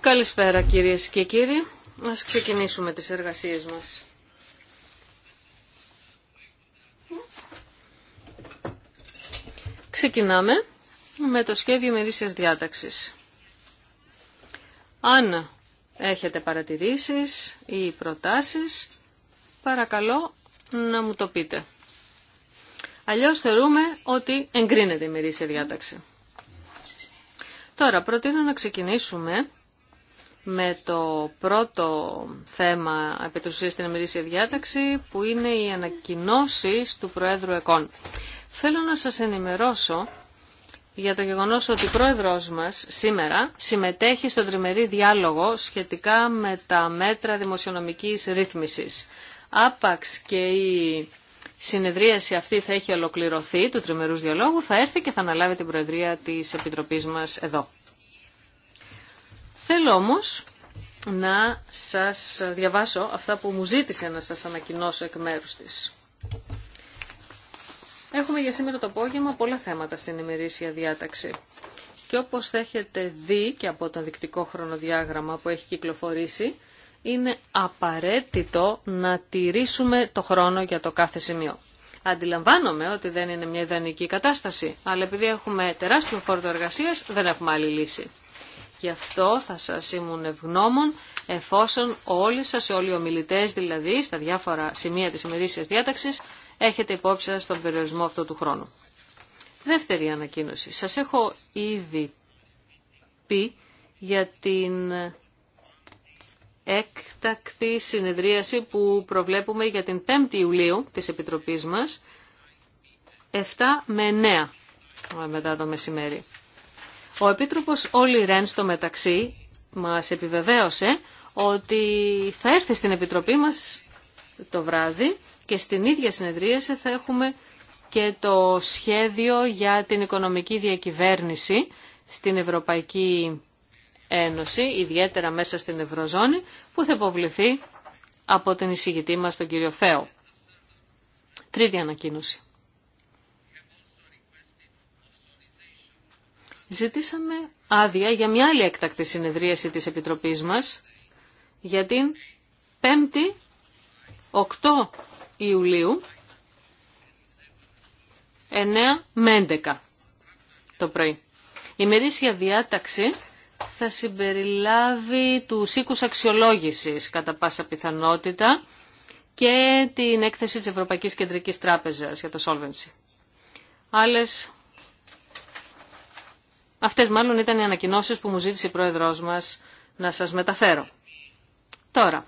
Καλησπέρα κυρίες και κύριοι. Ας ξεκινήσουμε τις εργασίες μας. Ξεκινάμε με το σχέδιο μερίσιας διάταξης. Αν έχετε παρατηρήσεις ή προτάσεις, παρακαλώ να μου το πείτε. Αλλιώς θεωρούμε ότι εγκρίνεται η μερίσια διάταξη. Τώρα, προτείνω να ξεκινήσουμε με το πρώτο θέμα επιτρουσίας στην εμμυρίσια διάταξη, που είναι οι ανακοινώσει του Προέδρου ΕΚΟΝ. Θέλω να σας ενημερώσω για το γεγονός ότι ο πρόεδρός μας σήμερα συμμετέχει στο τριμερή διάλογο σχετικά με τα μέτρα δημοσιονομικής ρύθμισης. Άπαξ και η συνεδρίαση αυτή θα έχει ολοκληρωθεί του τριμερούς διαλόγου, θα έρθει και θα αναλάβει την Προεδρία της Επιτροπής μας εδώ. Θέλω όμως να σας διαβάσω αυτά που μου ζήτησε να σας ανακοινώσω εκ μέρους της. Έχουμε για σήμερα το απόγευμα πολλά θέματα στην ημερήσια διάταξη. Και όπως θα έχετε δει και από το δεικτικό χρονοδιάγραμμα που έχει κυκλοφορήσει, είναι απαραίτητο να τηρήσουμε το χρόνο για το κάθε σημείο. Αντιλαμβάνομαι ότι δεν είναι μια ιδανική κατάσταση, αλλά επειδή έχουμε τεράστιο φόρτο εργασία, δεν έχουμε άλλη λύση. Γι' αυτό θα σας ήμουν ευγνώμων εφόσον όλοι σας, όλοι οι ομιλητές δηλαδή, στα διάφορα σημεία της ημερήσιας διάταξης, έχετε υπόψη στον περιορισμό αυτού του χρόνου. Δεύτερη ανακοίνωση. Σα έχω ήδη πει για την έκτακτη συνεδρίαση που προβλέπουμε για την 5η Ιουλίου της Επιτροπής μας, 7 με 9 ε, μετά το μεσημέρι. Ο Επίτροπος Όλη Ρεν στο μεταξύ μας επιβεβαίωσε ότι θα έρθει στην Επιτροπή μας το βράδυ και στην ίδια συνεδρίαση θα έχουμε και το σχέδιο για την οικονομική διακυβέρνηση στην Ευρωπαϊκή Ένωση, ιδιαίτερα μέσα στην Ευρωζώνη, που θα υποβληθεί από την εισηγητή μας, τον κύριο Φέο. Τρίτη ανακοίνωση. Ζητήσαμε άδεια για μια άλλη έκτακτη συνεδρίαση της Επιτροπής μας για την 5η 8 Ιουλίου 9 με 11 το πρωί. Η μερίσια διάταξη θα συμπεριλάβει του οίκου αξιολόγηση κατά πάσα πιθανότητα και την έκθεση της Ευρωπαϊκής Κεντρικής Τράπεζας για το Solvency. Άλλες... Αυτές μάλλον ήταν οι ανακοινώσει που μου ζήτησε η Πρόεδρός μας να σας μεταφέρω. Τώρα,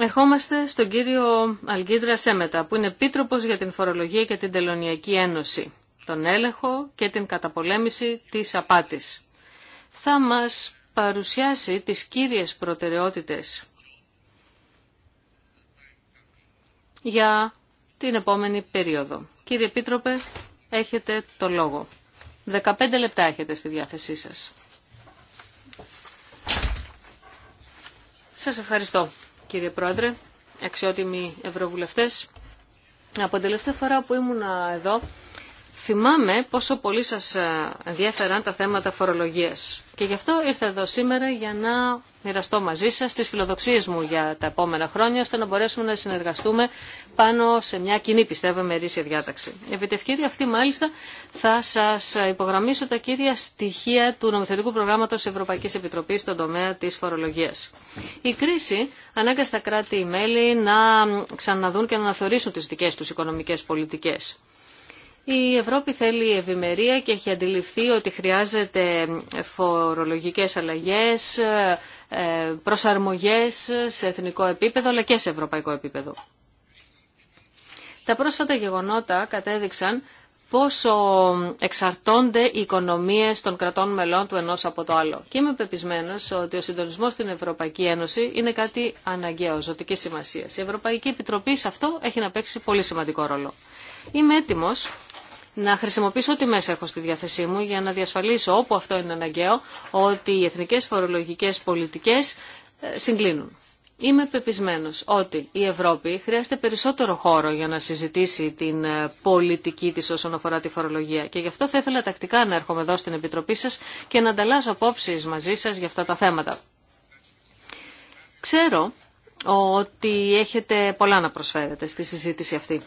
ερχόμαστε στον κύριο Αλγίδρα Σέμετα, που είναι επίτροπο για την Φορολογία και την Τελωνιακή Ένωση τον έλεγχο και την καταπολέμηση της απάτης. Θα μας παρουσιάσει τις κύριες προτεραιότητες για την επόμενη περίοδο. Κύριε Επίτροπε, έχετε το λόγο. 15 λεπτά έχετε στη διάθεσή σας. Σας ευχαριστώ, κύριε Πρόεδρε, αξιότιμοι ευρωβουλευτές. Από την τελευταία φορά που ήμουν εδώ, Θυμάμαι πόσο πολύ σας ε, ενδιαφέραν τα θέματα φορολογίας. Και γι' αυτό ήρθα εδώ σήμερα για να μοιραστώ μαζί σας τις φιλοδοξίες μου για τα επόμενα χρόνια, ώστε να μπορέσουμε να συνεργαστούμε πάνω σε μια κοινή, πιστεύω, μερίσια διάταξη. Επί τη αυτή, μάλιστα, θα σας υπογραμμίσω τα κύρια στοιχεία του νομοθετικού προγράμματος Ευρωπαϊκής Επιτροπής στον τομέα της φορολογίας. Η κρίση ανάγκασε τα κράτη-μέλη να ξαναδούν και να αναθεωρήσουν τις δικές τους οικονομικές πολιτικές. Η Ευρώπη θέλει ευημερία και έχει αντιληφθεί ότι χρειάζεται φορολογικές αλλαγές, ε, προσαρμογές σε εθνικό επίπεδο αλλά και σε ευρωπαϊκό επίπεδο. Τα πρόσφατα γεγονότα κατέδειξαν πόσο εξαρτώνται οι οικονομίες των κρατών μελών του ενός από το άλλο. Και είμαι πεπισμένος ότι ο συντονισμός στην Ευρωπαϊκή Ένωση είναι κάτι αναγκαίο, ζωτική σημασία. Η Ευρωπαϊκή Επιτροπή σε αυτό έχει να παίξει πολύ σημαντικό ρόλο. Είμαι έτοιμος να χρησιμοποιήσω ό,τι μέσα έχω στη διάθεσή μου για να διασφαλίσω όπου αυτό είναι αναγκαίο ότι οι εθνικές φορολογικές πολιτικές ε, συγκλίνουν. Είμαι πεπισμένος ότι η Ευρώπη χρειάζεται περισσότερο χώρο για να συζητήσει την ε, πολιτική της όσον αφορά τη φορολογία και γι' αυτό θα ήθελα τακτικά να έρχομαι εδώ στην Επιτροπή σας και να ανταλλάσσω απόψεις μαζί σας για αυτά τα θέματα. Ξέρω ότι έχετε πολλά να προσφέρετε στη συζήτηση αυτή.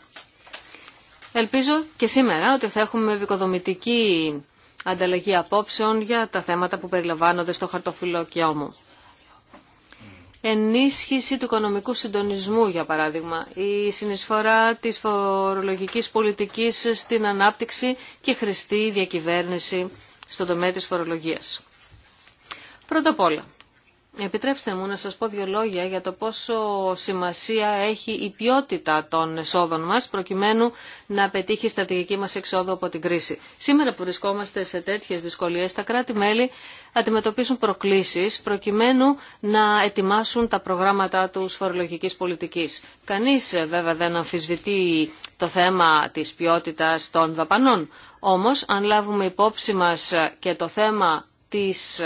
Ελπίζω και σήμερα ότι θα έχουμε επικοδομητική ανταλλαγή απόψεων για τα θέματα που περιλαμβάνονται στο και μου. Ενίσχυση του οικονομικού συντονισμού, για παράδειγμα, η συνεισφορά της φορολογικής πολιτικής στην ανάπτυξη και χρηστή διακυβέρνηση στον τομέα της φορολογίας. Πρώτα απ' όλα, Επιτρέψτε μου να σας πω δύο λόγια για το πόσο σημασία έχει η ποιότητα των εσόδων μας προκειμένου να πετύχει η στρατηγική μας εξόδο από την κρίση. Σήμερα που βρισκόμαστε σε τέτοιες δυσκολίες, τα κράτη-μέλη αντιμετωπίζουν προκλήσεις προκειμένου να ετοιμάσουν τα προγράμματα τους φορολογικής πολιτικής. Κανείς ε, βέβαια δεν αμφισβητεί το θέμα της ποιότητας των δαπανών. Όμως, αν λάβουμε υπόψη μας ε, και το θέμα της,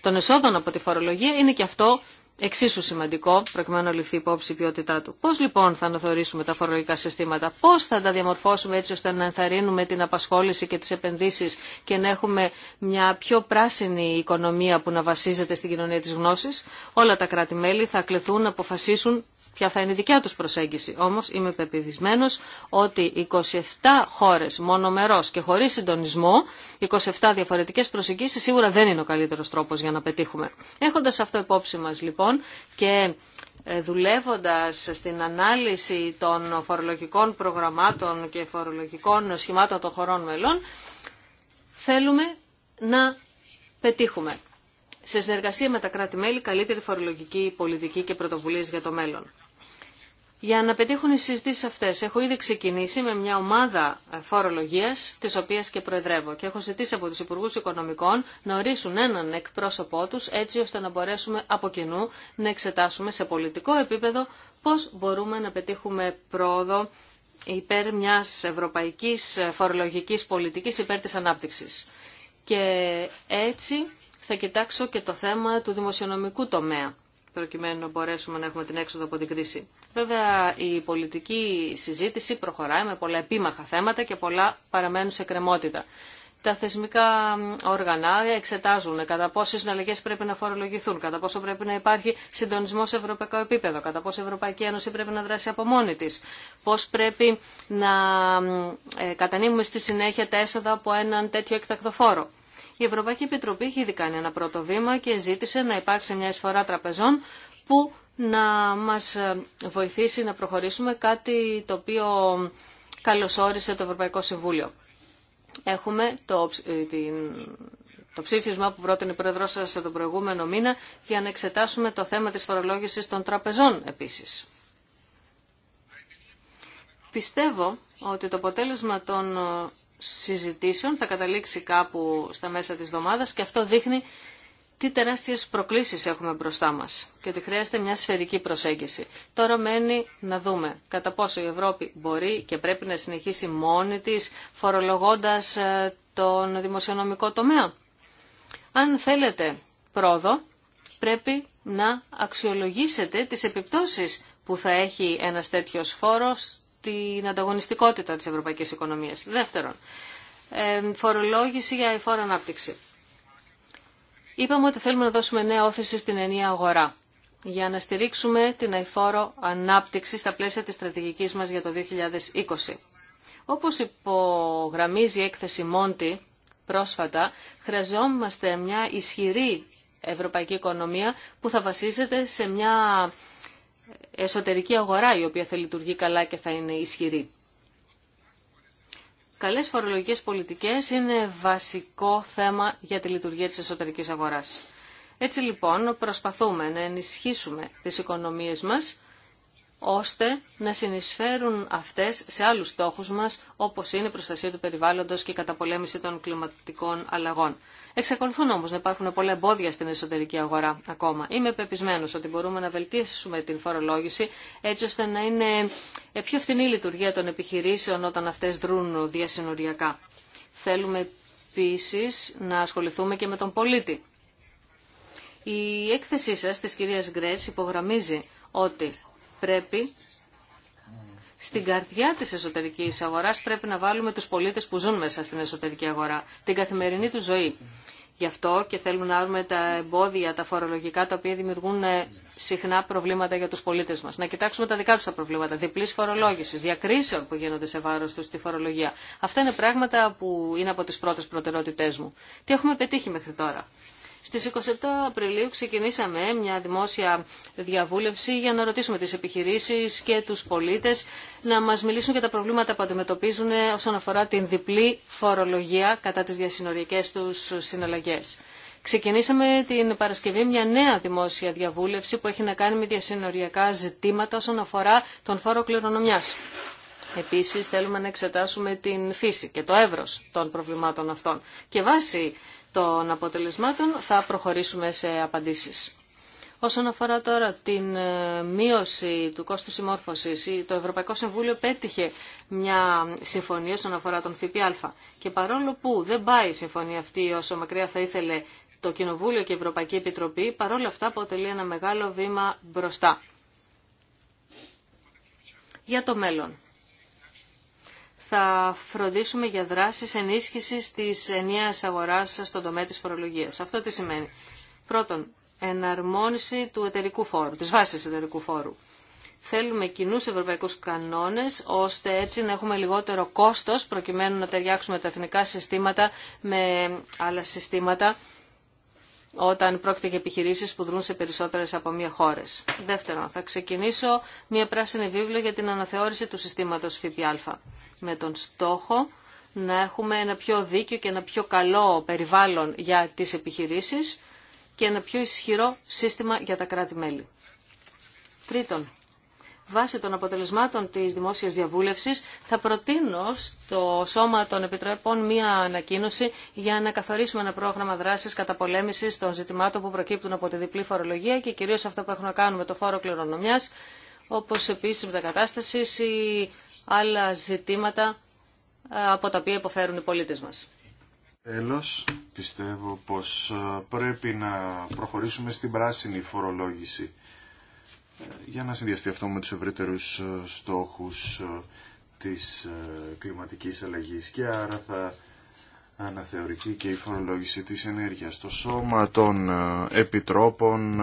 των εσόδων από τη φορολογία είναι και αυτό εξίσου σημαντικό, προκειμένου να ληφθεί υπόψη η ποιότητά του. Πώς λοιπόν θα αναθεωρήσουμε τα φορολογικά συστήματα, πώς θα τα διαμορφώσουμε έτσι ώστε να ενθαρρύνουμε την απασχόληση και τις επενδύσεις και να έχουμε μια πιο πράσινη οικονομία που να βασίζεται στην κοινωνία της γνώσης. Όλα τα κράτη-μέλη θα κληθούν να αποφασίσουν ποια θα είναι η δικιά τους προσέγγιση. Όμως είμαι πεπιδισμένος ότι 27 χώρες μονομερός και χωρίς συντονισμό, 27 διαφορετικές προσεγγίσεις σίγουρα δεν είναι ο καλύτερος τρόπος για να πετύχουμε. Έχοντας αυτό υπόψη μας λοιπόν και ε, δουλεύοντας στην ανάλυση των φορολογικών προγραμμάτων και φορολογικών σχημάτων των χωρών μελών, θέλουμε να πετύχουμε σε συνεργασία με τα κράτη-μέλη καλύτερη φορολογική πολιτική και πρωτοβουλίε για το μέλλον. Για να πετύχουν οι συζητήσει αυτέ, έχω ήδη ξεκινήσει με μια ομάδα φορολογία τη οποία και προεδρεύω, και έχω ζητήσει από του Υπουργού Οικονομικών να ορίσουν έναν εκπρόσωπό του, έτσι ώστε να μπορέσουμε από κοινού να εξετάσουμε σε πολιτικό επίπεδο πώ μπορούμε να πετύχουμε πρόοδο υπέρ μια ευρωπαϊκή φορολογική πολιτική υπέρ τη ανάπτυξη. Και έτσι θα κοιτάξω και το θέμα του δημοσιονομικού τομέα προκειμένου να μπορέσουμε να έχουμε την έξοδο από την κρίση. Βέβαια, η πολιτική συζήτηση προχωράει με πολλά επίμαχα θέματα και πολλά παραμένουν σε κρεμότητα. Τα θεσμικά όργανα εξετάζουν κατά πόσε συναλλαγέ πρέπει να φορολογηθούν, κατά πόσο πρέπει να υπάρχει συντονισμό σε ευρωπαϊκό επίπεδο, κατά πόσο η Ευρωπαϊκή Ένωση πρέπει να δράσει από μόνη τη, πώ πρέπει να ε, κατανείμουμε στη συνέχεια τα έσοδα από έναν τέτοιο εκτακτοφόρο. Η Ευρωπαϊκή Επιτροπή έχει ήδη κάνει ένα πρώτο βήμα και ζήτησε να υπάρξει μια εισφορά τραπεζών που να μας ε, βοηθήσει να προχωρήσουμε κάτι το οποίο καλωσόρισε το Ευρωπαϊκό Συμβούλιο. Έχουμε το, ε, την, το ψήφισμα που πρότεινε η πρόεδρό σα τον προηγούμενο μήνα για να εξετάσουμε το θέμα της φορολόγησης των τραπεζών επίσης. Πιστεύω ότι το αποτέλεσμα των ε, συζητήσεων θα καταλήξει κάπου στα μέσα της εβδομάδας και αυτό δείχνει τι τεράστιες προκλήσεις έχουμε μπροστά μας και ότι χρειάζεται μια σφαιρική προσέγγιση. Τώρα μένει να δούμε κατά πόσο η Ευρώπη μπορεί και πρέπει να συνεχίσει μόνη της φορολογώντας ε, τον δημοσιονομικό τομέα. Αν θέλετε πρόοδο, πρέπει να αξιολογήσετε τις επιπτώσεις που θα έχει ένας τέτοιος φόρος την ανταγωνιστικότητα της ευρωπαϊκής οικονομίας. Δεύτερον, φορολόγηση για εφόρο ανάπτυξη. Είπαμε ότι θέλουμε να δώσουμε νέα όθηση στην ενία αγορά για να στηρίξουμε την αηφόρο ανάπτυξη στα πλαίσια της στρατηγικής μας για το 2020. Όπως υπογραμμίζει η έκθεση Μόντι πρόσφατα, χρειαζόμαστε μια ισχυρή ευρωπαϊκή οικονομία που θα βασίζεται σε μια εσωτερική αγορά η οποία θα λειτουργεί καλά και θα είναι ισχυρή. Καλές φορολογικές πολιτικές είναι βασικό θέμα για τη λειτουργία της εσωτερικής αγοράς. Έτσι λοιπόν προσπαθούμε να ενισχύσουμε τις οικονομίες μας ώστε να συνεισφέρουν αυτές σε άλλους στόχους μας, όπως είναι η προστασία του περιβάλλοντος και η καταπολέμηση των κλιματικών αλλαγών. Εξακολουθούν όμως να υπάρχουν πολλά εμπόδια στην εσωτερική αγορά ακόμα. Είμαι πεπισμένος ότι μπορούμε να βελτίσουμε την φορολόγηση έτσι ώστε να είναι πιο φθηνή η λειτουργία των επιχειρήσεων όταν αυτές δρούν διασυνοριακά. Θέλουμε επίσης να ασχοληθούμε και με τον πολίτη. Η έκθεσή σας της κυρίας Γκρέτς υπογραμμίζει ότι πρέπει στην καρδιά της εσωτερικής αγοράς πρέπει να βάλουμε τους πολίτες που ζουν μέσα στην εσωτερική αγορά, την καθημερινή του ζωή. Γι' αυτό και θέλουμε να άρουμε τα εμπόδια, τα φορολογικά, τα οποία δημιουργούν ε, συχνά προβλήματα για τους πολίτες μας. Να κοιτάξουμε τα δικά τους τα προβλήματα, διπλή φορολόγησης, διακρίσεων που γίνονται σε βάρος τους στη φορολογία. Αυτά είναι πράγματα που είναι από τις πρώτες προτεραιότητές μου. Τι έχουμε πετύχει μέχρι τώρα. Στις 27 Απριλίου ξεκινήσαμε μια δημόσια διαβούλευση για να ρωτήσουμε τις επιχειρήσεις και τους πολίτες να μας μιλήσουν για τα προβλήματα που αντιμετωπίζουν όσον αφορά την διπλή φορολογία κατά τις διασυνοριακές τους συναλλαγές. Ξεκινήσαμε την Παρασκευή μια νέα δημόσια διαβούλευση που έχει να κάνει με διασυνοριακά ζητήματα όσον αφορά τον φόρο κληρονομιάς. Επίσης θέλουμε να εξετάσουμε την φύση και το εύρος των προβλημάτων αυτών. Και βάσει των αποτελεσμάτων θα προχωρήσουμε σε απαντήσεις. Όσον αφορά τώρα την ε, μείωση του κόστου συμμόρφωσης, το Ευρωπαϊκό Συμβούλιο πέτυχε μια συμφωνία όσον αφορά τον ΦΠΑ. Και παρόλο που δεν πάει η συμφωνία αυτή όσο μακριά θα ήθελε το Κοινοβούλιο και η Ευρωπαϊκή Επιτροπή, παρόλα αυτά αποτελεί ένα μεγάλο βήμα μπροστά. Για το μέλλον θα φροντίσουμε για δράσεις ενίσχυσης της ενιαίας αγοράς στον τομέα της φορολογίας. Αυτό τι σημαίνει. Πρώτον, εναρμόνιση του εταιρικού φόρου, της βάσης εταιρικού φόρου. Θέλουμε κοινού ευρωπαϊκού κανόνες, ώστε έτσι να έχουμε λιγότερο κόστος, προκειμένου να ταιριάξουμε τα εθνικά συστήματα με άλλα συστήματα όταν πρόκειται για επιχειρήσεις που δρούν σε περισσότερες από μία χωρε Δεύτερον, θα ξεκινήσω μία πράσινη βίβλο για την αναθεώρηση του συστήματος ΦΠΑ με τον στόχο να έχουμε ένα πιο δίκαιο και ένα πιο καλό περιβάλλον για τις επιχειρήσεις και ένα πιο ισχυρό σύστημα για τα κράτη-μέλη. Τρίτον, Βάσει των αποτελεσμάτων της δημόσιας διαβούλευσης θα προτείνω στο Σώμα των Επιτρέπων μία ανακοίνωση για να καθορίσουμε ένα πρόγραμμα δράσης καταπολέμησης των ζητημάτων που προκύπτουν από τη διπλή φορολογία και κυρίως αυτά που έχουν να κάνουν με το φόρο κληρονομιάς, όπως επίσης κατάσταση ή άλλα ζητήματα ε, από τα οποία υποφέρουν οι πολίτες μας. Τέλος, πιστεύω πως ε, πρέπει να προχωρήσουμε στην πράσινη φορολόγηση για να συνδυαστεί αυτό με τους ευρύτερους ε, στόχους ε, της ε, κλιματικής αλλαγής και άρα θα αναθεωρηθεί και η φορολόγηση της ενέργειας. στο σώμα των επιτρόπων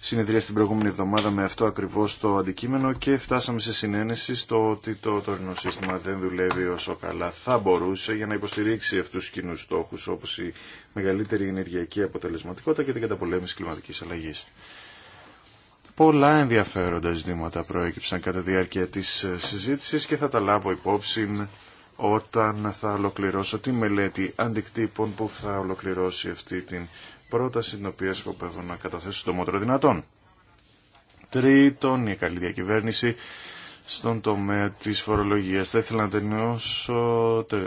συνεδρία στην προηγούμενη εβδομάδα με αυτό ακριβώς το αντικείμενο και φτάσαμε σε συνένεση στο ότι το τωρινό σύστημα δεν δουλεύει όσο καλά θα μπορούσε για να υποστηρίξει αυτούς τους κοινούς στόχους όπως η μεγαλύτερη ενεργειακή αποτελεσματικότητα και την καταπολέμηση κλιματικής αλλαγής. Πολλά ενδιαφέροντα ζητήματα προέκυψαν κατά τη διάρκεια της ε, συζήτησης και θα τα λάβω υπόψη όταν θα ολοκληρώσω τη μελέτη αντικτύπων που θα ολοκληρώσει αυτή την πρόταση την οποία σκοπεύω να καταθέσω στο μότρο δυνατόν. Τρίτον, η καλή διακυβέρνηση στον τομέα της φορολογίας. Θα ήθελα να τελειώσω, τε,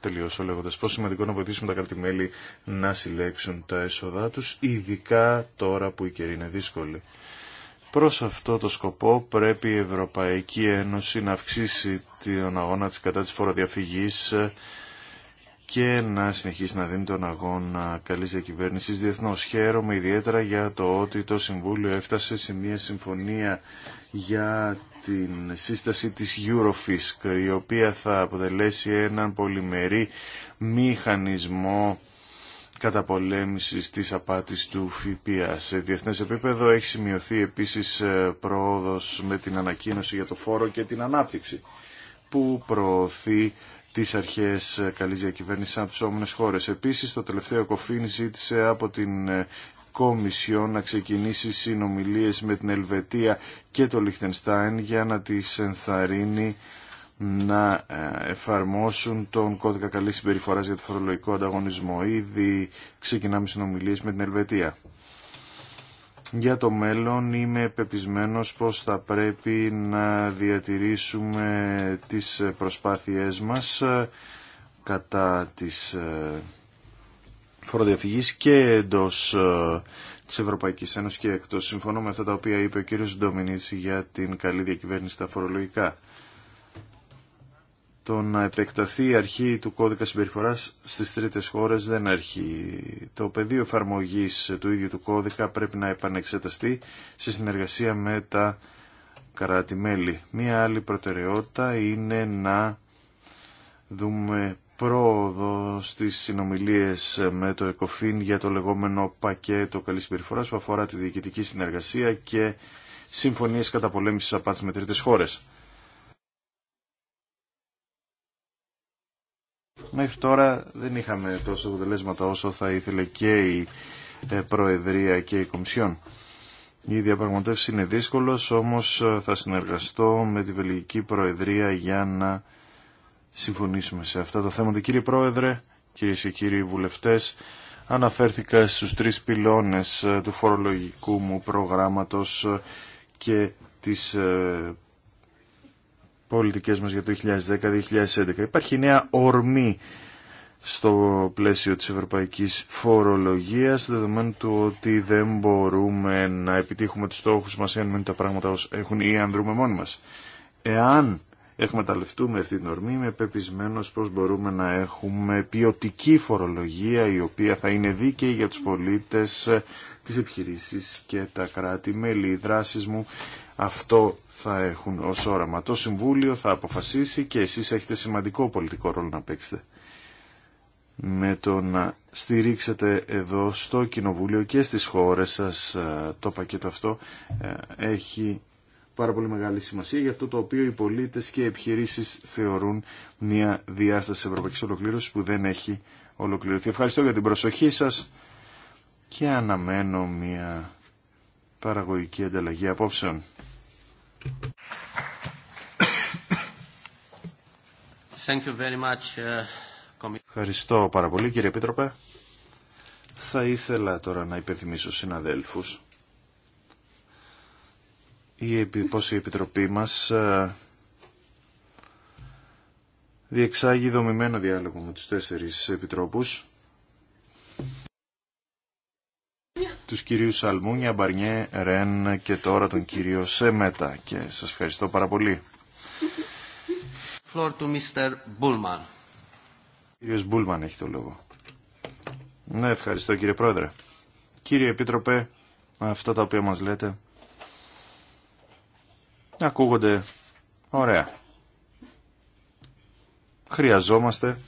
τελειώσω λέγοντας πόσο σημαντικό να βοηθήσουμε τα κράτη-μέλη να συλλέξουν τα έσοδά τους, ειδικά τώρα που η καιρή είναι δύσκολη. Προς αυτό το σκοπό πρέπει η Ευρωπαϊκή Ένωση να αυξήσει τον αγώνα της κατά της φοροδιαφυγής και να συνεχίσει να δίνει τον αγώνα καλής διακυβέρνησης διεθνώς. Χαίρομαι ιδιαίτερα για το ότι το Συμβούλιο έφτασε σε μια συμφωνία για την σύσταση της Eurofisk, η οποία θα αποτελέσει έναν πολυμερή μηχανισμό καταπολέμησης της απάτης του ΦΠΑ. Σε διεθνές επίπεδο έχει σημειωθεί επίσης ε, πρόοδος με την ανακοίνωση για το φόρο και την ανάπτυξη που προωθεί τις αρχές ε, καλής διακυβέρνησης από τις όμονες χώρες. Επίσης, το τελευταίο κοφήν ζήτησε από την ε, Κομισιόν να ξεκινήσει συνομιλίες με την Ελβετία και το Λιχτενστάιν για να τις ενθαρρύνει να ε, εφαρμόσουν τον κώδικα καλή συμπεριφορά για το φορολογικό ανταγωνισμό. Ήδη ξεκινάμε συνομιλίε με την Ελβετία. Για το μέλλον είμαι πεπισμένο πως θα πρέπει να διατηρήσουμε τις προσπάθειές μας ε, κατά της ε, φοροδιαφυγής και εντός της Ευρωπαϊκής Ένωσης και εκτός. Συμφωνώ με αυτά τα οποία είπε ο κύριος για την καλή διακυβέρνηση στα φορολογικά το να επεκταθεί η αρχή του κώδικα συμπεριφοράς στις τρίτες χώρες δεν αρχεί. Το πεδίο εφαρμογή του ίδιου του κώδικα πρέπει να επανεξεταστεί σε συνεργασία με τα κράτη-μέλη. Μία άλλη προτεραιότητα είναι να δούμε πρόοδο στις συνομιλίες με το ΕΚΟΦΗΝ για το λεγόμενο πακέτο καλής συμπεριφοράς που αφορά τη διοικητική συνεργασία και συμφωνίες καταπολέμησης απάτη με τρίτες χώρες. Μέχρι τώρα δεν είχαμε τόσο αποτελέσματα όσο θα ήθελε και η ε, Προεδρία και η Κομισιόν. Η διαπραγματεύση είναι δύσκολος, όμως ε, θα συνεργαστώ με τη Βελγική Προεδρία για να συμφωνήσουμε σε αυτά τα θέματα. Κύριε Πρόεδρε, κυρίε και κύριοι βουλευτές, αναφέρθηκα στους τρεις πυλώνες ε, του φορολογικού μου προγράμματος και της πολιτικές μας για το 2010-2011. Υπάρχει νέα ορμή στο πλαίσιο της ευρωπαϊκής φορολογίας, δεδομένου του ότι δεν μπορούμε να επιτύχουμε τους στόχους μας εάν μείνουν τα πράγματα όσο έχουν ή αν δρούμε μόνοι μας. Εάν εκμεταλλευτούμε αυτή την ορμή, είμαι πεπισμένος πως μπορούμε να έχουμε ποιοτική φορολογία η οποία θα είναι δίκαιη για τους πολίτες, τις επιχειρήσεις και τα κράτη-μέλη. Οι δράσεις μου αυτό θα έχουν ως όραμα. Το Συμβούλιο θα αποφασίσει και εσείς έχετε σημαντικό πολιτικό ρόλο να παίξετε με το να στηρίξετε εδώ στο Κοινοβούλιο και στις χώρες σας ε, το πακέτο αυτό ε, έχει πάρα πολύ μεγάλη σημασία για αυτό το οποίο οι πολίτες και οι επιχειρήσεις θεωρούν μια διάσταση ευρωπαϊκής ολοκλήρωσης που δεν έχει ολοκληρωθεί. Ευχαριστώ για την προσοχή σας και αναμένω μια παραγωγική ανταλλαγή απόψεων. Thank you very much. Uh, Ευχαριστώ πάρα πολύ κύριε Επίτροπε. Θα ήθελα τώρα να υπενθυμίσω συναδέλφους η, πως η Επιτροπή μας ε, διεξάγει δομημένο διάλογο με τους τέσσερις επιτρόπους τους κυρίους Σαλμούνια, Μπαρνιέ, Ρεν και τώρα τον κύριο Σέμετα και σας ευχαριστώ πάρα πολύ. to Mr. Κύριος Μπούλμαν έχει το λόγο. Ναι, ευχαριστώ κύριε Πρόεδρε. Κύριε Επίτροπε, αυτά τα οποία μας λέτε ακούγονται ωραία. Χρειαζόμαστε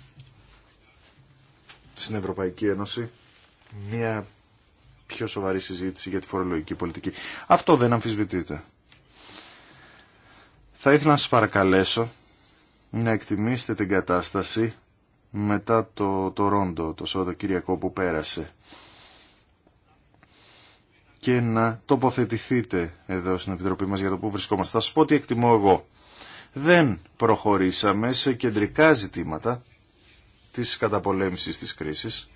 στην Ευρωπαϊκή Ένωση μια πιο σοβαρή συζήτηση για τη φορολογική πολιτική. Αυτό δεν αμφισβητείται. Θα ήθελα να σας παρακαλέσω να εκτιμήσετε την κατάσταση μετά το, το ρόντο, το Σαββατοκυριακό που πέρασε και να τοποθετηθείτε εδώ στην Επιτροπή μας για το που βρισκόμαστε. Θα σας πω τι εκτιμώ εγώ. Δεν προχωρήσαμε σε κεντρικά ζητήματα της καταπολέμησης της κρίσης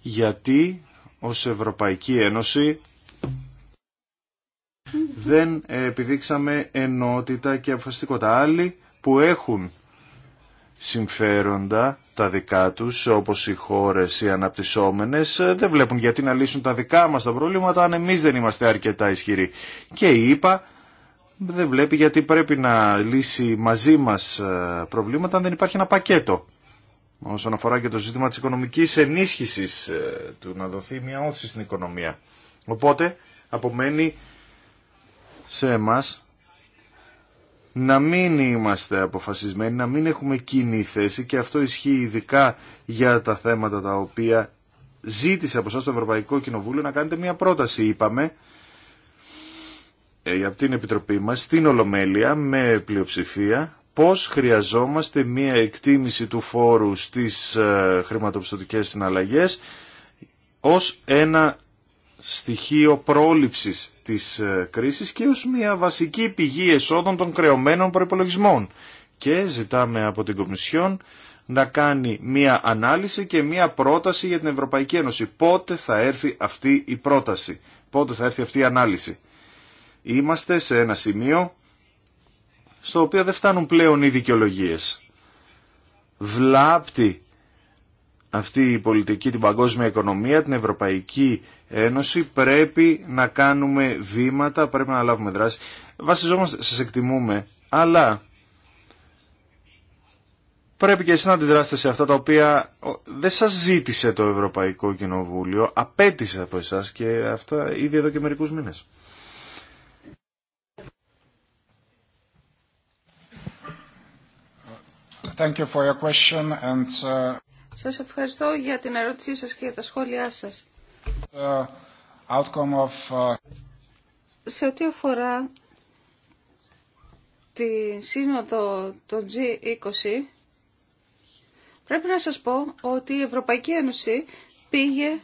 γιατί ως Ευρωπαϊκή Ένωση δεν επιδείξαμε ενότητα και αποφασιστικότητα. Άλλοι που έχουν συμφέροντα τα δικά τους, όπως οι χώρες οι αναπτυσσόμενες, δεν βλέπουν γιατί να λύσουν τα δικά μας τα προβλήματα αν εμείς δεν είμαστε αρκετά ισχυροί. Και είπα δεν βλέπει γιατί πρέπει να λύσει μαζί μας ε, προβλήματα αν δεν υπάρχει ένα πακέτο όσον αφορά και το ζήτημα της οικονομικής ενίσχυσης ε, του να δοθεί μια όθηση στην οικονομία. Οπότε απομένει σε εμάς να μην είμαστε αποφασισμένοι, να μην έχουμε κοινή θέση και αυτό ισχύει ειδικά για τα θέματα τα οποία ζήτησε από εσάς το Ευρωπαϊκό Κοινοβούλιο να κάνετε μια πρόταση, είπαμε, ε, από την Επιτροπή μας, στην Ολομέλεια, με πλειοψηφία, πώς χρειαζόμαστε μία εκτίμηση του φόρου στις ε, χρηματοπιστωτικές συναλλαγές ως ένα στοιχείο πρόληψης της ε, κρίσης και ως μια βασική πηγή εσόδων των κρεωμένων προϋπολογισμών. Και ζητάμε από την Κομισιόν να κάνει μια ανάλυση και μια πρόταση για την Ευρωπαϊκή Ένωση. Πότε θα έρθει αυτή η πρόταση, πότε θα έρθει αυτή η ανάλυση. Είμαστε σε ένα σημείο στο οποίο δεν φτάνουν πλέον οι δικαιολογίε. Βλάπτει αυτή η πολιτική την παγκόσμια οικονομία, την Ευρωπαϊκή Ένωση. Πρέπει να κάνουμε βήματα, πρέπει να λάβουμε δράση. Βασιζόμαστε, σα εκτιμούμε, αλλά πρέπει και εσείς να αντιδράσετε σε αυτά τα οποία δεν σας ζήτησε το Ευρωπαϊκό Κοινοβούλιο, απέτησε από εσά και αυτά ήδη εδώ και μερικού μήνε. Thank uh, Σας ευχαριστώ για την ερώτησή σας και για τα σχόλιά σας. Uh, σε ό,τι αφορά τη σύνοδο των G20, πρέπει να σας πω ότι η Ευρωπαϊκή Ένωση πήγε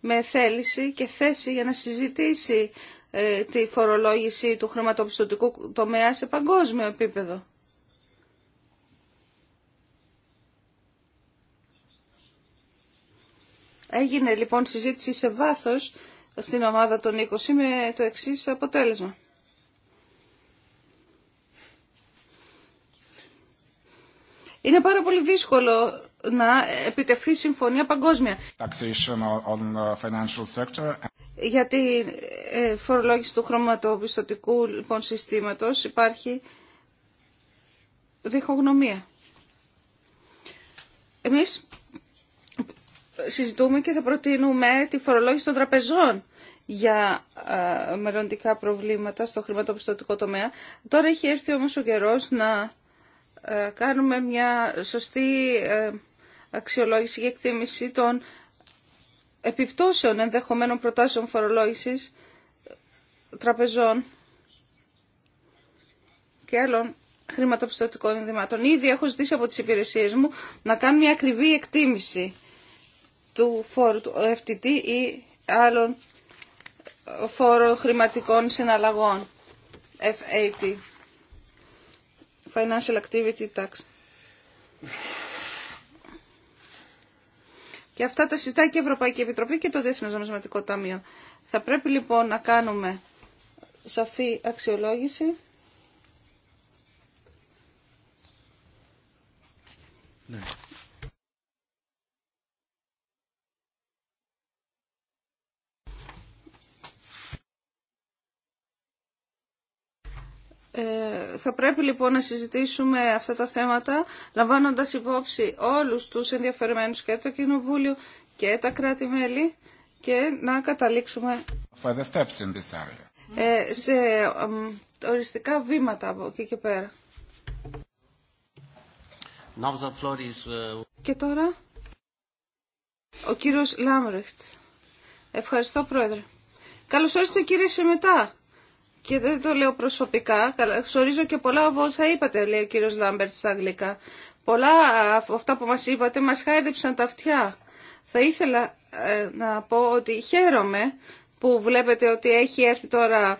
με θέληση και θέση για να συζητήσει ε, τη φορολόγηση του χρηματοπιστωτικού τομέα σε παγκόσμιο επίπεδο. Έγινε λοιπόν συζήτηση σε βάθος στην ομάδα των 20 με το εξής αποτέλεσμα. Είναι πάρα πολύ δύσκολο να επιτευχθεί συμφωνία παγκόσμια. On uh, financial sector. Για τη ε, φορολόγηση του χρωματοπιστωτικού λοιπόν, συστήματος υπάρχει διχογνωμία. Εμείς συζητούμε και θα προτείνουμε τη φορολόγηση των τραπεζών για μελλοντικά προβλήματα στο χρηματοπιστωτικό τομέα. Τώρα έχει έρθει όμως ο καιρός να κάνουμε μια σωστή αξιολόγηση και εκτίμηση των επιπτώσεων ενδεχομένων προτάσεων φορολόγησης τραπεζών και άλλων χρηματοπιστωτικών ενδυμάτων. Ήδη έχω ζητήσει από τις υπηρεσίες μου να κάνω μια ακριβή εκτίμηση του φόρου του FTT ή άλλων φόρων χρηματικών συναλλαγών. FAT. Financial Activity Tax. Και αυτά τα συζητάει και η Ευρωπαϊκή Επιτροπή και το Διεθνές Νομισματικό Ταμείο. Θα πρέπει λοιπόν να κάνουμε σαφή αξιολόγηση. Ναι. Ε, θα πρέπει λοιπόν να συζητήσουμε αυτά τα θέματα λαμβάνοντας υπόψη όλους τους ενδιαφερμένους και το Κοινοβούλιο και τα κράτη-μέλη και να καταλήξουμε ε, σε οριστικά βήματα από εκεί και πέρα. Ε, και τώρα ο κύριος Λάμρεχτ. Ευχαριστώ πρόεδρε. Καλώς ήρθατε κύριε Σεμετά και δεν το λέω προσωπικά, ξορίζω και πολλά από όσα είπατε, λέει ο κύριος Λάμπερτ στα αγγλικά. Πολλά από αυτά που μας είπατε μας χάιδεψαν τα αυτιά. Θα ήθελα ε, να πω ότι χαίρομαι που βλέπετε ότι έχει έρθει τώρα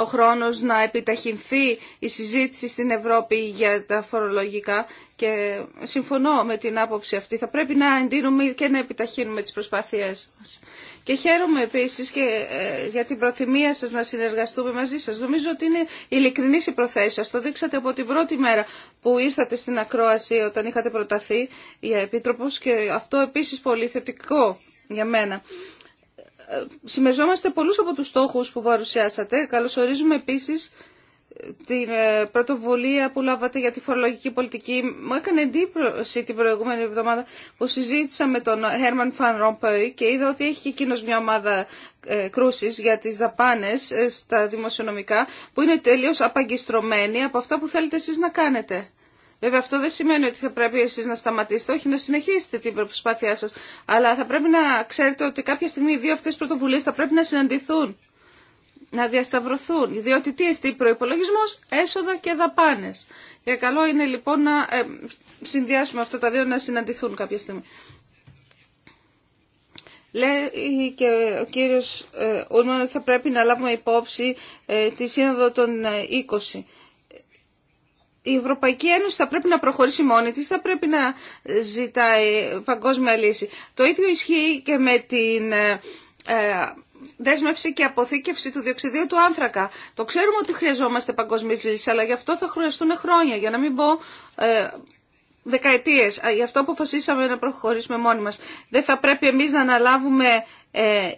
ο χρόνος να επιταχυνθεί η συζήτηση στην Ευρώπη για τα φορολογικά και συμφωνώ με την άποψη αυτή. Θα πρέπει να εντείνουμε και να επιταχύνουμε τις προσπάθειές μας. Και χαίρομαι επίσης και ε, για την προθυμία σας να συνεργαστούμε μαζί σας. Νομίζω ότι είναι ειλικρινής η προθέση σας. Το δείξατε από την πρώτη μέρα που ήρθατε στην ακρόαση όταν είχατε προταθεί για Επίτροπος και αυτό επίσης πολύ θετικό για μένα συμμεζόμαστε πολλούς από τους στόχους που παρουσιάσατε. Καλωσορίζουμε επίσης την ε, πρωτοβουλία που λάβατε για τη φορολογική πολιτική. Μου έκανε εντύπωση την προηγούμενη εβδομάδα που συζήτησα με τον Herman Van Rompuy και είδα ότι έχει και εκείνο μια ομάδα ε, κρούσης για τις δαπάνες ε, στα δημοσιονομικά που είναι τελείως απαγκιστρωμένη από αυτά που θέλετε εσείς να κάνετε. Βέβαια αυτό δεν σημαίνει ότι θα πρέπει εσείς να σταματήσετε, όχι να συνεχίσετε την προσπάθειά σας, αλλά θα πρέπει να ξέρετε ότι κάποια στιγμή οι δύο αυτές πρωτοβουλίες θα πρέπει να συναντηθούν, να διασταυρωθούν, διότι τι εστί προϋπολογισμός, έσοδα και δαπάνες. Και καλό είναι λοιπόν να ε, συνδυάσουμε αυτά τα δύο να συναντηθούν κάποια στιγμή. Λέει και ο κύριος ε, Ούρμαν ότι θα πρέπει να λάβουμε υπόψη ε, τη Σύνοδο των 20 η Ευρωπαϊκή Ένωση θα πρέπει να προχωρήσει μόνη της, θα πρέπει να ζητάει παγκόσμια λύση. Το ίδιο ισχύει και με την ε, ε, δέσμευση και αποθήκευση του διοξιδίου του άνθρακα. Το ξέρουμε ότι χρειαζόμαστε παγκόσμια λύσει, αλλά γι' αυτό θα χρειαστούν χρόνια, για να μην πω ε, δεκαετίε. Γι' αυτό αποφασίσαμε να προχωρήσουμε μόνοι μα. Δεν θα πρέπει εμείς να αναλάβουμε ε,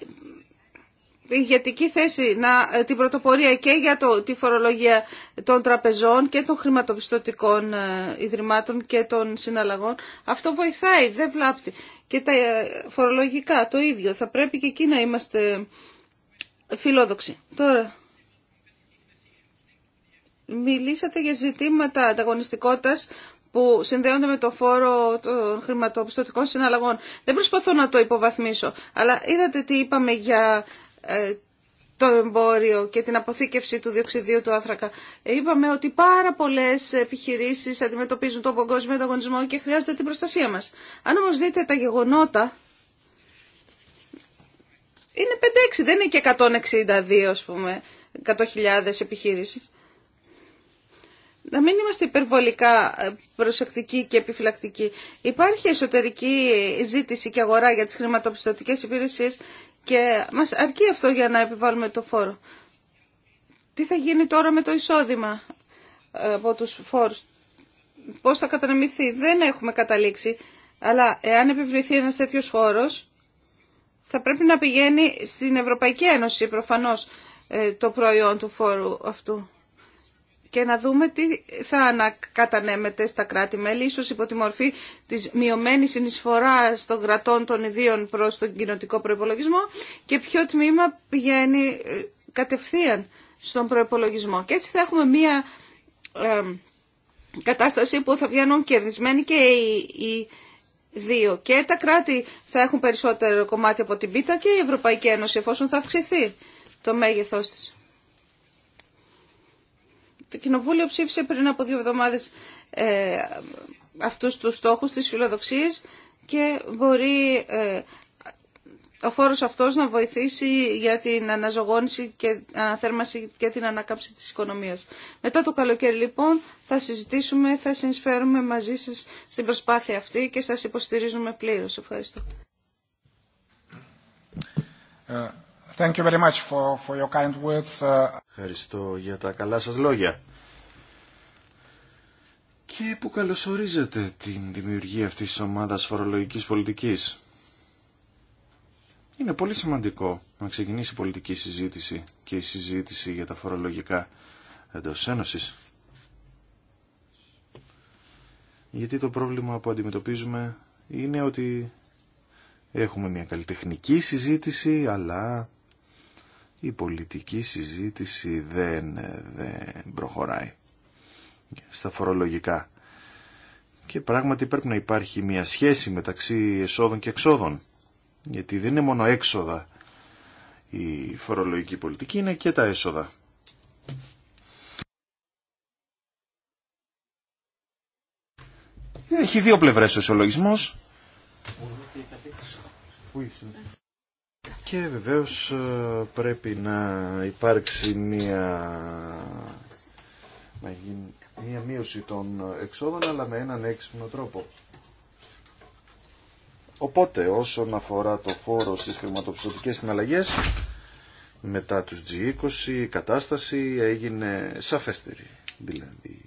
ηγετική θέση, να, ε, την πρωτοπορία και για το, τη φορολογία των τραπεζών και των χρηματοπιστωτικών ε, ιδρυμάτων και των συναλλαγών. Αυτό βοηθάει, δεν βλάπτει. Και τα ε, φορολογικά το ίδιο. Θα πρέπει και εκεί να είμαστε φιλόδοξοι. Τώρα, μιλήσατε για ζητήματα ανταγωνιστικότητας που συνδέονται με το φόρο των χρηματοπιστωτικών συναλλαγών. Δεν προσπαθώ να το υποβαθμίσω, αλλά είδατε τι είπαμε για ε, το εμπόριο και την αποθήκευση του διοξιδίου του άνθρακα. Είπαμε ότι πάρα πολλέ επιχειρήσει αντιμετωπίζουν τον παγκόσμιο ανταγωνισμό και χρειάζονται την προστασία μα. Αν όμω δείτε τα γεγονότα, είναι 5-6, δεν είναι και 162, ας πούμε, 100.000 επιχείρησεις. Να μην είμαστε υπερβολικά ε, προσεκτικοί και επιφυλακτικοί. Υπάρχει εσωτερική ζήτηση και αγορά για τις χρηματοπιστωτικές υπηρεσίες και μας αρκεί αυτό για να επιβάλλουμε το φόρο. Τι θα γίνει τώρα με το εισόδημα ε, από τους φόρους. Πώς θα καταναμηθεί. Δεν έχουμε καταλήξει. Αλλά εάν επιβληθεί ένας τέτοιος φόρος, θα πρέπει να πηγαίνει στην Ευρωπαϊκή Ένωση προφανώς ε, το προϊόν του φόρου αυτού και να δούμε τι θα ανακατανέμεται στα κράτη-μέλη, ίσως υπό τη μορφή της μειωμένης συνεισφοράς των κρατών των ιδίων προς τον κοινοτικό προϋπολογισμό και ποιο τμήμα πηγαίνει ε, κατευθείαν στον προϋπολογισμό. Και έτσι θα έχουμε μία ε, κατάσταση που θα βγαίνουν κερδισμένοι και οι, οι δύο. Και τα κράτη θα έχουν περισσότερο κομμάτι από την πίτα και η Ευρωπαϊκή Ένωση εφόσον θα αυξηθεί το μέγεθός της. Το Κοινοβούλιο ψήφισε πριν από δύο εβδομάδες ε, αυτούς τους στόχους της φιλοδοξίας και μπορεί ε, ο φόρος αυτός να βοηθήσει για την αναζωγόνηση και αναθέρμανση και την ανάκαμψη της οικονομίας. Μετά το καλοκαίρι λοιπόν θα συζητήσουμε, θα συνεισφέρουμε μαζί σας στην προσπάθεια αυτή και σας υποστηρίζουμε πλήρως. Ευχαριστώ. Ε, Thank you uh, Ευχαριστώ για τα καλά σας λόγια. Και που καλωσορίζετε την δημιουργία αυτής της ομάδας φορολογικής πολιτικής. Είναι πολύ σημαντικό να ξεκινήσει η πολιτική συζήτηση και η συζήτηση για τα φορολογικά εντό ένωση. Γιατί το πρόβλημα που αντιμετωπίζουμε είναι ότι έχουμε μια καλλιτεχνική συζήτηση, αλλά η πολιτική συζήτηση δεν, δεν προχωράει στα φορολογικά. Και πράγματι πρέπει να υπάρχει μια σχέση μεταξύ εσόδων και εξόδων. Γιατί δεν είναι μόνο έξοδα η φορολογική πολιτική, είναι και τα έσοδα. Έχει δύο πλευρές ο ισολογισμός και βεβαίως ε, πρέπει να υπάρξει μια, να γίνει μια μείωση των εξόδων αλλά με έναν έξυπνο τρόπο. Οπότε όσον αφορά το φόρο στις χρηματοπιστωτικές συναλλαγές μετά τους G20 η κατάσταση έγινε σαφέστερη δηλαδή.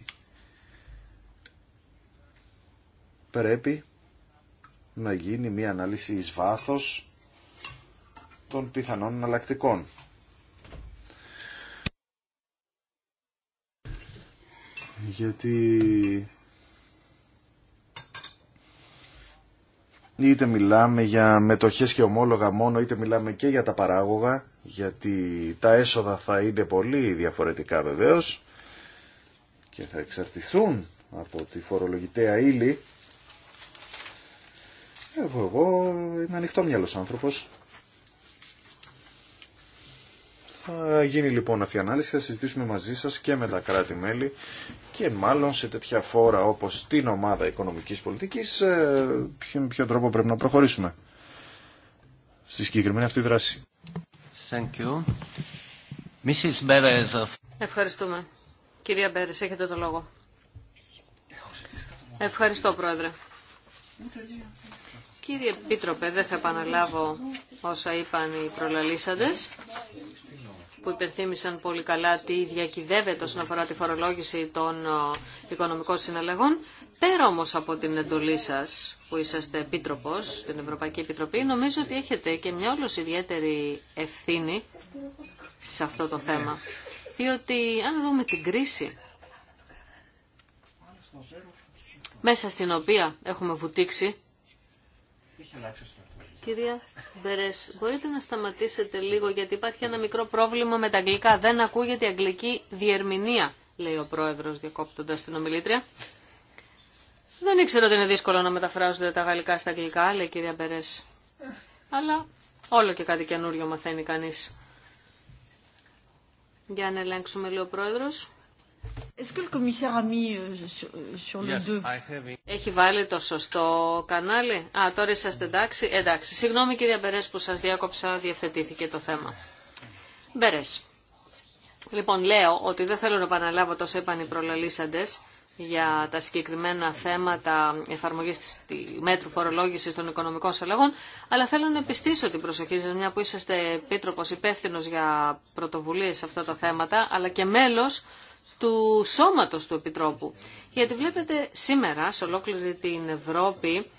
Πρέπει να γίνει μια ανάλυση εις βάθος των πιθανών εναλλακτικών. Γιατί είτε μιλάμε για μετοχές και ομόλογα μόνο, είτε μιλάμε και για τα παράγωγα, γιατί τα έσοδα θα είναι πολύ διαφορετικά βεβαίως και θα εξαρτηθούν από τη φορολογητέα ύλη. Εγώ, εγώ είμαι ανοιχτό μυαλός άνθρωπος. Θα γίνει λοιπόν αυτή η ανάλυση, θα συζητήσουμε μαζί σας και με τα κράτη-μέλη και μάλλον σε τέτοια φόρα όπως την ομάδα οικονομικής πολιτικής με ποιο τρόπο πρέπει να προχωρήσουμε στη συγκεκριμένη αυτή δράση. Thank you. Mrs. Beres. Ευχαριστούμε. Κυρία Μπέρες, έχετε το λόγο. Ευχαριστώ, Πρόεδρε. Κύριε Επίτροπε, δεν θα επαναλάβω όσα είπαν οι προλαλήσαντες που υπερθύμησαν πολύ καλά τι διακυβεύεται όσον αφορά τη φορολόγηση των ε, οικονομικών συναλλαγών. Πέρα όμως από την εντολή σας που είσαστε επίτροπος στην Ευρωπαϊκή Επιτροπή, νομίζω ότι έχετε και μια όλος ιδιαίτερη ευθύνη σε αυτό το θέμα. Διότι αν δούμε την κρίση μέσα στην οποία έχουμε βουτήξει, Κυρία Μπερές, μπορείτε να σταματήσετε λίγο γιατί υπάρχει ένα μικρό πρόβλημα με τα αγγλικά. Δεν ακούγεται η αγγλική διερμηνία, λέει ο πρόεδρος διακόπτοντας την ομιλήτρια. Δεν ήξερα ότι είναι δύσκολο να μεταφράζονται τα γαλλικά στα αγγλικά, λέει η κυρία Μπερές. Αλλά όλο και κάτι καινούριο μαθαίνει κανείς. Για να ελέγξουμε, λέει ο πρόεδρος. Έχει βάλει το σωστό κανάλι. Α, τώρα είσαστε εντάξει. Εντάξει. Συγγνώμη κυρία Μπερές που σας διάκοψα, διευθετήθηκε το θέμα. Μπερές. Λοιπόν, λέω ότι δεν θέλω να επαναλάβω τόσο είπαν οι προλαλήσαντες για τα συγκεκριμένα θέματα εφαρμογής της μέτρου φορολόγησης των οικονομικών συλλογών, αλλά θέλω να επιστήσω την προσοχή σα, μια που είσαστε επίτροπος υπεύθυνο για πρωτοβουλίες σε αυτά τα θέματα, αλλά και μέλος του σώματος του Επιτρόπου. Γιατί βλέπετε σήμερα σε ολόκληρη την Ευρώπη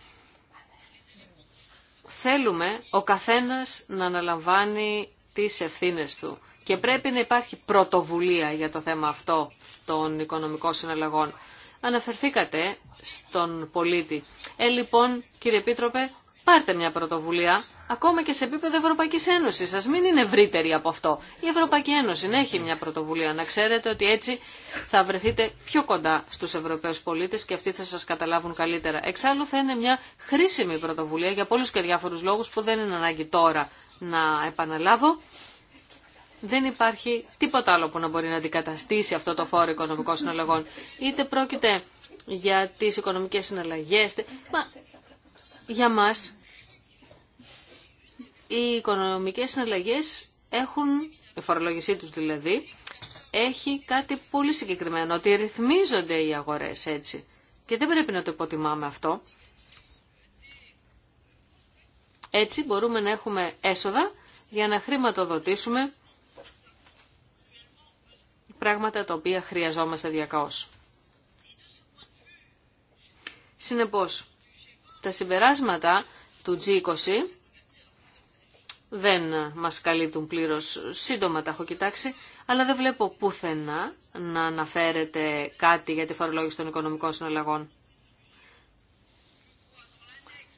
θέλουμε ο καθένας να αναλαμβάνει τις ευθύνες του. Και πρέπει να υπάρχει πρωτοβουλία για το θέμα αυτό των οικονομικών συναλλαγών. Αναφερθήκατε στον πολίτη. Ε, λοιπόν, κύριε Επίτροπε, πάρτε μια πρωτοβουλία ακόμα και σε επίπεδο Ευρωπαϊκή Ένωση, Α μην είναι ευρύτερη από αυτό. Η Ευρωπαϊκή Ένωση να έχει μια πρωτοβουλία. Να ξέρετε ότι έτσι θα βρεθείτε πιο κοντά στου Ευρωπαίου πολίτε και αυτοί θα σα καταλάβουν καλύτερα. Εξάλλου θα είναι μια χρήσιμη πρωτοβουλία για πολλούς και διάφορου λόγου που δεν είναι ανάγκη τώρα να επαναλάβω. Δεν υπάρχει τίποτα άλλο που να μπορεί να αντικαταστήσει αυτό το φόρο οικονομικών συναλλαγών. Είτε πρόκειται για τις οικονομικές συναλλαγές, για μας οι οικονομικές συναλλαγές έχουν, η φορολογισή τους δηλαδή, έχει κάτι πολύ συγκεκριμένο, ότι ρυθμίζονται οι αγορές έτσι. Και δεν πρέπει να το υποτιμάμε αυτό. Έτσι μπορούμε να έχουμε έσοδα για να χρηματοδοτήσουμε πράγματα τα οποία χρειαζόμαστε διακαώς. Συνεπώς, τα συμπεράσματα του G20 δεν μας καλύπτουν πλήρως. Σύντομα τα έχω κοιτάξει, αλλά δεν βλέπω πουθενά να αναφέρεται κάτι για τη φορολόγηση των οικονομικών συναλλαγών.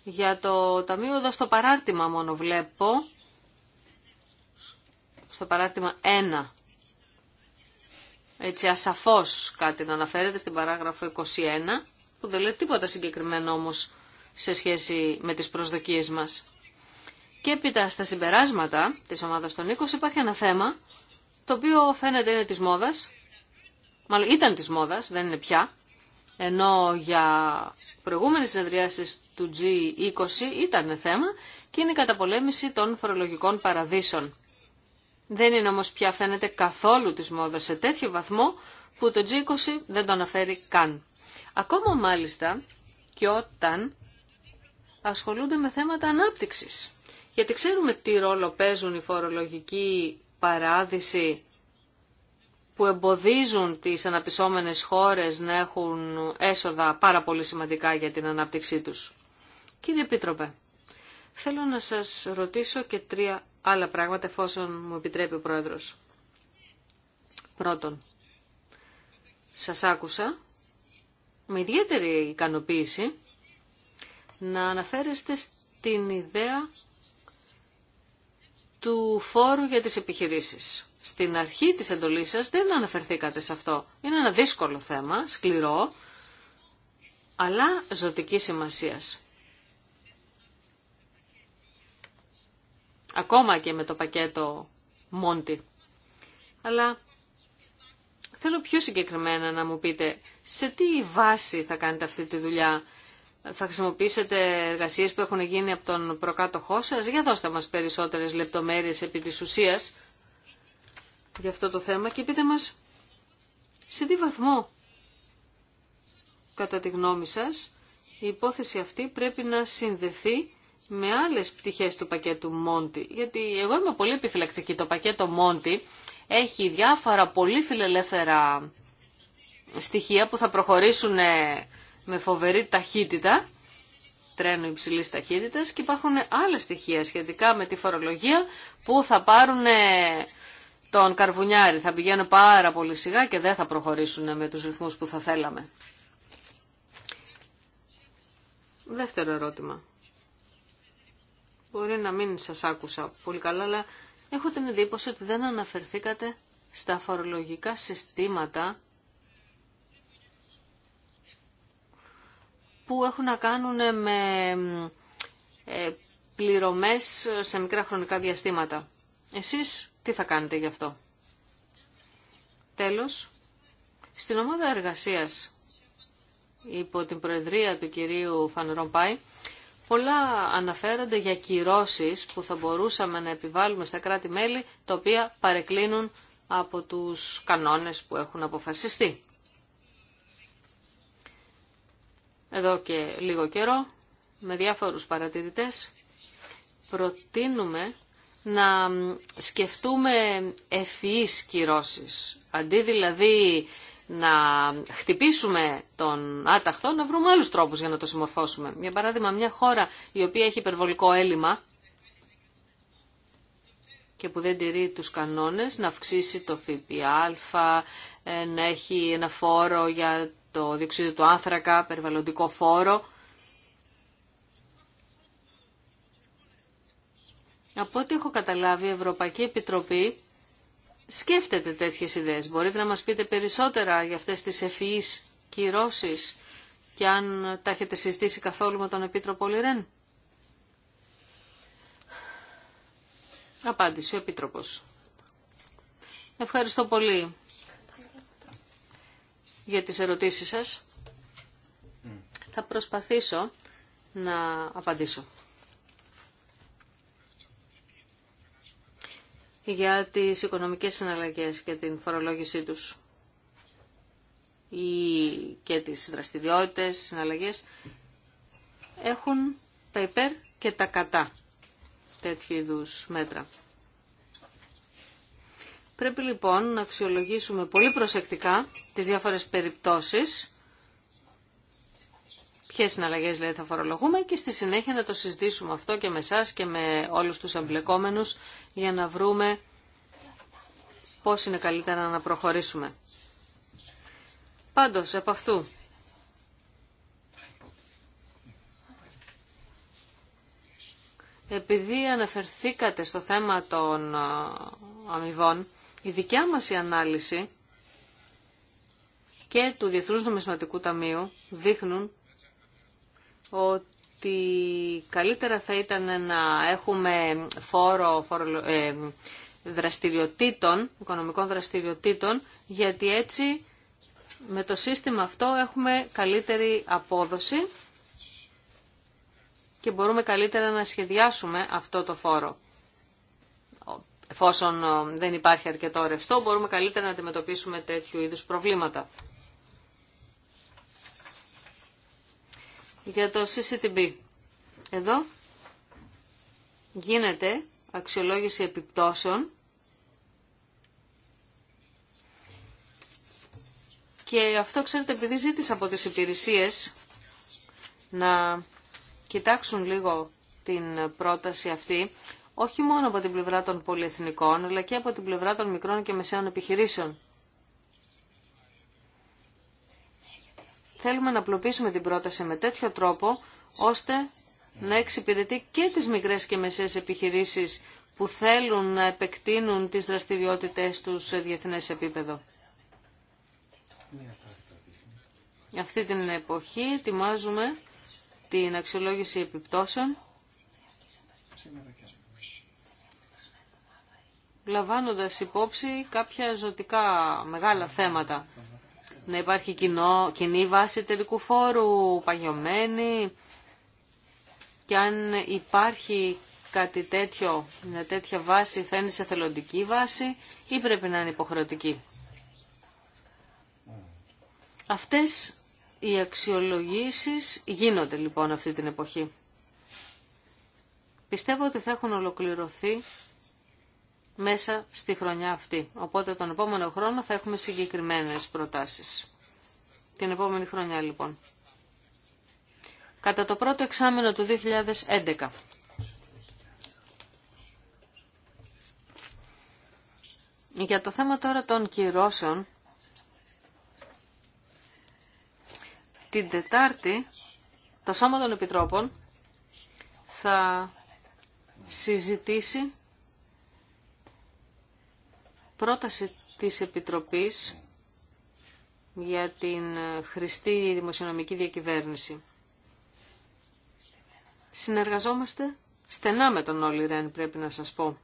Για το Ταμείο εδώ στο παράρτημα μόνο βλέπω, στο παράρτημα 1, έτσι ασαφώς κάτι να αναφέρεται στην παράγραφο 21, που δεν λέει τίποτα συγκεκριμένο όμως σε σχέση με τις προσδοκίες μας. Και έπειτα στα συμπεράσματα της ομάδας των 20 υπάρχει ένα θέμα το οποίο φαίνεται είναι της μόδας, μάλλον ήταν της μόδας, δεν είναι πια, ενώ για προηγούμενες συνεδριάσεις του G20 ήταν θέμα και είναι η καταπολέμηση των φορολογικών παραδείσων. Δεν είναι όμως πια φαίνεται καθόλου της μόδας σε τέτοιο βαθμό που το G20 δεν το αναφέρει καν. Ακόμα μάλιστα και όταν ασχολούνται με θέματα ανάπτυξης γιατί ξέρουμε τι ρόλο παίζουν οι φορολογικοί παράδεισοι που εμποδίζουν τις αναπτυσσόμενες χώρες να έχουν έσοδα πάρα πολύ σημαντικά για την ανάπτυξή τους. Κύριε Επίτροπε, θέλω να σας ρωτήσω και τρία άλλα πράγματα εφόσον μου επιτρέπει ο Πρόεδρος. Πρώτον, σας άκουσα με ιδιαίτερη ικανοποίηση να αναφέρεστε στην ιδέα του φόρου για τις επιχειρήσεις. Στην αρχή της εντολής σας δεν αναφερθήκατε σε αυτό. Είναι ένα δύσκολο θέμα, σκληρό, αλλά ζωτική σημασίας. Ακόμα και με το πακέτο Μόντι. Αλλά θέλω πιο συγκεκριμένα να μου πείτε σε τι βάση θα κάνετε αυτή τη δουλειά θα χρησιμοποιήσετε εργασίες που έχουν γίνει από τον προκάτοχό σας. Για δώστε μας περισσότερες λεπτομέρειες επί της ουσίας για αυτό το θέμα και πείτε μας σε τι βαθμό, κατά τη γνώμη σας, η υπόθεση αυτή πρέπει να συνδεθεί με άλλες πτυχές του πακέτου Μόντι. Γιατί εγώ είμαι πολύ επιφυλακτική. Το πακέτο Μόντι έχει διάφορα πολύ φιλελεύθερα στοιχεία που θα προχωρήσουν ε, με φοβερή ταχύτητα, τρένο υψηλή ταχύτητας και υπάρχουν άλλα στοιχεία σχετικά με τη φορολογία που θα πάρουν τον καρβουνιάρη. Θα πηγαίνουν πάρα πολύ σιγά και δεν θα προχωρήσουν με τους ρυθμούς που θα θέλαμε. Δεύτερο ερώτημα. Μπορεί να μην σας άκουσα πολύ καλά, αλλά έχω την εντύπωση ότι δεν αναφερθήκατε στα φορολογικά συστήματα που έχουν να κάνουν με ε, πληρωμές σε μικρά χρονικά διαστήματα. Εσείς τι θα κάνετε γι' αυτό. Τέλος, στην ομάδα εργασίας υπό την προεδρία του κυρίου Φαν πολλά αναφέρονται για κυρώσεις που θα μπορούσαμε να επιβάλλουμε στα κράτη-μέλη, τα οποία παρεκκλίνουν από τους κανόνες που έχουν αποφασιστεί. εδώ και λίγο καιρό με διάφορους παρατηρητές προτείνουμε να σκεφτούμε ευφυείς κυρώσεις. Αντί δηλαδή να χτυπήσουμε τον άταχτο, να βρούμε άλλους τρόπους για να το συμμορφώσουμε. Για παράδειγμα, μια χώρα η οποία έχει υπερβολικό έλλειμμα και που δεν τηρεί τους κανόνες, να αυξήσει το ΦΠΑ, ε, να έχει ένα φόρο για το διοξείδιο του άνθρακα, περιβαλλοντικό φόρο. Από ό,τι έχω καταλάβει, η Ευρωπαϊκή Επιτροπή σκέφτεται τέτοιες ιδέες. Μπορείτε να μας πείτε περισσότερα για αυτές τις ευφυείς κυρώσεις και αν τα έχετε συζητήσει καθόλου με τον Επίτροπο Λιρέν. Απάντηση ο Επίτροπος. Ευχαριστώ πολύ για τις ερωτήσεις σας. Mm. Θα προσπαθήσω να απαντήσω. για τις οικονομικές συναλλαγές και την φορολόγησή τους ή και τις δραστηριότητες, συναλλαγές έχουν τα υπέρ και τα κατά τέτοιου είδου μέτρα. Πρέπει λοιπόν να αξιολογήσουμε πολύ προσεκτικά τις διάφορες περιπτώσεις, ποιες συναλλαγές δηλαδή θα φορολογούμε και στη συνέχεια να το συζητήσουμε αυτό και με εσά και με όλους τους εμπλεκόμενους για να βρούμε πώς είναι καλύτερα να προχωρήσουμε. Πάντως, από αυτού, επειδή αναφερθήκατε στο θέμα των ε, αμοιβών, η δικιά μας η ανάλυση και του Διεθνούς Νομισματικού Ταμείου δείχνουν ότι καλύτερα θα ήταν να έχουμε φόρο, φόρο ε, δραστηριοτήτων, οικονομικών δραστηριοτήτων, γιατί έτσι με το σύστημα αυτό έχουμε καλύτερη απόδοση και μπορούμε καλύτερα να σχεδιάσουμε αυτό το φόρο εφόσον ε, δεν υπάρχει αρκετό ρευστό, μπορούμε καλύτερα να αντιμετωπίσουμε τέτοιου είδους προβλήματα. Για το CCTB. Εδώ γίνεται αξιολόγηση επιπτώσεων και αυτό ξέρετε επειδή ζήτησα από τις υπηρεσίες να κοιτάξουν λίγο την πρόταση αυτή όχι μόνο από την πλευρά των πολυεθνικών, αλλά και από την πλευρά των μικρών και μεσαίων επιχειρήσεων. Θέλουμε να απλοποιήσουμε την πρόταση με τέτοιο τρόπο, ώστε να εξυπηρετεί και τις μικρές και μεσαίες επιχειρήσεις που θέλουν να επεκτείνουν τις δραστηριότητες τους σε διεθνές επίπεδο. Αυτή την εποχή ετοιμάζουμε την αξιολόγηση επιπτώσεων λαμβάνοντας υπόψη κάποια ζωτικά μεγάλα θέματα. Να υπάρχει κοινό, κοινή βάση τελικού φόρου, παγιωμένη και αν υπάρχει κάτι τέτοιο, μια τέτοια βάση θα είναι σε θελοντική βάση ή πρέπει να είναι υποχρεωτική. Αυτές οι αξιολογήσεις γίνονται λοιπόν αυτή την εποχή. Πιστεύω ότι θα έχουν ολοκληρωθεί μέσα στη χρονιά αυτή. Οπότε τον επόμενο χρόνο θα έχουμε συγκεκριμένες προτάσεις. Την επόμενη χρονιά λοιπόν. Κατά το πρώτο εξάμεινο του 2011. Για το θέμα τώρα των κυρώσεων, την Τετάρτη το Σώμα των Επιτρόπων θα συζητήσει πρόταση της Επιτροπής για την χρηστή δημοσιονομική διακυβέρνηση. Συνεργαζόμαστε στενά με τον Όλυ Ρεν, πρέπει να σας πω.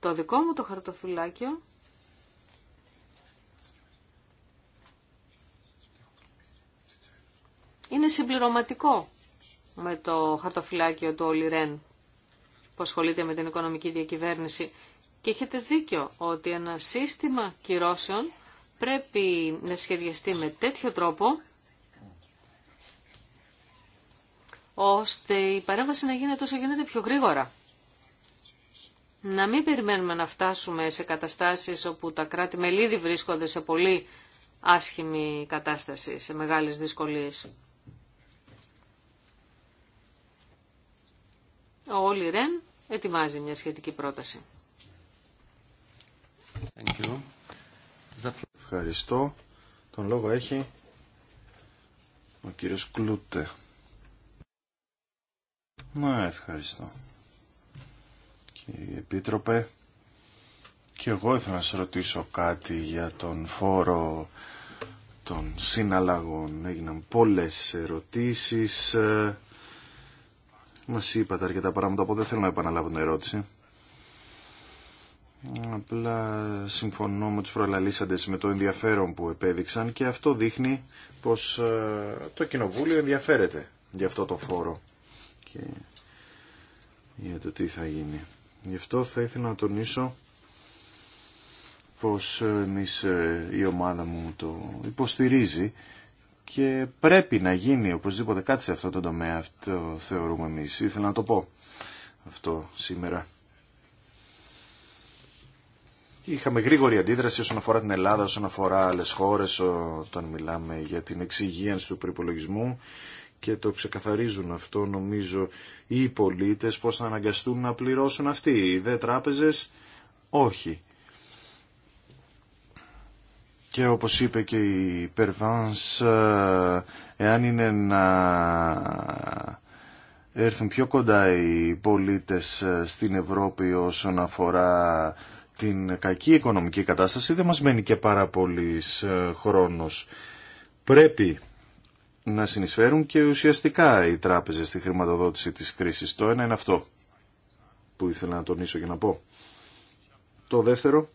Το δικό μου το χαρτοφυλάκιο είναι συμπληρωματικό με το χαρτοφυλάκιο του Όλυ Ρεν που ασχολείται με την οικονομική διακυβέρνηση και έχετε δίκιο ότι ένα σύστημα κυρώσεων πρέπει να σχεδιαστεί με τέτοιο τρόπο ώστε η παρέμβαση να γίνεται όσο γίνεται πιο γρήγορα. Να μην περιμένουμε να φτάσουμε σε καταστάσεις όπου τα κράτη μελίδη βρίσκονται σε πολύ άσχημη κατάσταση, σε μεγάλες δυσκολίες. Ο Όλη Ρεν ετοιμάζει μια σχετική πρόταση. Thank Ευχαριστώ. Τον λόγο έχει ο κύριος Κλούτε. Ναι, ευχαριστώ. Κύριε Επίτροπε, και εγώ ήθελα να σα ρωτήσω κάτι για τον φόρο των συναλλαγών. Έγιναν πολλές ερωτήσεις. Ε, μας είπατε αρκετά πράγματα, οπότε δεν θέλω να επαναλάβω την ερώτηση. Απλά συμφωνώ με τους προλαλήσαντες με το ενδιαφέρον που επέδειξαν και αυτό δείχνει πως ε, το Κοινοβούλιο ενδιαφέρεται για αυτό το φόρο και για το τι θα γίνει. Γι' αυτό θα ήθελα να τονίσω πως ε, εμείς ε, η ομάδα μου το υποστηρίζει και πρέπει να γίνει οπωσδήποτε κάτι σε αυτό το τομέα, αυτό θεωρούμε εμείς. Ήθελα να το πω αυτό σήμερα. Είχαμε γρήγορη αντίδραση όσον αφορά την Ελλάδα, όσον αφορά άλλε χώρε, όταν μιλάμε για την εξυγίανση του προπολογισμού και το ξεκαθαρίζουν αυτό νομίζω οι πολίτες πώς θα αναγκαστούν να πληρώσουν αυτοί. Οι δε τράπεζες όχι. Και όπως είπε και η Περβάνς, εάν είναι να έρθουν πιο κοντά οι πολίτες στην Ευρώπη όσον αφορά την κακή οικονομική κατάσταση δεν μας μένει και πάρα πολύ ε, χρόνος. Πρέπει να συνεισφέρουν και ουσιαστικά οι τράπεζες στη χρηματοδότηση της κρίσης. Το ένα είναι αυτό που ήθελα να τονίσω και να πω. Το δεύτερο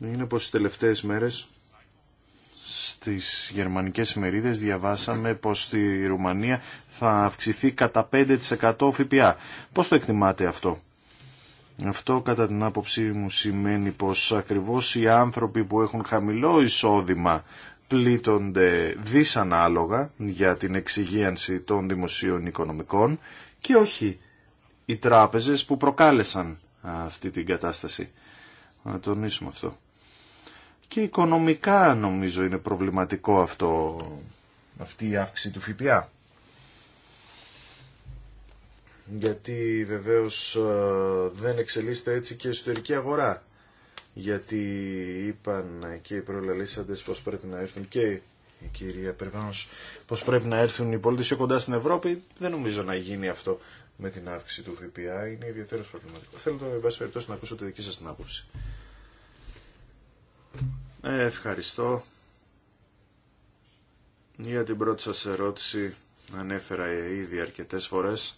είναι πως τις τελευταίες μέρες στις γερμανικές ημερίδες διαβάσαμε πως στη Ρουμανία θα αυξηθεί κατά 5% ΦΠΑ. Πώς το εκτιμάτε αυτό. Αυτό κατά την άποψή μου σημαίνει πως ακριβώς οι άνθρωποι που έχουν χαμηλό εισόδημα πλήττονται δυσανάλογα για την εξυγίανση των δημοσίων οικονομικών και όχι οι τράπεζες που προκάλεσαν αυτή την κατάσταση. Να τονίσουμε αυτό. Και οικονομικά νομίζω είναι προβληματικό αυτό, αυτή η αύξηση του ΦΠΑ γιατί βεβαίως ε, δεν εξελίσσεται έτσι και η εσωτερική αγορά. Γιατί είπαν και οι προλαλήσαντες πως πρέπει να έρθουν και η κυρία Περβάνος πως πρέπει να έρθουν οι πολίτες και κοντά στην Ευρώπη. Δεν νομίζω να γίνει αυτό με την αύξηση του ΦΠΑ. Είναι ιδιαίτερο προβληματικό. Θέλω τώρα, με περιπτώσει, να ακούσω τη δική σας την άποψη. Ε, ευχαριστώ για την πρώτη σας ερώτηση. Ανέφερα ήδη αρκετές φορές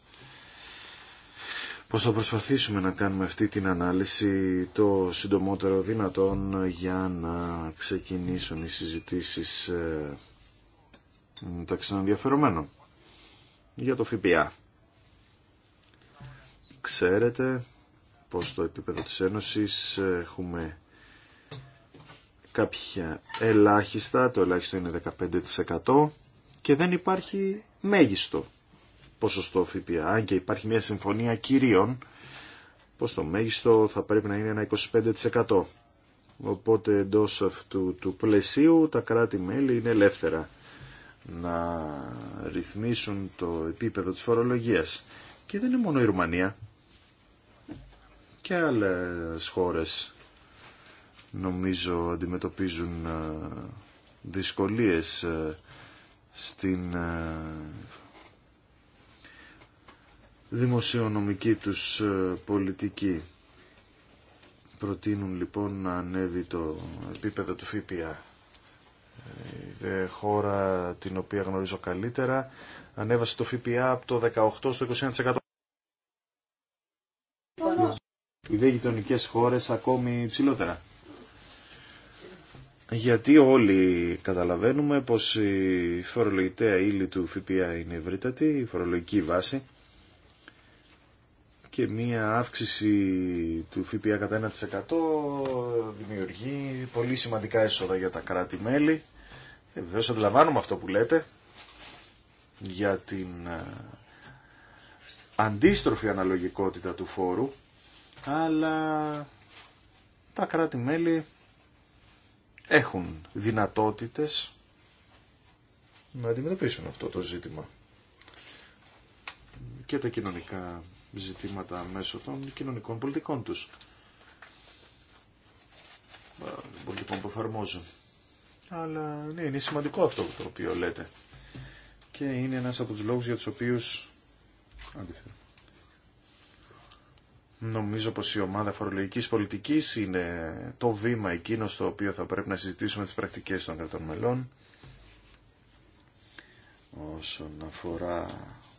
πως θα προσπαθήσουμε να κάνουμε αυτή την ανάλυση το συντομότερο δυνατόν για να ξεκινήσουν οι συζητήσεις ε, μεταξύ των ενδιαφερομένων για το ΦΠΑ. Ξέρετε πως στο επίπεδο της Ένωσης έχουμε κάποια ελάχιστα, το ελάχιστο είναι 15% και δεν υπάρχει μέγιστο ποσοστό ΦΠΑ, αν και υπάρχει μια συμφωνία κυρίων, πως το μέγιστο θα πρέπει να είναι ένα 25%. Οπότε εντό αυτού του πλαισίου τα κράτη-μέλη είναι ελεύθερα να ρυθμίσουν το επίπεδο της φορολογίας. Και δεν είναι μόνο η Ρουμανία. Και άλλες χώρες νομίζω αντιμετωπίζουν ε, δυσκολίες ε, στην ε, δημοσιονομική τους ε, πολιτική. Προτείνουν λοιπόν να ανέβει το επίπεδο του ΦΠΑ. Ε, η χώρα την οποία γνωρίζω καλύτερα ανέβασε το ΦΠΑ από το 18% στο 21%. Οι δε γειτονικέ χώρες ακόμη ψηλότερα. Γιατί όλοι καταλαβαίνουμε πως η φορολογητέα ύλη του ΦΠΑ είναι ευρύτατη, η φορολογική βάση και μία αύξηση του ΦΠΑ κατά 1% δημιουργεί πολύ σημαντικά έσοδα για τα κράτη-μέλη. Ε, Βεβαίω αντιλαμβάνομαι αυτό που λέτε για την ε, αντίστροφη αναλογικότητα του φόρου, αλλά τα κράτη-μέλη έχουν δυνατότητες να αντιμετωπίσουν αυτό το ζήτημα και τα κοινωνικά ζητήματα μέσω των κοινωνικών πολιτικών τους. Πολιτικών που εφαρμόζουν. Αλλά ναι, είναι σημαντικό αυτό το οποίο λέτε. Και είναι ένας από τους λόγους για τους οποίους... Νομίζω πως η ομάδα φορολογικής πολιτικής είναι το βήμα εκείνο στο οποίο θα πρέπει να συζητήσουμε τις πρακτικές των κρατών μελών όσον αφορά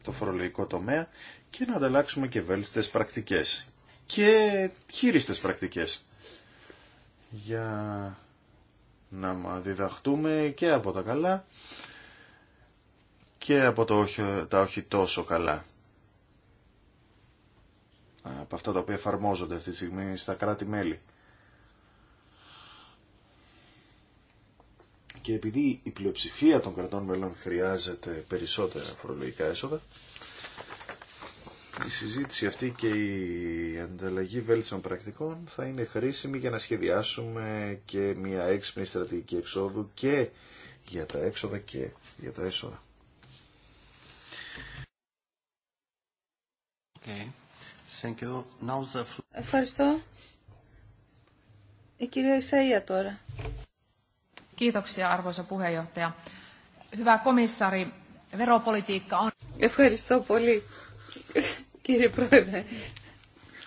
το φορολογικό τομέα και να ανταλλάξουμε και βέλτιστες πρακτικές και χείριστες πρακτικές για να διδαχτούμε και από τα καλά και από το όχι, τα όχι τόσο καλά. Από αυτά τα οποία εφαρμόζονται αυτή τη στιγμή στα κράτη-μέλη. Και επειδή η πλειοψηφία των κρατών μελών χρειάζεται περισσότερα φορολογικά έσοδα, η συζήτηση αυτή και η ανταλλαγή βέλτιστων πρακτικών θα είναι χρήσιμη για να σχεδιάσουμε και μια έξυπνη στρατηγική εξόδου και για τα έξοδα και για τα έσοδα. Okay. Thank you. Now the... Ευχαριστώ. Η κυρία Ισαΐα τώρα. Ευχαριστώ πολύ κύριε Πρόεδρε.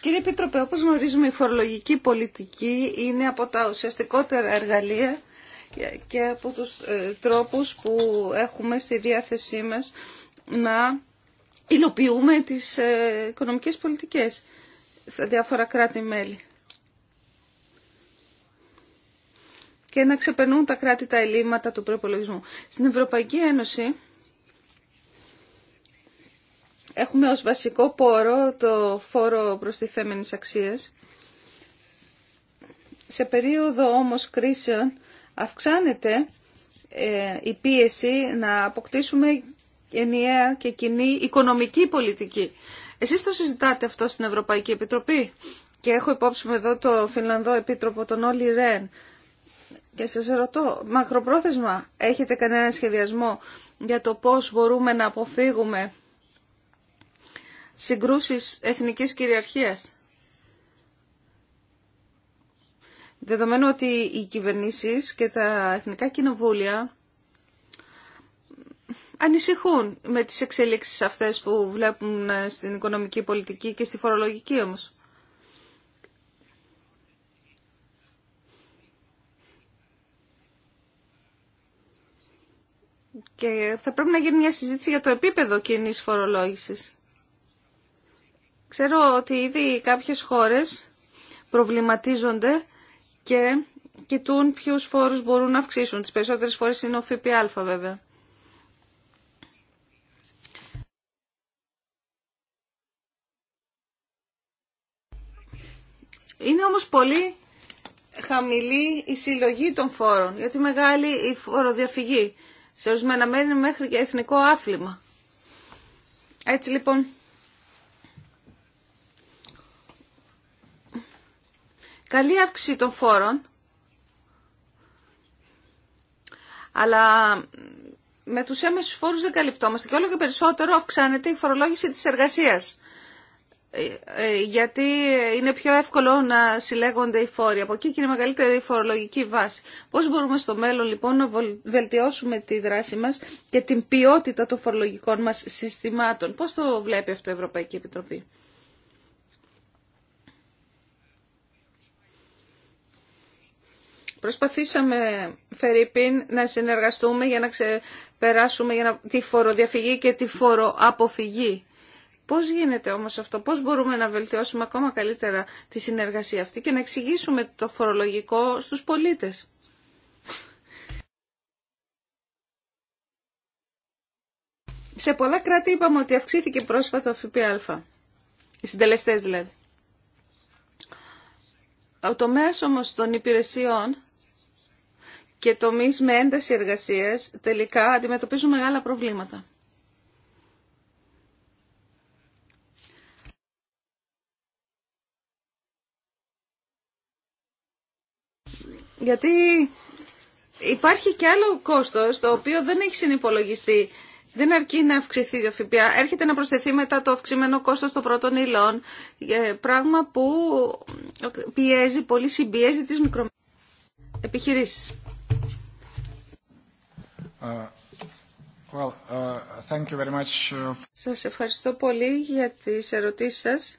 Κύριε Επίτροπε, όπως γνωρίζουμε η φορολογική πολιτική είναι από τα ουσιαστικότερα εργαλεία και από τους ε, τρόπους που έχουμε στη διάθεσή μας να υλοποιούμε τις ε, οικονομικές πολιτικές στα διάφορα κράτη-μέλη. Και να ξεπερνούν τα κράτη τα ελλείμματα του προπολογισμού. Στην Ευρωπαϊκή Ένωση Έχουμε ως βασικό πόρο το φόρο προστιθέμενης αξίας. Σε περίοδο όμως κρίσεων αυξάνεται ε, η πίεση να αποκτήσουμε ενιαία και κοινή οικονομική πολιτική. Εσείς το συζητάτε αυτό στην Ευρωπαϊκή Επιτροπή και έχω υπόψη μου εδώ το Φιλανδό Επίτροπο τον Όλι Ρεν και σας ρωτώ, μακροπρόθεσμα έχετε κανένα σχεδιασμό για το πώς μπορούμε να αποφύγουμε συγκρούσεις εθνικής κυριαρχίας. Δεδομένου ότι οι κυβερνήσεις και τα εθνικά κοινοβούλια ανησυχούν με τις εξελίξεις αυτές που βλέπουν στην οικονομική πολιτική και στη φορολογική όμως. Και θα πρέπει να γίνει μια συζήτηση για το επίπεδο κοινή φορολόγησης. Ξέρω ότι ήδη κάποιες χώρες προβληματίζονται και κοιτούν ποιους φόρους μπορούν να αυξήσουν. Τις περισσότερες φορές είναι ο ΦΠΑ βέβαια. Είναι όμως πολύ χαμηλή η συλλογή των φόρων, γιατί μεγάλη η φοροδιαφυγή. Σε ορισμένα μέρη είναι μέχρι και εθνικό άθλημα. Έτσι λοιπόν Καλή αύξηση των φόρων, αλλά με τους έμεσους φόρους δεν καλυπτόμαστε και όλο και περισσότερο αυξάνεται η φορολόγηση της εργασίας ε, ε, γιατί είναι πιο εύκολο να συλλέγονται οι φόροι. Από εκεί και είναι μεγαλύτερη η φορολογική βάση. Πώς μπορούμε στο μέλλον λοιπόν να βελτιώσουμε τη δράση μας και την ποιότητα των φορολογικών μας συστημάτων. Πώς το βλέπει αυτό η Ευρωπαϊκή Επιτροπή. Προσπαθήσαμε, Φερρυπίν, να συνεργαστούμε για να ξεπεράσουμε για να... τη φοροδιαφυγή και τη φοροαποφυγή. Πώς γίνεται όμως αυτό, πώς μπορούμε να βελτιώσουμε ακόμα καλύτερα τη συνεργασία αυτή και να εξηγήσουμε το φορολογικό στους πολίτες. Σε πολλά κράτη είπαμε ότι αυξήθηκε πρόσφατα ο ΦΠΑ. Οι συντελεστές δηλαδή. Ο τομέας όμως των υπηρεσιών και τομείς με ένταση εργασία τελικά αντιμετωπίζουν μεγάλα προβλήματα. Γιατί υπάρχει και άλλο κόστος το οποίο δεν έχει συνυπολογιστεί. Δεν αρκεί να αυξηθεί η ΦΠΑ. Έρχεται να προσθεθεί μετά το αυξημένο κόστος των πρώτων υλών. Ε, πράγμα που πιέζει, πολύ συμπιέζει τις μικρομεσαίες επιχειρήσει Uh, uh, uh, σας ευχαριστώ πολύ για τις ερωτήσεις σας.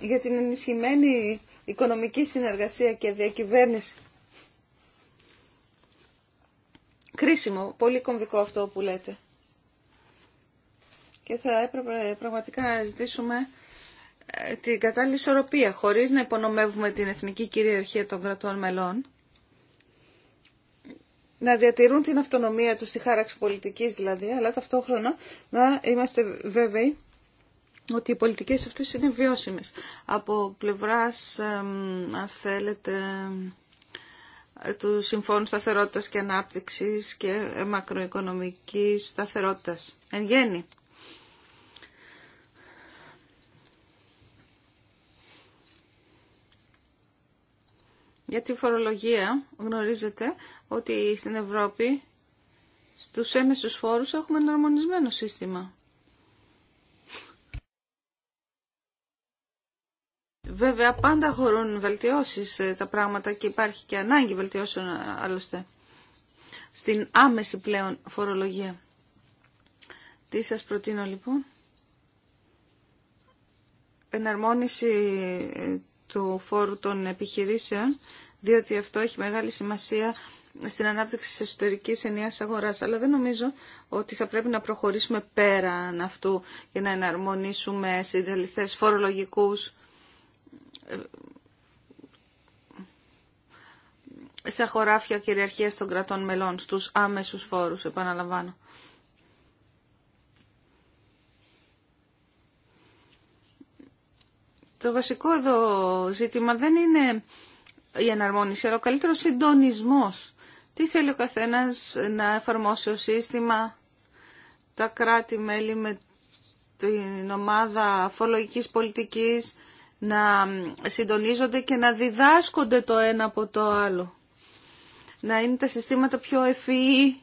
Για την ενισχυμένη οικονομική συνεργασία και διακυβέρνηση. Κρίσιμο, πολύ κομβικό αυτό που λέτε. Και θα έπρεπε πραγματικά να ζητήσουμε την κατάλληλη ισορροπία, χωρίς να υπονομεύουμε την εθνική κυριαρχία των κρατών μελών, να διατηρούν την αυτονομία τους στη χάραξη πολιτικής δηλαδή, αλλά ταυτόχρονα να είμαστε βέβαιοι ότι οι πολιτικές αυτές είναι βιώσιμες. Από πλευράς, αν θέλετε, του Συμφώνου Σταθερότητας και Ανάπτυξης και μακροοικονομικής σταθερότητας. Εν γέννη. Για τη φορολογία γνωρίζετε ότι στην Ευρώπη στους έμεσους φόρους έχουμε ένα σύστημα. Βέβαια πάντα χωρούν βελτιώσεις ε, τα πράγματα και υπάρχει και ανάγκη βελτιώσεων ε, άλλωστε στην άμεση πλέον φορολογία. Τι σας προτείνω λοιπόν. Εναρμόνιση ε, του φόρου των επιχειρήσεων, διότι αυτό έχει μεγάλη σημασία στην ανάπτυξη της εσωτερικής ενιαίας αγοράς. Αλλά δεν νομίζω ότι θα πρέπει να προχωρήσουμε πέραν αυτού για να εναρμονίσουμε συντελεστές φορολογικούς σε χωράφια κυριαρχία των κρατών μελών, στους άμεσους φόρους, επαναλαμβάνω. Το βασικό εδώ ζήτημα δεν είναι η εναρμόνιση, αλλά ο καλύτερος συντονισμός. Τι θέλει ο καθένας να εφαρμόσει ο σύστημα, τα κράτη-μέλη με την ομάδα αφορολογικής πολιτικής να συντονίζονται και να διδάσκονται το ένα από το άλλο. Να είναι τα συστήματα πιο ευφυή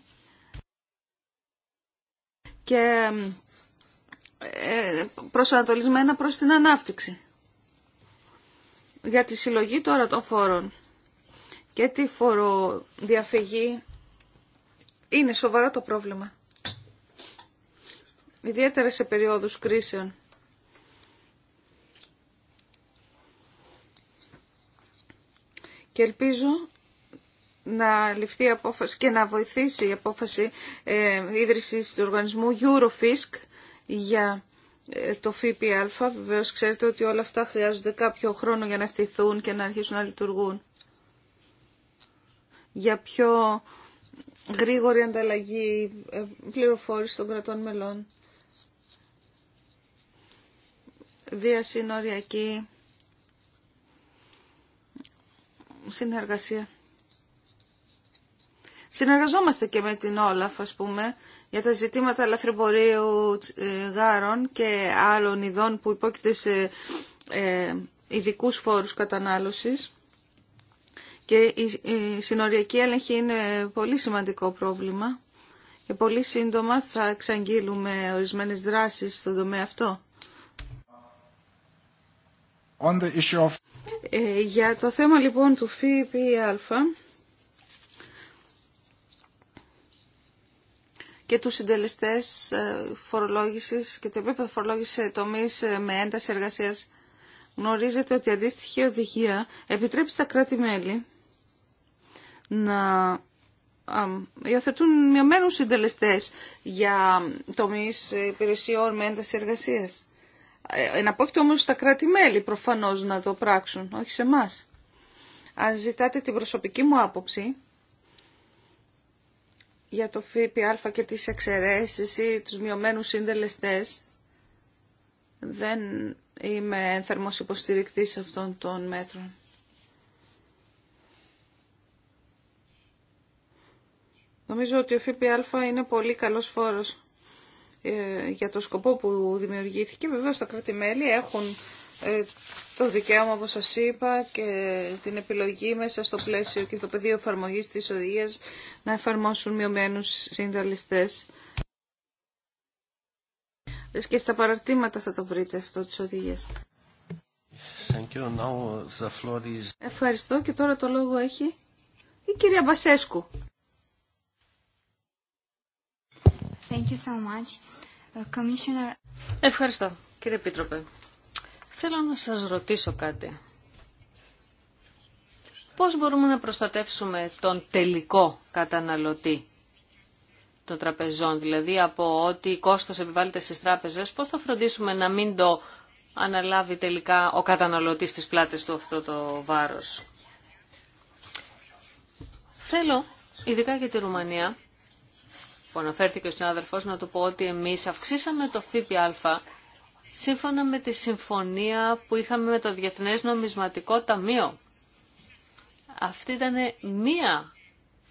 και ε, προσανατολισμένα προς την ανάπτυξη για τη συλλογή τώρα των φόρων και τη φοροδιαφυγή είναι σοβαρό το πρόβλημα. Ιδιαίτερα σε περίοδους κρίσεων. Και ελπίζω να ληφθεί η απόφαση και να βοηθήσει η απόφαση ε, ίδρυσης του οργανισμού Eurofisk για το ΦΠΑ. Βεβαίω ξέρετε ότι όλα αυτά χρειάζονται κάποιο χρόνο για να στηθούν και να αρχίσουν να λειτουργούν. Για πιο γρήγορη ανταλλαγή ε, πληροφόρηση των κρατών μελών. Διασυνοριακή συνεργασία. Συνεργαζόμαστε και με την Όλαφ, ας πούμε, για τα ζητήματα λαθρεμπορίου ε, γάρων και άλλων ειδών που υπόκειται σε ε, ειδικούς φόρους κατανάλωσης. Και η συνοριακή έλεγχη είναι πολύ σημαντικό πρόβλημα και πολύ σύντομα θα εξαγγείλουμε ορισμένες δράσεις στον τομέα αυτό. Ε, για το θέμα λοιπόν του ΦΠΑ και τους συντελεστές ε, φορολόγησης και το επίπεδο φορολόγησης σε τομείς ε, με ένταση εργασίας. Γνωρίζετε ότι η αντίστοιχη οδηγία επιτρέπει στα κράτη-μέλη να υιοθετούν μειωμένους συντελεστές για τομείς ε, υπηρεσιών με ένταση εργασίας. Εναπόκειται όμως στα κράτη-μέλη προφανώς να το πράξουν, όχι σε εμά. Αν ζητάτε την προσωπική μου άποψη, για το ΦΠΑ και τις εξαιρέσεις ή τους μειωμένους συντελεστές. Δεν είμαι ένθερμος υποστηρικτής αυτών των μέτρων. Νομίζω ότι ο ΦΠΑ είναι πολύ καλός φόρος ε, για το σκοπό που δημιουργήθηκε. Βεβαίως τα κράτη-μέλη έχουν ε, το δικαίωμα, όπως σας είπα, και την επιλογή μέσα στο πλαίσιο και το πεδίο εφαρμογής της οδηγίας να εφαρμόσουν μειωμένους συνταλιστές. Και στα παραρτήματα θα το βρείτε αυτό της οδηγίας. Ευχαριστώ και τώρα το λόγο έχει η κυρία Μπασέσκου. Thank you so much. Uh, Commissioner... Ευχαριστώ κύριε Επίτροπε. Θέλω να σας ρωτήσω κάτι. Πώς μπορούμε να προστατεύσουμε τον τελικό καταναλωτή των τραπεζών, δηλαδή από ό,τι κόστος επιβάλλεται στις τράπεζες, πώς θα φροντίσουμε να μην το αναλάβει τελικά ο καταναλωτής στις πλάτες του αυτό το βάρος. Θέλω, ειδικά για τη Ρουμανία, που αναφέρθηκε ο συνάδελφος, να του πω ότι εμείς αυξήσαμε το ΦΠΑ σύμφωνα με τη συμφωνία που είχαμε με το Διεθνές Νομισματικό Ταμείο. Αυτή ήταν μία,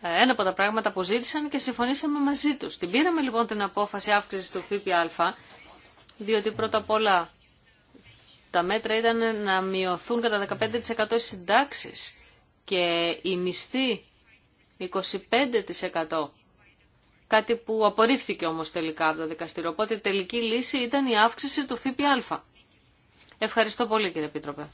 ε, ένα από τα πράγματα που ζήτησαν και συμφωνήσαμε μαζί τους. Την πήραμε λοιπόν την απόφαση αύξησης του ΦΠΑ, διότι πρώτα απ' όλα τα μέτρα ήταν να μειωθούν κατά 15% οι συντάξεις και οι μισθοί 25% Κάτι που απορρίφθηκε όμως τελικά από το δικαστήριο. Οπότε η τελική λύση ήταν η αύξηση του ΦΠΑ. Ευχαριστώ πολύ κύριε Επίτροπε.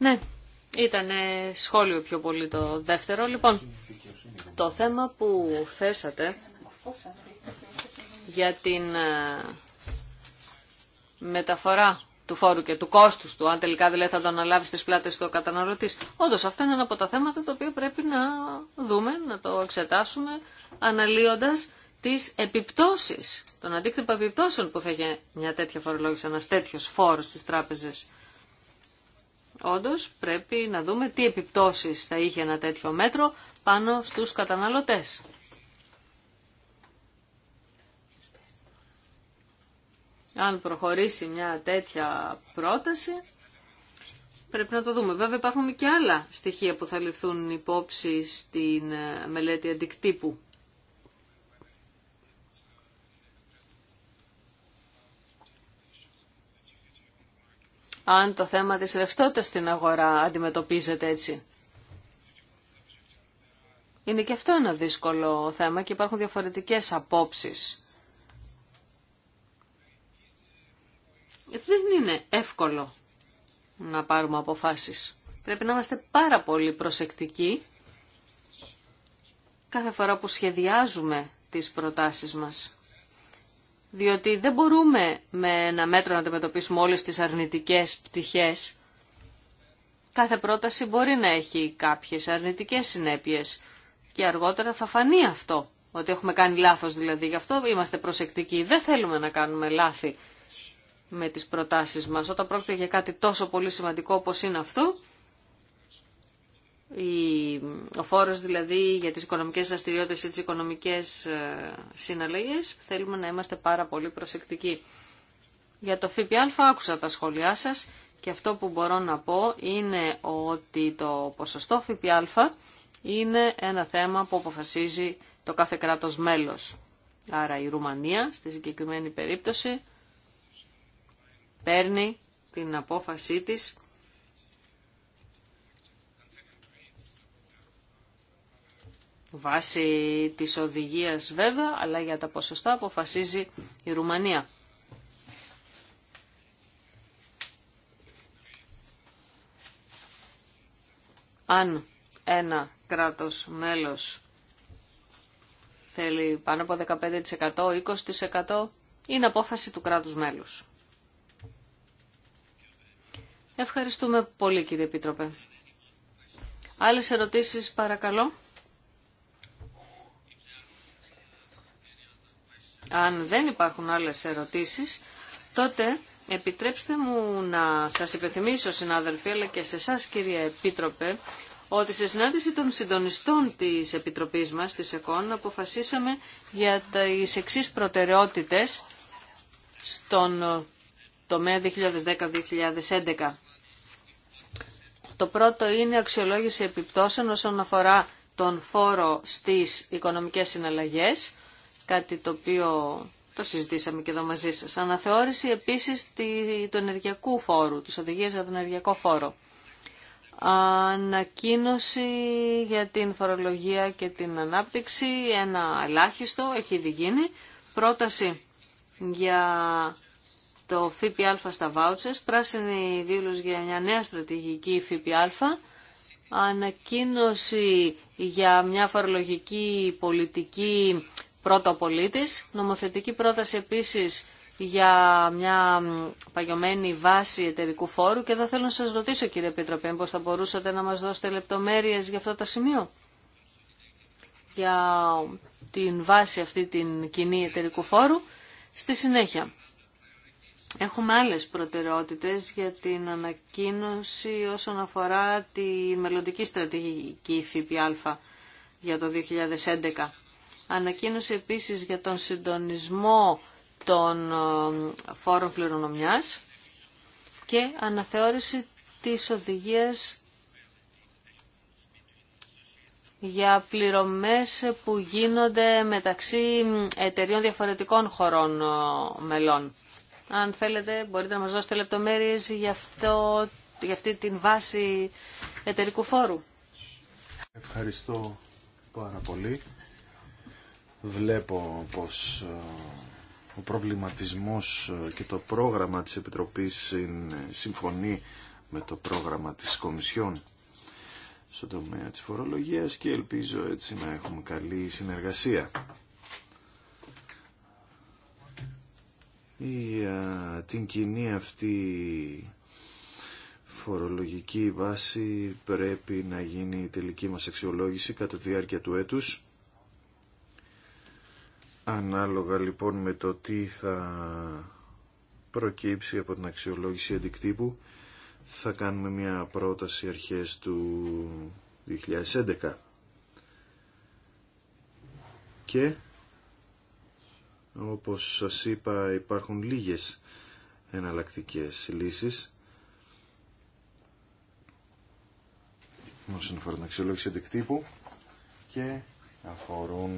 Ναι, ήταν ε, σχόλιο πιο πολύ το δεύτερο. Λοιπόν, το θέμα που θέσατε για την ε, μεταφορά του φόρου και του κόστου του, αν τελικά δηλαδή θα το αναλάβει στις πλάτες του καταναλωτής. Όντω αυτό είναι ένα από τα θέματα τα οποία πρέπει να δούμε, να το εξετάσουμε, αναλύοντα τις επιπτώσεις, τον αντίκτυπο επιπτώσεων που θα έχει μια τέτοια φορολόγηση, ένα τέτοιο φόρος στι τράπεζε. Όντω πρέπει να δούμε τι επιπτώσει θα είχε ένα τέτοιο μέτρο πάνω στου καταναλωτέ. αν προχωρήσει μια τέτοια πρόταση, πρέπει να το δούμε. Βέβαια υπάρχουν και άλλα στοιχεία που θα ληφθούν υπόψη στην ε, μελέτη αντικτύπου. Αν το θέμα της ρευστότητας στην αγορά αντιμετωπίζεται έτσι. Είναι και αυτό ένα δύσκολο θέμα και υπάρχουν διαφορετικές απόψεις δεν είναι εύκολο να πάρουμε αποφάσεις. Πρέπει να είμαστε πάρα πολύ προσεκτικοί κάθε φορά που σχεδιάζουμε τις προτάσεις μας. Διότι δεν μπορούμε με ένα μέτρο να αντιμετωπίσουμε όλες τις αρνητικές πτυχές. Κάθε πρόταση μπορεί να έχει κάποιες αρνητικές συνέπειες και αργότερα θα φανεί αυτό, ότι έχουμε κάνει λάθος δηλαδή. Γι' αυτό είμαστε προσεκτικοί, δεν θέλουμε να κάνουμε λάθη με τις προτάσεις μας. Όταν πρόκειται για κάτι τόσο πολύ σημαντικό όπως είναι αυτό, ο φόρος δηλαδή για τις οικονομικές δραστηριότητες ή τις οικονομικές ε, συναλλαγές, θέλουμε να είμαστε πάρα πολύ προσεκτικοί. Για το ΦΠΑ άκουσα τα σχόλιά σας και αυτό που μπορώ να πω είναι ότι το ποσοστό ΦΠΑ είναι ένα θέμα που αποφασίζει το κάθε κράτος μέλος. Άρα η Ρουμανία στη συγκεκριμένη περίπτωση παίρνει την απόφασή της βάσει της οδηγίας βέβαια, αλλά για τα ποσοστά αποφασίζει η Ρουμανία. Αν ένα κράτος μέλος θέλει πάνω από 15%, 20% είναι απόφαση του κράτους μέλους. Ευχαριστούμε πολύ κύριε Επίτροπε. Άλλες ερωτήσεις παρακαλώ. Αν δεν υπάρχουν άλλες ερωτήσεις, τότε επιτρέψτε μου να σας υπενθυμίσω συνάδελφοι, αλλά και σε εσά κύριε Επίτροπε, ότι σε συνάντηση των συντονιστών της Επιτροπής μας, της ΕΚΟΝ, αποφασίσαμε για τις εξής προτεραιότητες στον τομέα 2010-2011. Το πρώτο είναι αξιολόγηση επιπτώσεων όσον αφορά τον φόρο στις οικονομικές συναλλαγές, κάτι το οποίο το συζητήσαμε και εδώ μαζί σας. Αναθεώρηση επίσης του ενεργειακού φόρου, της οδηγίας για τον ενεργειακό φόρο. Ανακοίνωση για την φορολογία και την ανάπτυξη, ένα ελάχιστο, έχει ήδη γίνει. Πρόταση για το ΦΠΑ στα vouchers, πράσινη δήλωση για μια νέα στρατηγική ΦΠΑ, ανακοίνωση για μια φορολογική πολιτική πρώτο πολίτης, νομοθετική πρόταση επίσης για μια παγιωμένη βάση εταιρικού φόρου και εδώ θέλω να σας ρωτήσω κύριε πίτρο, πώς θα μπορούσατε να μας δώσετε λεπτομέρειες για αυτό το σημείο, για την βάση αυτή την κοινή εταιρικού φόρου. Στη συνέχεια, Έχουμε άλλες προτεραιότητες για την ανακοίνωση όσον αφορά τη μελλοντική στρατηγική ΦΠΑ για το 2011. Ανακοίνωση επίσης για τον συντονισμό των ε, φόρων κληρονομιάς και αναθεώρηση της οδηγίας για πληρωμές που γίνονται μεταξύ εταιριών διαφορετικών χωρών ε, μελών. Αν θέλετε μπορείτε να μας δώσετε λεπτομέρειες για, αυτό, για αυτή την βάση εταιρικού φόρου. Ευχαριστώ πάρα πολύ. Βλέπω πως ε, ο προβληματισμός ε, και το πρόγραμμα της Επιτροπής συμφωνεί με το πρόγραμμα της Κομισιόν στον τομέα της φορολογίας και ελπίζω έτσι να έχουμε καλή συνεργασία. η την κοινή αυτή φορολογική βάση πρέπει να γίνει η τελική μας αξιολόγηση κατά τη διάρκεια του έτους. Ανάλογα λοιπόν με το τι θα προκύψει από την αξιολόγηση αντικτύπου θα κάνουμε μια πρόταση αρχές του 2011. Και όπως σας είπα υπάρχουν λίγες εναλλακτικές λύσεις. όσον αφορά την αξιολόγηση αντικτύπου και αφορούν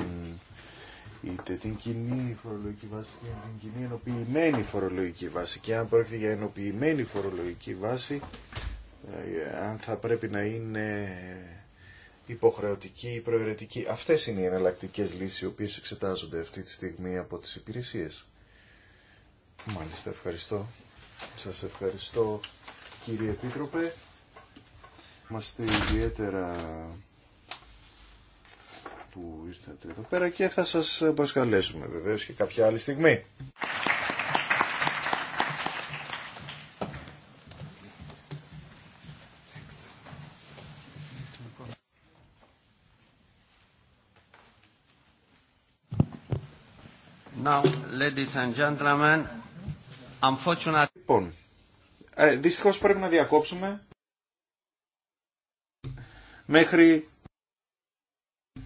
είτε την κοινή φορολογική βάση είτε την κοινή ενοποιημένη φορολογική βάση και αν πρόκειται για ενοποιημένη φορολογική βάση ε, αν θα πρέπει να είναι υποχρεωτική ή προαιρετική. Αυτές είναι οι εναλλακτικέ λύσει οι οποίες εξετάζονται αυτή τη στιγμή από τις υπηρεσίε. Μάλιστα, ευχαριστώ. Σας ευχαριστώ κύριε Επίτροπε. Είμαστε ιδιαίτερα που ήρθατε εδώ πέρα και θα σας προσκαλέσουμε βεβαίως και κάποια άλλη στιγμή. Λοιπόν, ε, δυστυχώς πρέπει να διακόψουμε μέχρι,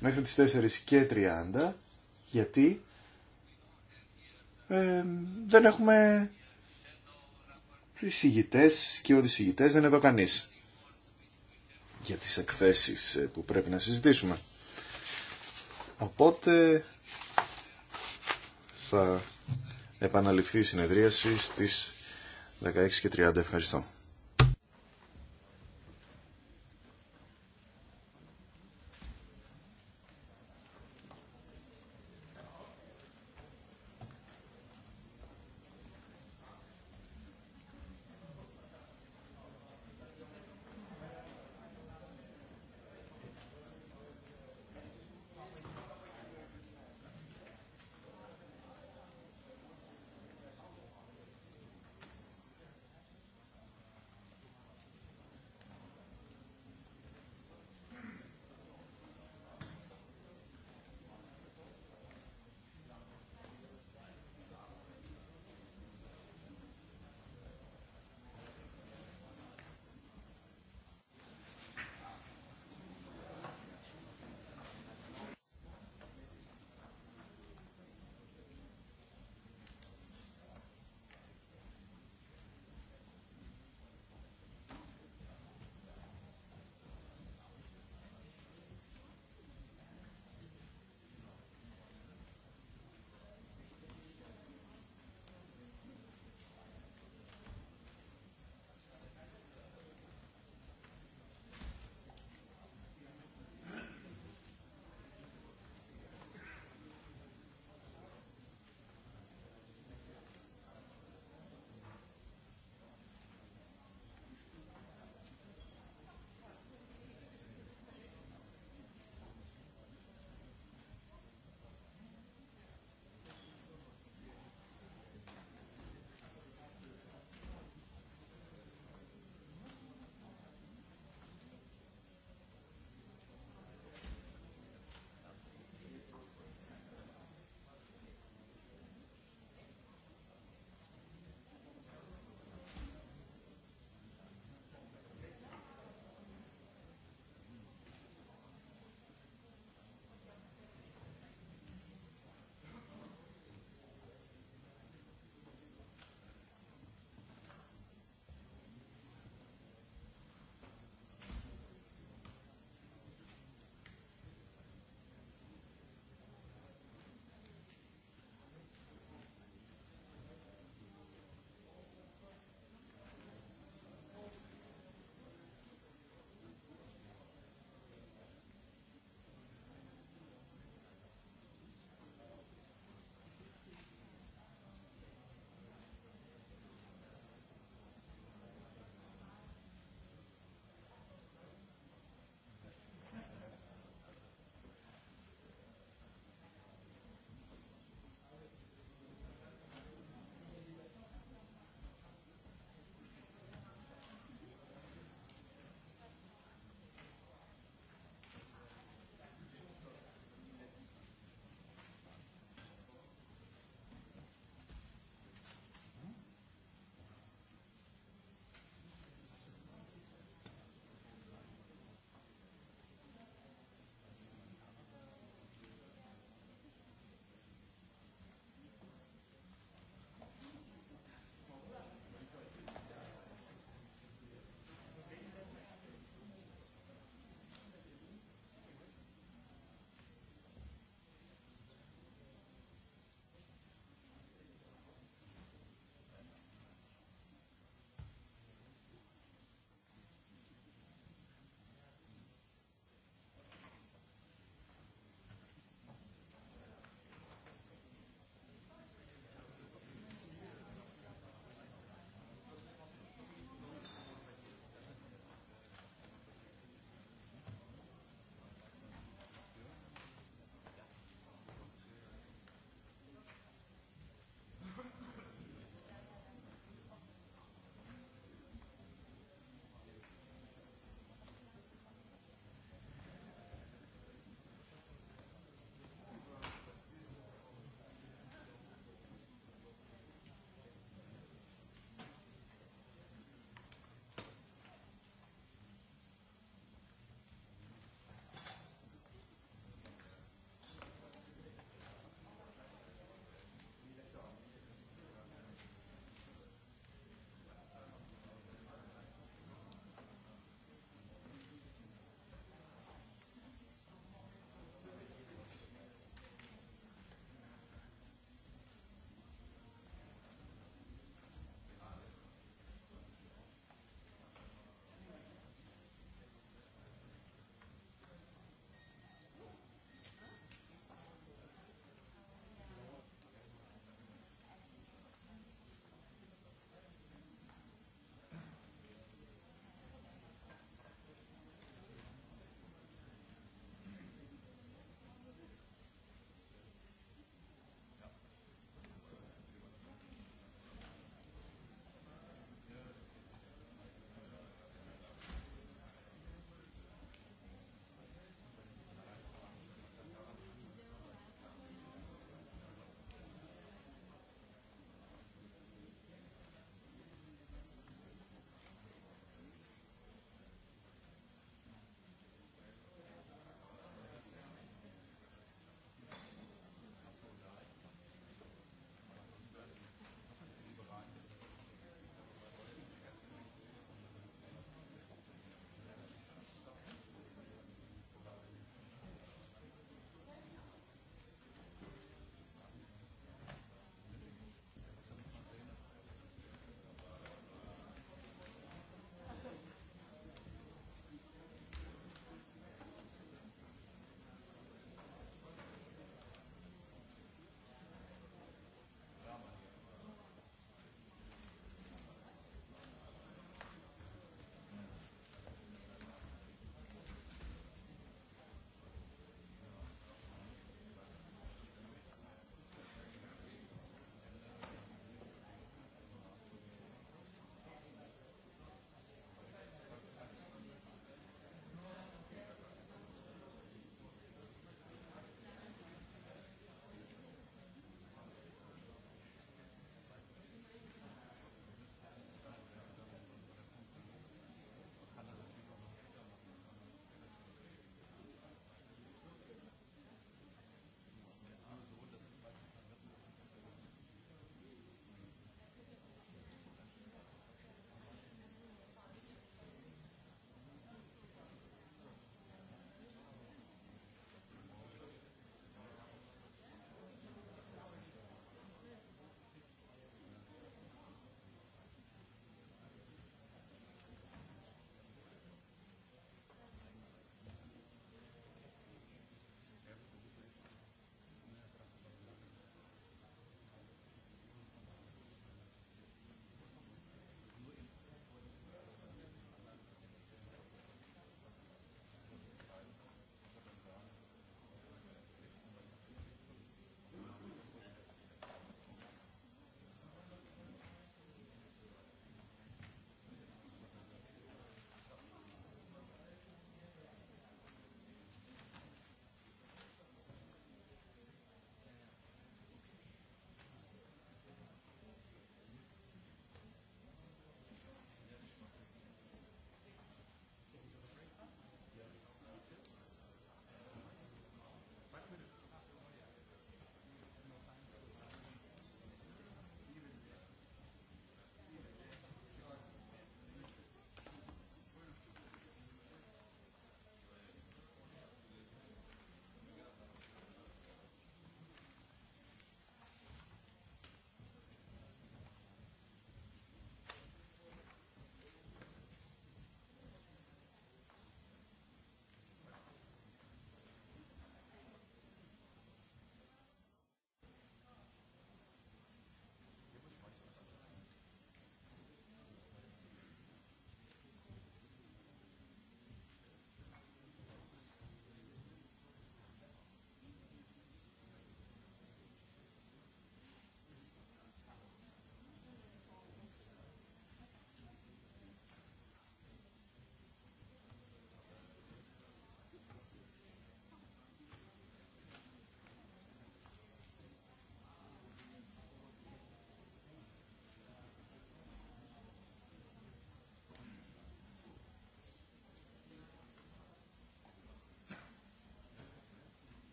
μέχρι τις 4 και 30 γιατί ε, δεν έχουμε συγητές και εισηγητές, δεν είναι εδώ κανείς για τις εκθέσεις ε, που πρέπει να συζητήσουμε. Οπότε θα επαναληφθεί η συνεδρίαση στις 16.30. Ευχαριστώ.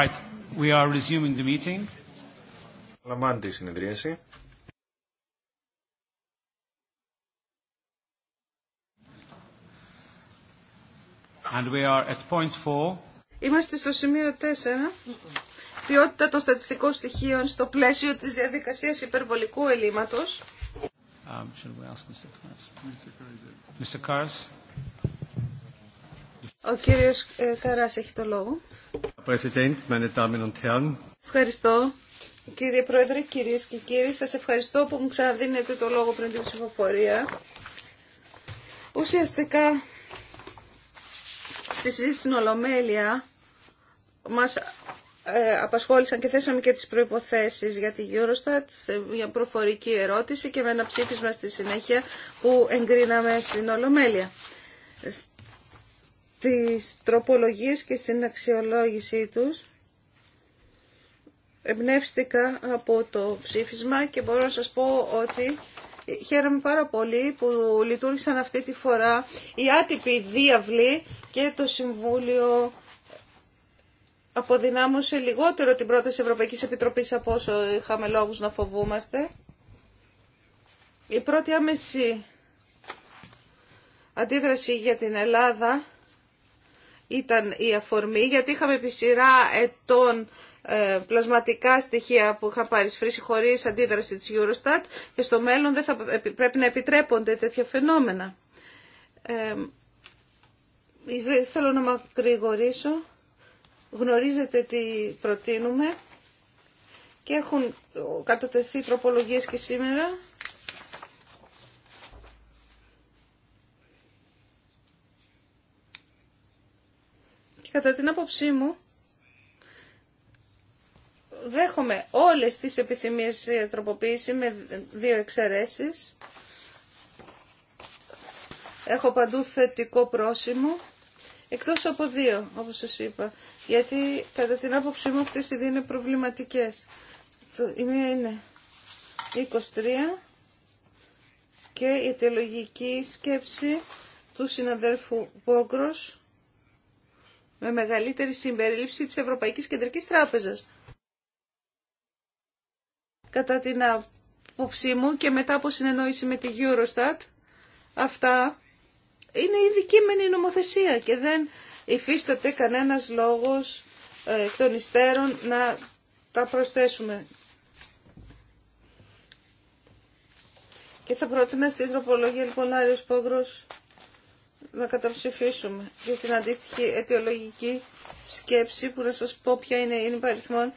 Right. We are resuming the meeting. Λαμβάνεται συνεδρίαση. And we are at point four. Είμαστε στο σημείο 4. Ποιότητα των στατιστικών στοιχείων στο πλαίσιο της διαδικασίας υπερβολικού ελλείμματος. Um, ο κύριος ε, Καράς έχει το λόγο. Ευχαριστώ. Κύριε Πρόεδρε, κυρίες και κύριοι, σας ευχαριστώ που μου ξαναδίνετε το λόγο πριν την ψηφοφορία. Ουσιαστικά, στη συζήτηση στην Ολομέλεια, μας ε, απασχόλησαν και θέσαμε και τις προϋποθέσεις για τη Eurostat, μια προφορική ερώτηση και με ένα ψήφισμα στη συνέχεια που εγκρίναμε στην Ολομέλεια στις τροπολογίες και στην αξιολόγησή τους. Εμπνεύστηκα από το ψήφισμα και μπορώ να σας πω ότι χαίρομαι πάρα πολύ που λειτουργήσαν αυτή τη φορά οι άτυποι διαβλή και το Συμβούλιο αποδυνάμωσε λιγότερο την πρόταση Ευρωπαϊκής Επιτροπής από όσο είχαμε λόγους να φοβούμαστε. Η πρώτη άμεση αντίδραση για την Ελλάδα ήταν η αφορμή, γιατί είχαμε επί σειρά ετών ε, πλασματικά στοιχεία που είχαν σφρίση χωρίς αντίδραση της Eurostat και στο μέλλον δεν θα πρέπει να επιτρέπονται τέτοια φαινόμενα. Ε, ε, θέλω να μακρηγορήσω. Γνωρίζετε τι προτείνουμε και έχουν κατατεθεί τροπολογίες και σήμερα. κατά την άποψή μου, δέχομαι όλες τις επιθυμίες τροποποίηση με δύο εξαιρέσεις. Έχω παντού θετικό πρόσημο, εκτός από δύο, όπως σας είπα, γιατί κατά την άποψή μου αυτές οι δύο είναι προβληματικές. Η μία είναι 23 και η τελογική σκέψη του συναδέλφου Πόγκρος με μεγαλύτερη συμπερίληψη της Ευρωπαϊκής Κεντρικής Τράπεζας. Κατά την απόψή μου και μετά από συνεννόηση με τη Eurostat, αυτά είναι η νομοθεσία και δεν υφίσταται κανένας λόγος ε, των υστέρων να τα προσθέσουμε. Και θα πρότεινα στην τροπολογία λοιπόν Άριος Πόγκρος να καταψηφίσουμε για την αντίστοιχη αιτιολογική σκέψη που να σας πω ποια είναι, είναι παριθμό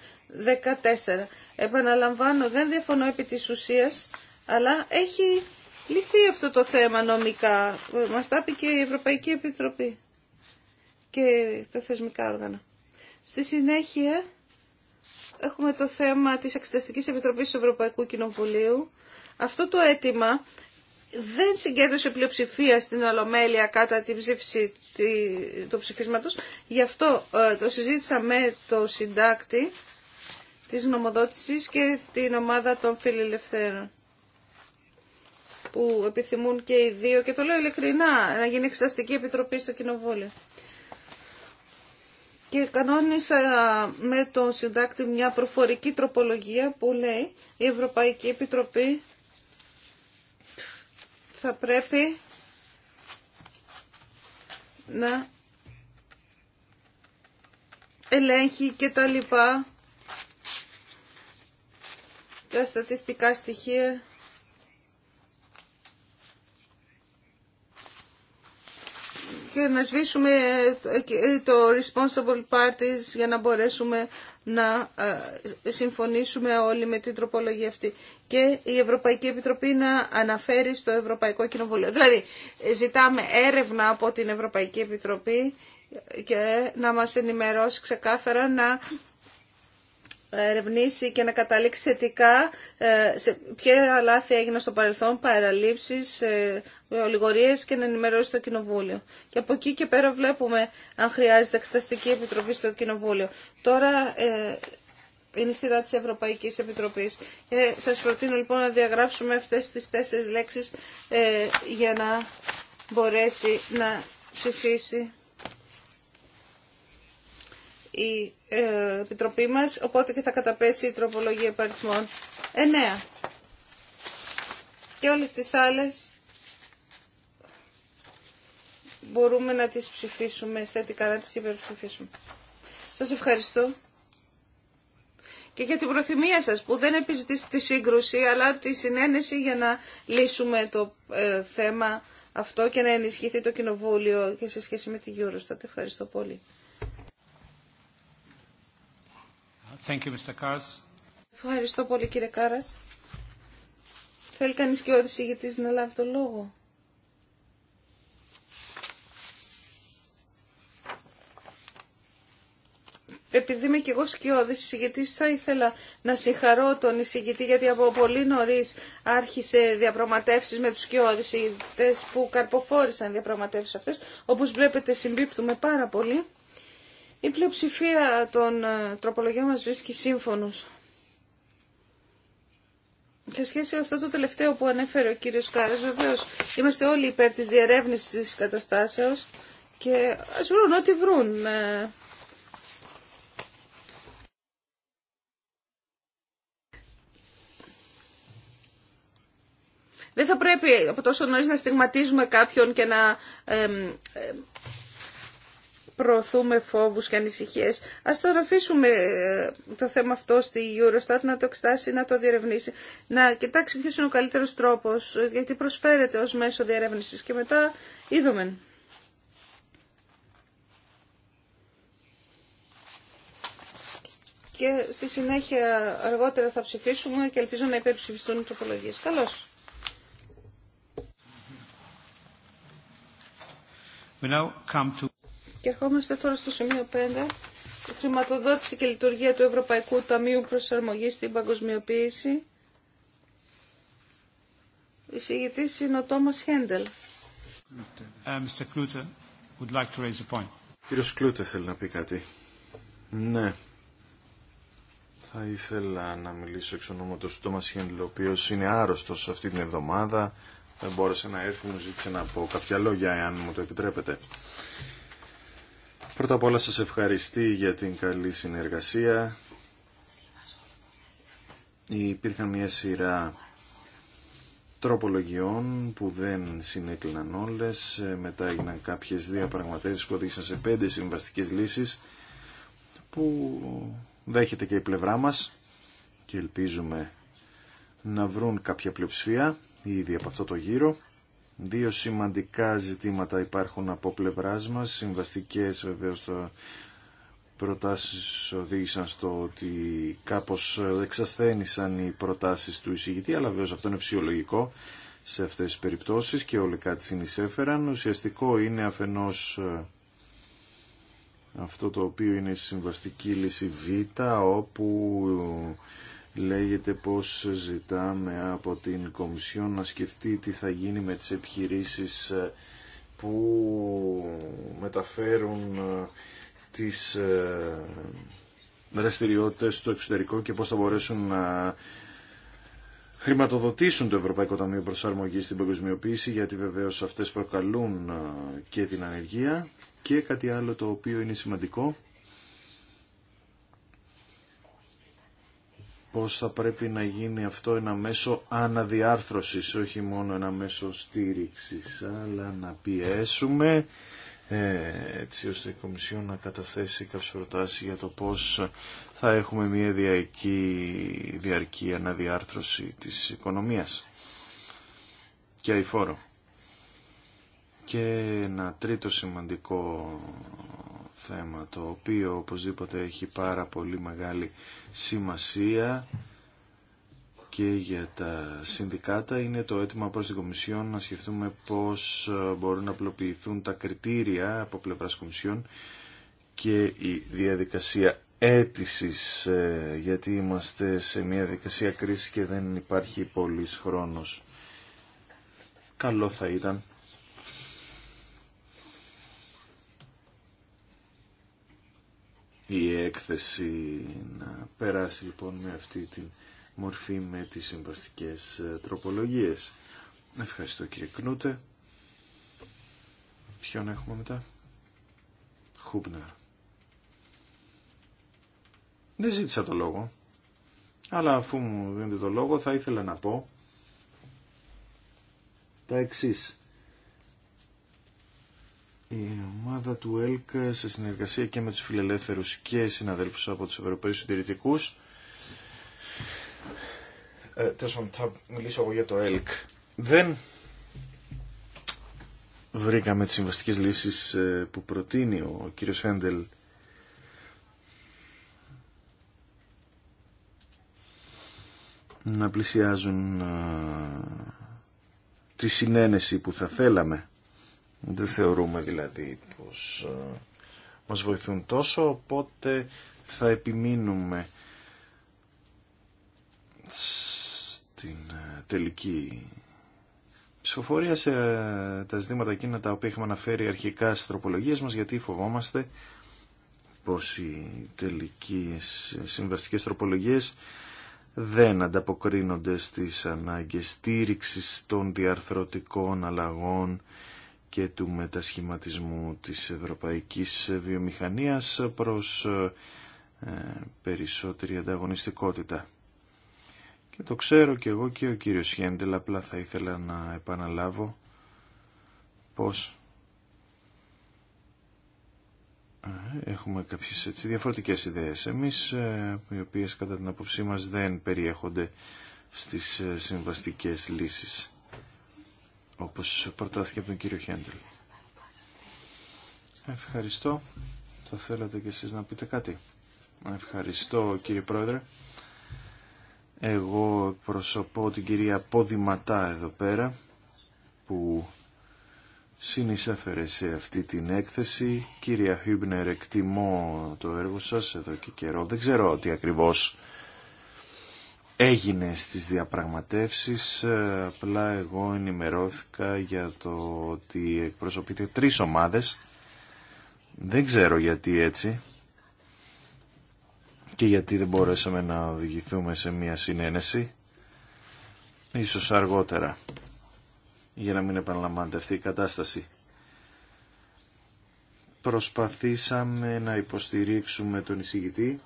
14. Επαναλαμβάνω, δεν διαφωνώ επί της ουσίας, αλλά έχει λυθεί αυτό το θέμα νομικά. Μας τα και η Ευρωπαϊκή Επιτροπή και τα θεσμικά όργανα. Στη συνέχεια έχουμε το θέμα της Εξεταστικής Επιτροπής του Ευρωπαϊκού Κοινοβουλίου. Αυτό το αίτημα δεν συγκέντρωσε πλειοψηφία στην Ολομέλεια κατά τη ψήφιση του ψηφίσματος. Γι' αυτό ε, το συζήτησα με το συντάκτη της νομοδότησης και την ομάδα των φιλελευθέρων που επιθυμούν και οι δύο και το λέω ειλικρινά να γίνει εξεταστική επιτροπή στο κοινοβούλιο. Και κανόνισα με τον συντάκτη μια προφορική τροπολογία που λέει η Ευρωπαϊκή Επιτροπή θα πρέπει να ελέγχει και τα λοιπά τα στατιστικά στοιχεία και να σβήσουμε το responsible parties για να μπορέσουμε να ε, συμφωνήσουμε όλοι με την τροπολογία αυτή και η Ευρωπαϊκή Επιτροπή να αναφέρει στο Ευρωπαϊκό Κοινοβούλιο. Δηλαδή, ζητάμε έρευνα από την Ευρωπαϊκή Επιτροπή και να μας ενημερώσει ξεκάθαρα να ερευνήσει και να καταλήξει θετικά ε, σε ποια λάθη έγιναν στο παρελθόν, παραλήψεις, ε, ολιγορίες και να ενημερώσει το Κοινοβούλιο. Και από εκεί και πέρα βλέπουμε αν χρειάζεται εξεταστική επιτροπή στο Κοινοβούλιο. Τώρα ε, είναι η σειρά της Ευρωπαϊκής Επιτροπής. Ε, σας προτείνω λοιπόν να διαγράψουμε αυτές τις τέσσερις λέξεις για να μπορέσει να ψηφίσει η ε, Επιτροπή μας, οπότε και θα καταπέσει η τροπολογία υπαριθμών 9. Και όλες τις άλλες μπορούμε να τις ψηφίσουμε θετικά, να τις υπερψηφίσουμε. Σας ευχαριστώ. Και για την προθυμία σας που δεν επιζητήσετε τη σύγκρουση αλλά τη συνένεση για να λύσουμε το ε, θέμα αυτό και να ενισχυθεί το Κοινοβούλιο και σε σχέση με τη Eurostat. Ευχαριστώ πολύ. Thank Ευχαριστώ πολύ κύριε Κάρας. Θέλει κανείς και ο να λάβει το λόγο. επειδή είμαι και εγώ σκιώδης εισηγητής, θα ήθελα να συγχαρώ τον εισηγητή, γιατί από πολύ νωρί άρχισε διαπραγματεύσει με τους σκιώδης εισηγητές που καρποφόρησαν διαπραγματεύσεις αυτές. Όπως βλέπετε συμπίπτουμε πάρα πολύ. Η πλειοψηφία των ε, τροπολογιών μας βρίσκει σύμφωνος. Σε σχέση με αυτό το τελευταίο που ανέφερε ο κύριος Κάρας, βεβαίως είμαστε όλοι υπέρ της διερεύνησης της καταστάσεως και ας βρουν ό,τι βρουν. Ε. Δεν θα πρέπει από τόσο νωρίς να στιγματίζουμε κάποιον και να προωθούμε φόβους και ανησυχίες. Ας τώρα αφήσουμε ε, το θέμα αυτό στη Eurostat να το εξτάσει, να το διερευνήσει, να κοιτάξει ποιος είναι ο καλύτερος τρόπος, γιατί προσφέρεται ως μέσο διερεύνησης και μετά είδομεν. και στη συνέχεια αργότερα θα ψηφίσουμε και ελπίζω να υπερψηφιστούν οι τροπολογίες. Καλώς. We now come to... Και ερχόμαστε τώρα στο σημείο 5, η χρηματοδότηση και λειτουργία του Ευρωπαϊκού Ταμείου Προσαρμογής στην Παγκοσμιοποίηση. Η εισηγητής είναι ο Τόμας Χέντελ. Ε, Κύριο Κλούτε θέλει να πει κάτι. Ναι. Θα ήθελα να μιλήσω εξ ονόματος του Τόμας Χέντελ, ο οποίος είναι άρρωστος αυτή την εβδομάδα. Δεν μπόρεσε να έρθει, μου ζήτησε να πω κάποια λόγια, εάν μου το επιτρέπετε. Πρώτα απ' όλα σας ευχαριστεί για την καλή συνεργασία. Υπήρχαν μια σειρά τροπολογιών που δεν συνέκλυναν όλες. Μετά έγιναν κάποιες διαπραγματεύσεις που οδήγησαν σε πέντε συμβαστικές λύσεις που δέχεται και η πλευρά μας και ελπίζουμε να βρουν κάποια πλειοψηφία ήδη από αυτό το γύρο. Δύο σημαντικά ζητήματα υπάρχουν από πλευρά μας. Συμβαστικέ βεβαίω προτάσει προτάσεις οδήγησαν στο ότι κάπως εξασθένησαν οι προτάσει του εισηγητή, αλλά βεβαίω αυτό είναι φυσιολογικό σε αυτές τις περιπτώσεις και όλοι κάτι συνεισέφεραν. Ουσιαστικό είναι αφενός ε, αυτό το οποίο είναι η συμβαστική λύση Β, όπου λέγεται πως ζητάμε από την Κομισιόν να σκεφτεί τι θα γίνει με τις επιχειρήσεις ε, που μεταφέρουν ε, τις ε, δραστηριότητες στο εξωτερικό και πώς θα μπορέσουν να χρηματοδοτήσουν το Ευρωπαϊκό Ταμείο Προσαρμογής στην παγκοσμιοποίηση γιατί βεβαίως αυτές προκαλούν και την ανεργία και κάτι άλλο το οποίο είναι σημαντικό πως θα πρέπει να γίνει αυτό ένα μέσο αναδιάρθρωσης, όχι μόνο ένα μέσο στήριξης, αλλά να πιέσουμε ε, έτσι ώστε η Κομισιόν να καταθέσει κάποιες προτάσεις για το πώς θα έχουμε μια διαρκή, διαρκή αναδιάρθρωση της οικονομίας και αηφόρο. Και ένα τρίτο σημαντικό θέμα το οποίο οπωσδήποτε έχει πάρα πολύ μεγάλη σημασία και για τα συνδικάτα είναι το αίτημα προς την Κομισιόν να σκεφτούμε πώς ε, μπορούν να απλοποιηθούν τα κριτήρια από πλευράς Κομισιόν και η διαδικασία αίτησης ε, γιατί είμαστε σε μια διαδικασία κρίση και δεν υπάρχει πολύς χρόνος. Καλό θα ήταν η έκθεση να περάσει λοιπόν με αυτή τη μορφή με τις συμβαστικές ε, τροπολογίες. Ευχαριστώ κύριε Κνούτε. Ποιον έχουμε μετά. Χούπναρ. Δεν ζήτησα το λόγο. Αλλά αφού μου δίνετε το λόγο θα ήθελα να πω τα εξής. Η ομάδα του ΕΛΚ σε συνεργασία και με τους φιλελεύθερους και συναδέλφους από τους Ευρωπαίους Συντηρητικούς. Ε, πάντων, θα μιλήσω εγώ για το ΕΛΚ. Δεν βρήκαμε τις συμβαστικές λύσεις ε, που προτείνει ο κύριος Φέντελ να πλησιάζουν ε, τη συνένεση που θα θέλαμε δεν θεωρούμε δηλαδή πως ε, μας βοηθούν τόσο, οπότε θα επιμείνουμε στην ε, τελική ψηφοφορία σε ε, τα ζητήματα εκείνα τα οποία είχαμε αναφέρει αρχικά στις τροπολογίες μας, γιατί φοβόμαστε πως οι τελικές συμβαστικές τροπολογίες δεν ανταποκρίνονται στις ανάγκες στήριξης των διαρθρωτικών αλλαγών και του μετασχηματισμού της ευρωπαϊκής βιομηχανίας προς ε, περισσότερη ανταγωνιστικότητα. Και το ξέρω και εγώ και ο κύριος Χέντελ, απλά θα ήθελα να επαναλάβω πως ε, έχουμε κάποιες έτσι, διαφορετικές ιδέες εμείς, ε, οι οποίες κατά την απόψή μας δεν περιέχονται στις συμβαστικές λύσεις όπως προτάθηκε από τον κύριο Χέντελ. Ευχαριστώ. Θα θέλατε κι εσείς να πείτε κάτι. Ευχαριστώ κύριε Πρόεδρε. Εγώ προσωπώ την κυρία Πόδηματά εδώ πέρα που συνεισέφερε σε αυτή την έκθεση. Κυρία Χίμπνερ, εκτιμώ το έργο σας εδώ και καιρό. Δεν ξέρω τι ακριβώς έγινε στις διαπραγματεύσεις. Ε, απλά εγώ ενημερώθηκα για το ότι εκπροσωπείται τρεις ομάδες. Δεν ξέρω γιατί έτσι και γιατί δεν μπορέσαμε να οδηγηθούμε σε μια συνένεση. Ίσως αργότερα για να μην επαναλαμβάνεται αυτή η κατάσταση. Προσπαθήσαμε να υποστηρίξουμε τον εισηγητή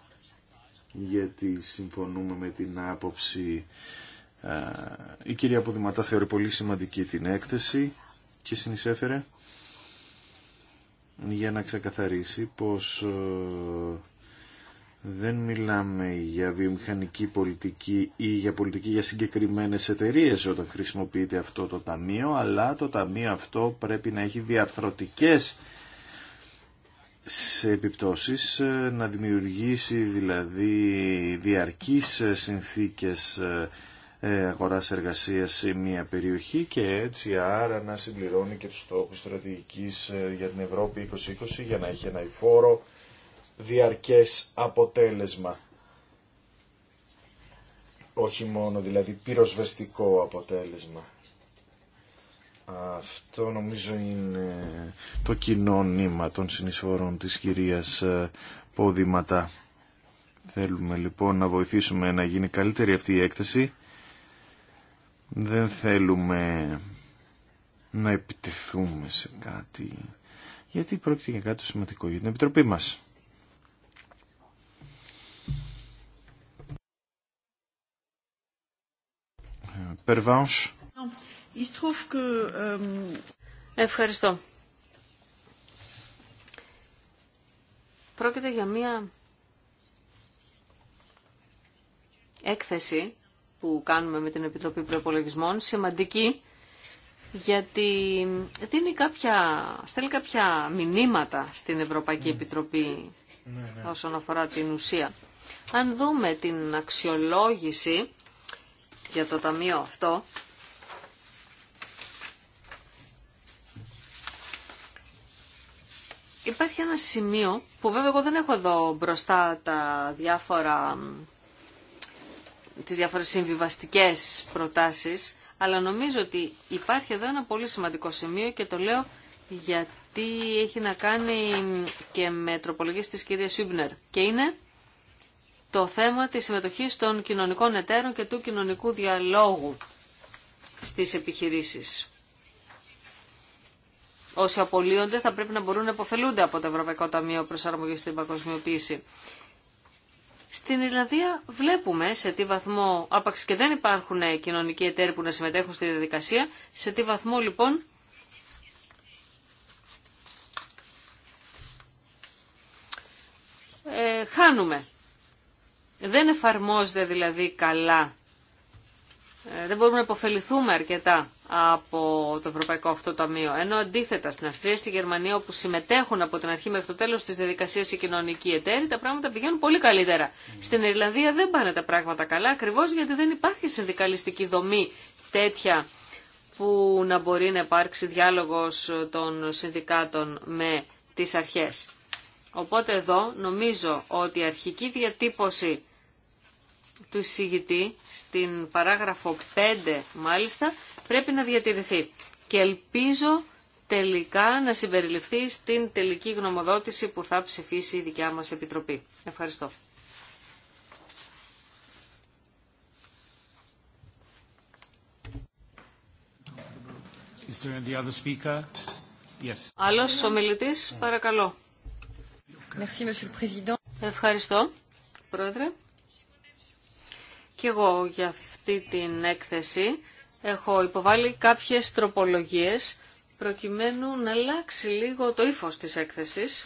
γιατί συμφωνούμε με την άποψη. Η κυρία Αποδηματά θεωρεί πολύ σημαντική την έκθεση και συνεισέφερε για να ξεκαθαρίσει πως ε, δεν μιλάμε για βιομηχανική πολιτική ή για πολιτική για συγκεκριμένες εταιρείες όταν χρησιμοποιείται αυτό το ταμείο, αλλά το ταμείο αυτό πρέπει να έχει διαρθρωτικές σε επιπτώσεις, ε, να δημιουργήσει δηλαδή διαρκείς ε, συνθήκες ε, αγοράς εργασίας σε μια περιοχή και έτσι άρα να συμπληρώνει και τους στόχους στρατηγικής για την Ευρώπη 2020 για να έχει ένα υφόρο διαρκές αποτέλεσμα. Όχι μόνο δηλαδή πυροσβεστικό αποτέλεσμα. Αυτό νομίζω είναι το κοινό νήμα των συνεισφορών της κυρίας ε, Πόδηματά. Θέλουμε λοιπόν να βοηθήσουμε να γίνει καλύτερη αυτή η έκθεση. Δεν θέλουμε να επιτεθούμε σε κάτι. Γιατί πρόκειται για κάτι σημαντικό για την Επιτροπή μας. Περβάνς. Euh, Ευχαριστώ. Πρόκειται για μία έκθεση που κάνουμε με την Επιτροπή Προπολογισμών, σημαντική γιατί δίνει κάποια, στέλνει κάποια μηνύματα στην Ευρωπαϊκή ναι. Επιτροπή ναι, ναι, όσον αφορά την ουσία. Αν δούμε την αξιολόγηση για το ταμείο αυτό, Υπάρχει ένα σημείο που βέβαια εγώ δεν έχω εδώ μπροστά τα διάφορα, τις διάφορες προτάσεις, αλλά νομίζω ότι υπάρχει εδώ ένα πολύ σημαντικό σημείο και το λέω γιατί έχει να κάνει και με τροπολογίες της κυρίας Σούμπνερ και είναι το θέμα της συμμετοχής των κοινωνικών εταίρων και του κοινωνικού διαλόγου στις επιχειρήσεις όσοι απολύονται θα πρέπει να μπορούν να υποφελούνται από το Ευρωπαϊκό Ταμείο προσαρμογή στην Παγκοσμιοποίηση. Στην Ιρλανδία βλέπουμε σε τι βαθμό, άπαξ και δεν υπάρχουν κοινωνικοί εταίροι που να συμμετέχουν στη διαδικασία, σε τι βαθμό λοιπόν ε, χάνουμε. Δεν εφαρμόζεται δηλαδή καλά. Ε, δεν μπορούμε να υποφεληθούμε αρκετά από το Ευρωπαϊκό Αυτό Ταμείο. Ενώ αντίθετα στην Αυστρία, στη Γερμανία, όπου συμμετέχουν από την αρχή μέχρι το τέλο τη διαδικασία οι κοινωνικοί εταίροι, τα πράγματα πηγαίνουν πολύ καλύτερα. Στην Ιρλανδία δεν πάνε τα πράγματα καλά, ακριβώ γιατί δεν υπάρχει συνδικαλιστική δομή τέτοια που να μπορεί να υπάρξει διάλογος των συνδικάτων με τις αρχές. Οπότε εδώ νομίζω ότι η αρχική διατύπωση του εισηγητή στην παράγραφο 5 μάλιστα πρέπει να διατηρηθεί. Και ελπίζω τελικά να συμπεριληφθεί στην τελική γνωμοδότηση που θα ψηφίσει η δικιά μας Επιτροπή. Ευχαριστώ. Is there Άλλος ομιλητής, παρακαλώ. Ευχαριστώ, Πρόεδρε. Και εγώ για αυτή την έκθεση έχω υποβάλει κάποιες τροπολογίες προκειμένου να αλλάξει λίγο το ύφος της έκθεσης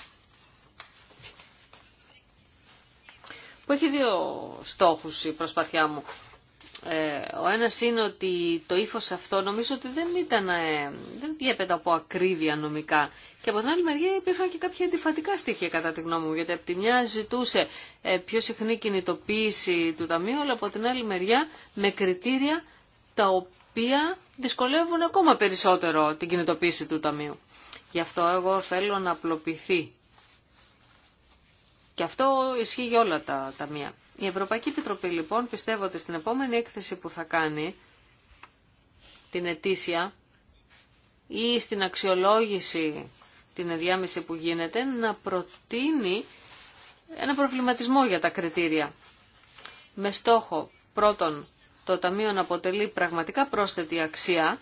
που έχει δύο στόχους η προσπαθιά μου. Ε, ο ένας είναι ότι το ύφος αυτό νομίζω ότι δεν, ήταν, ε, δεν διέπεται από ακρίβεια νομικά και από την άλλη μεριά υπήρχαν και κάποια αντιφατικά στοιχεία κατά τη γνώμη μου γιατί από τη μια ζητούσε ε, πιο συχνή κινητοποίηση του Ταμείου αλλά από την άλλη μεριά με κριτήρια τα οποία οποία δυσκολεύουν ακόμα περισσότερο την κινητοποίηση του Ταμείου. Γι' αυτό εγώ θέλω να απλοποιηθεί. Και αυτό ισχύει για όλα τα ταμεία. Η Ευρωπαϊκή Επιτροπή λοιπόν πιστεύω ότι στην επόμενη έκθεση που θα κάνει, την ετήσια ή στην αξιολόγηση την ενδιάμεση που γίνεται, να προτείνει ένα προβληματισμό για τα κριτήρια. Με στόχο πρώτον το ταμείο να αποτελεί πραγματικά πρόσθετη αξία,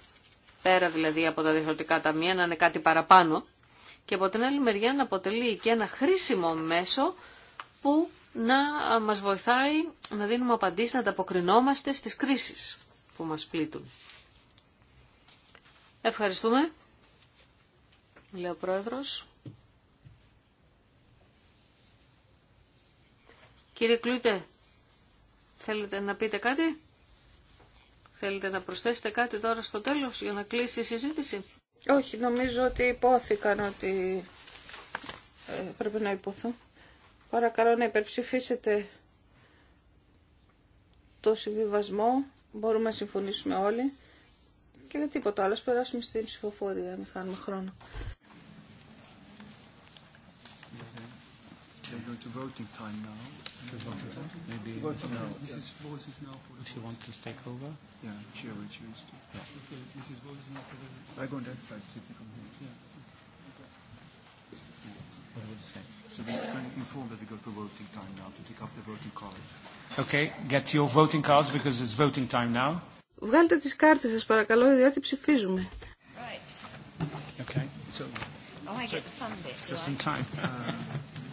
πέρα δηλαδή από τα διαφορετικά ταμεία, να είναι κάτι παραπάνω, και από την άλλη μεριά να αποτελεί και ένα χρήσιμο μέσο που να μας βοηθάει να δίνουμε απαντήσεις, να ανταποκρινόμαστε στις κρίσεις που μας πλήττουν. Ευχαριστούμε. λέει ο Πρόεδρος. Κύριε Κλούτε, θέλετε να πείτε κάτι. Θέλετε να προσθέσετε κάτι τώρα στο τέλος για να κλείσει η συζήτηση. Όχι, νομίζω ότι υπόθηκαν ότι ε, πρέπει να υποθούν. Παρακαλώ να υπερψηφίσετε το συμβιβασμό. Μπορούμε να συμφωνήσουμε όλοι. Και για τίποτα άλλο, περάσουμε στην ψηφοφορία, αν χάνουμε χρόνο. we going to voting time now. Maybe voting now. Mrs. Bose is now for. If you want to take over. Yeah, she will choose to. Okay, Mrs. Bose is now for the. I go on that side. Yeah. What would you say? So we can inform that we go to voting time now to take up the voting card. Okay, get your voting cards because it's voting time now. Βγάλτε τις κάρτες σας παρακαλώ, γιατί ψηφίζουμε. Right. Okay. So, oh, I get the fun bit. Just in time. Uh,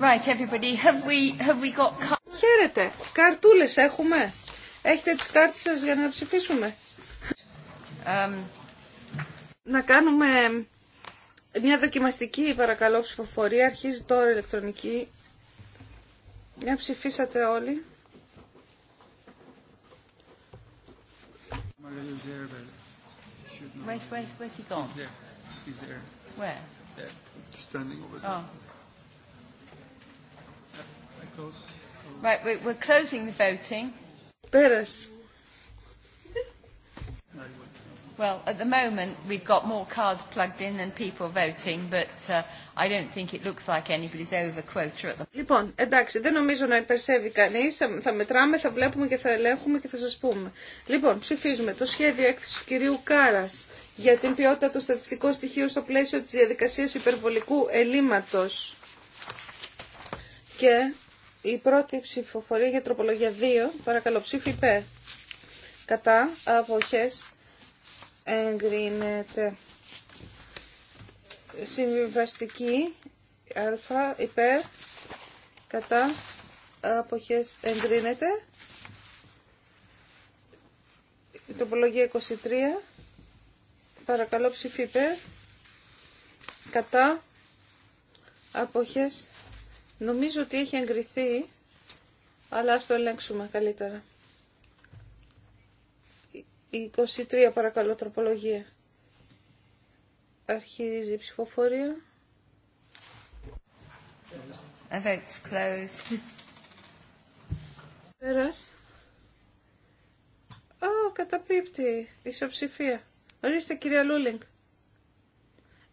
Right, everybody, have we, have we got... Χαίρετε, καρτούλες έχουμε. Έχετε τις κάρτες σας για να ψηφίσουμε. Um... Να κάνουμε μια δοκιμαστική παρακαλώ ψηφοφορία. Αρχίζει τώρα ηλεκτρονική. Μια ψηφίσατε όλοι. Wait, wait, where's he gone? He's there. He's there. Where? There. Standing over there. Oh. Right, we're closing the voting. Πέρας. Well, at the moment we've got more cards plugged in than people voting, but uh, I don't think it looks like anybody's over quota at the moment. Λοιπόν, εντάξει, δεν νομίζω να υπερσέβει κανεί. Θα μετράμε, θα βλέπουμε και θα ελέγχουμε και θα σα πούμε. Λοιπόν, ψηφίζουμε το σχέδιο έκθεση του κυρίου Κάρα για την ποιότητα των στατιστικών στοιχείων στο πλαίσιο τη διαδικασία υπερβολικού ελλείμματο. Και η πρώτη ψηφοφορία για τροπολογία 2, παρακαλώ ψήφι υπέρ. Κατά αποχές εγκρίνεται. Συμβιβαστική α υπέρ. Κατά αποχές εγκρίνεται. Η τροπολογία 23. Παρακαλώ ψήφι υπέρ. Κατά αποχές Νομίζω ότι έχει εγκριθεί, αλλά ας το ελέγξουμε καλύτερα. 23 παρακαλώ τροπολογία. Αρχίζει η ψηφοφορία. A Πέρας. Α, καταπίπτει ισοψηφία. Ορίστε κυρία Λούλινγκ.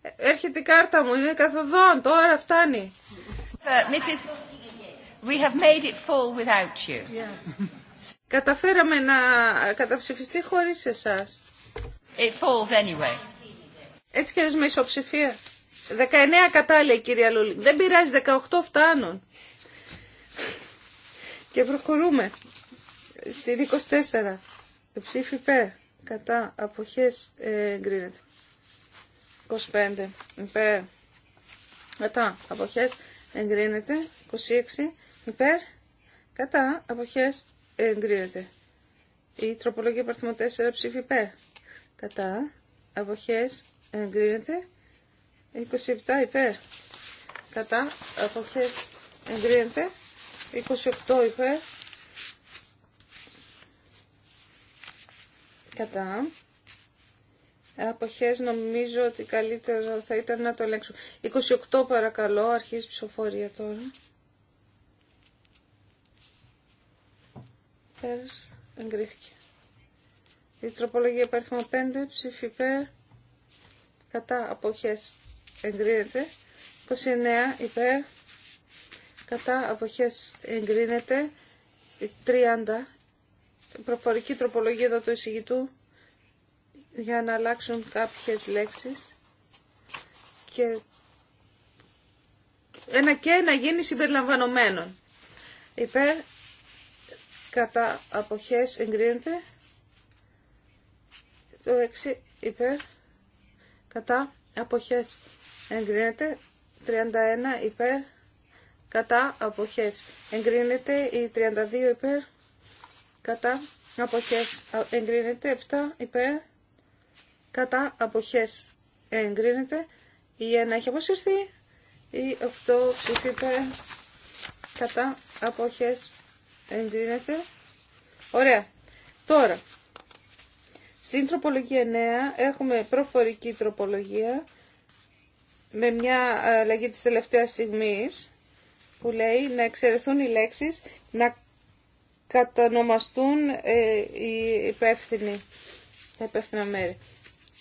Ε, έρχεται η κάρτα μου, είναι καθοδόν, τώρα φτάνει. Uh, Καταφέραμε να καταψηφιστεί χωρίς εσάς. It falls anyway. Έτσι και με ισοψηφία. 19 κατά λέει η κυρία Λούλη. Δεν πειράζει, 18 φτάνουν. Και προχωρούμε. Στην 24. Ψήφι περ Κατά αποχές ε, γκρίνεται. 25. περ Κατά αποχές εγκρίνεται. 26 υπέρ κατά αποχές εγκρίνεται. Η τροπολογία παρθμό 4 ψήφι υπέρ κατά αποχές εγκρίνεται. 27 υπέρ κατά αποχές εγκρίνεται. 28 υπέρ κατά αποχές νομίζω ότι καλύτερα θα ήταν να το ελέγξω. 28 παρακαλώ, αρχίζει ψηφοφορία τώρα. Πέρας, εγκρίθηκε. Η τροπολογία υπέρθυμα 5, ψήφι υπέρ, κατά αποχές εγκρίνεται. 29 υπέρ, κατά αποχές εγκρίνεται. 30, προφορική τροπολογία εδώ του εισηγητού για να αλλάξουν κάποιες λέξεις και ένα και να γίνει συμπεριλαμβανομένων. Υπέρ κατά αποχές εγκρίνεται το 6 υπέρ κατά αποχές εγκρίνεται 31 υπέρ κατά αποχές εγκρίνεται η 32 υπέρ κατά αποχές εγκρίνεται 7 υπέρ κατά αποχές εγκρίνεται. Η 1 έχει αποσυρθεί. Η 8 ψηφίπε κατά αποχές εγκρίνεται. Ωραία. Τώρα, στην τροπολογία 9 έχουμε προφορική τροπολογία με μια αλλαγή της τελευταίας στιγμής που λέει να εξαιρεθούν οι λέξεις, να κατανομαστούν ε, οι υπεύθυνοι, τα υπεύθυνα μέρη.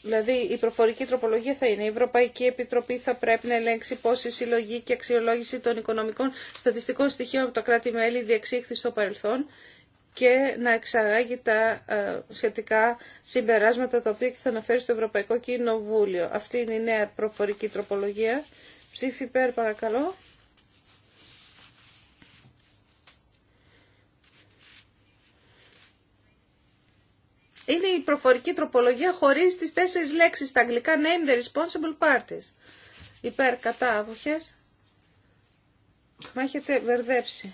Δηλαδή η προφορική τροπολογία θα είναι η Ευρωπαϊκή Επιτροπή θα πρέπει να ελέγξει πώς η συλλογή και αξιολόγηση των οικονομικών στατιστικών στοιχείων από τα κράτη-μέλη διεξήχθη στο παρελθόν και να εξαγάγει τα ε, σχετικά συμπεράσματα τα οποία θα αναφέρει στο Ευρωπαϊκό Κοινοβούλιο. Αυτή είναι η νέα προφορική τροπολογία. Ψήφι υπέρ παρακαλώ. είναι η προφορική τροπολογία χωρίς τις τέσσερις λέξεις στα αγγλικά name the responsible parties. Υπέρ, κατά, αβουχές Μα έχετε βερδέψει.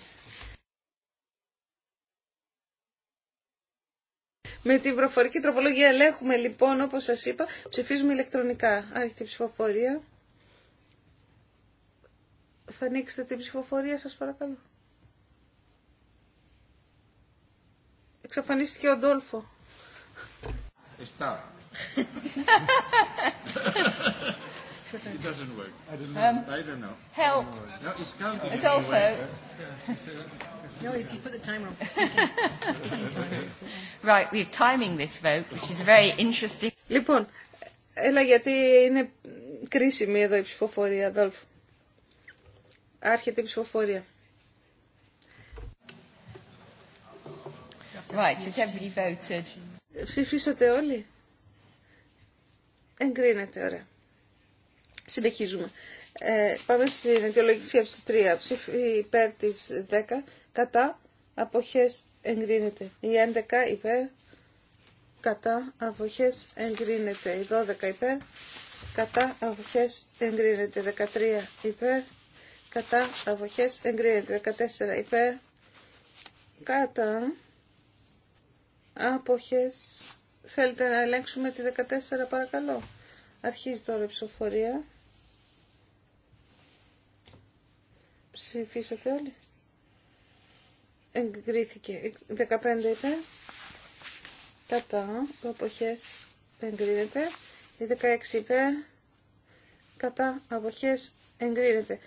Με την προφορική τροπολογία ελέγχουμε λοιπόν, όπως σας είπα, ψηφίζουμε ηλεκτρονικά. Άρχεται η ψηφοφορία. Θα ανοίξετε την ψηφοφορία σας παρακαλώ. Εξαφανίστηκε ο Ντόλφο. It doesn't work. I don't know. I don't know. Help. No, it's counting. It's also. No, it's you put the timer on. Right, we're timing this vote, which is very interesting. Λοιπόν, έλα γιατί είναι κρίσιμη εδώ η ψηφοφορία, Αδόλφ. Άρχεται η ψηφοφορία. Right, has everybody voted? Ψηφίσατε όλοι. Εγκρίνεται, ωραία. Συνεχίζουμε. Ε, πάμε στην αιτιολογική σκέψη 3. Ψήφι υπέρ της 10. Κατά απόχέ εγκρίνεται. Η 11 υπέρ. Κατά αποχές εγκρίνεται. Η 12 υπέρ. Κατά αποχές εγκρίνεται. 13 υπέρ. Κατά αποχέ, εγκρίνεται. 14 υπέρ. Κατά άποχες. Θέλετε να ελέγξουμε τη 14 παρακαλώ. Αρχίζει τώρα η ψηφοφορία. Ψηφίσατε όλοι. Εγκρίθηκε. 15 είπε. Κατά. Αποχές. Εγκρίνεται. Η 16 είπε. Κατά. Αποχές. Εγκρίνεται.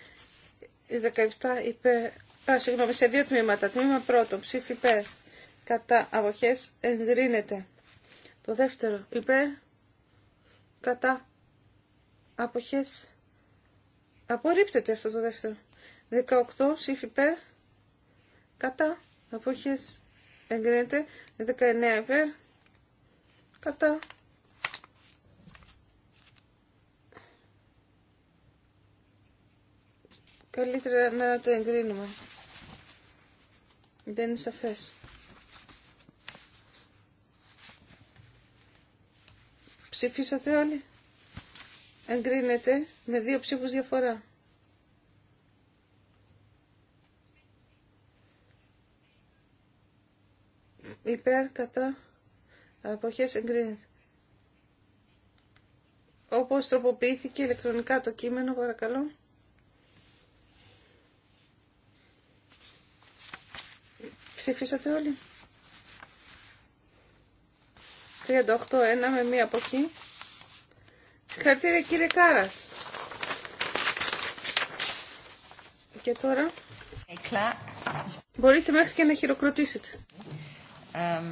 Η 17 είπε. Α, συγγνώμη, σε δύο τμήματα. Τμήμα πρώτο. Ψήφι υπέρ κατά αποχές εγκρίνεται. Το δεύτερο υπέρ κατά αποχές απορρίπτεται αυτό το δεύτερο. 18 σύφ, υπέρ κατά αποχές εγκρίνεται. 19 υπέρ κατά Καλύτερα να το εγκρίνουμε. Δεν είναι σαφές. Ψήφισατε όλοι. Εγκρίνεται με δύο ψήφους διαφορά. Υπέρ, κατά, αποχές εγκρίνεται. Όπως τροποποιήθηκε ηλεκτρονικά το κείμενο, παρακαλώ. Ψήφισατε όλοι. 38-1 με μία από εκεί. Συγχαρητήρια κύριε Κάρας. Και τώρα... Εκλά. Μπορείτε μέχρι και να χειροκροτήσετε. Um,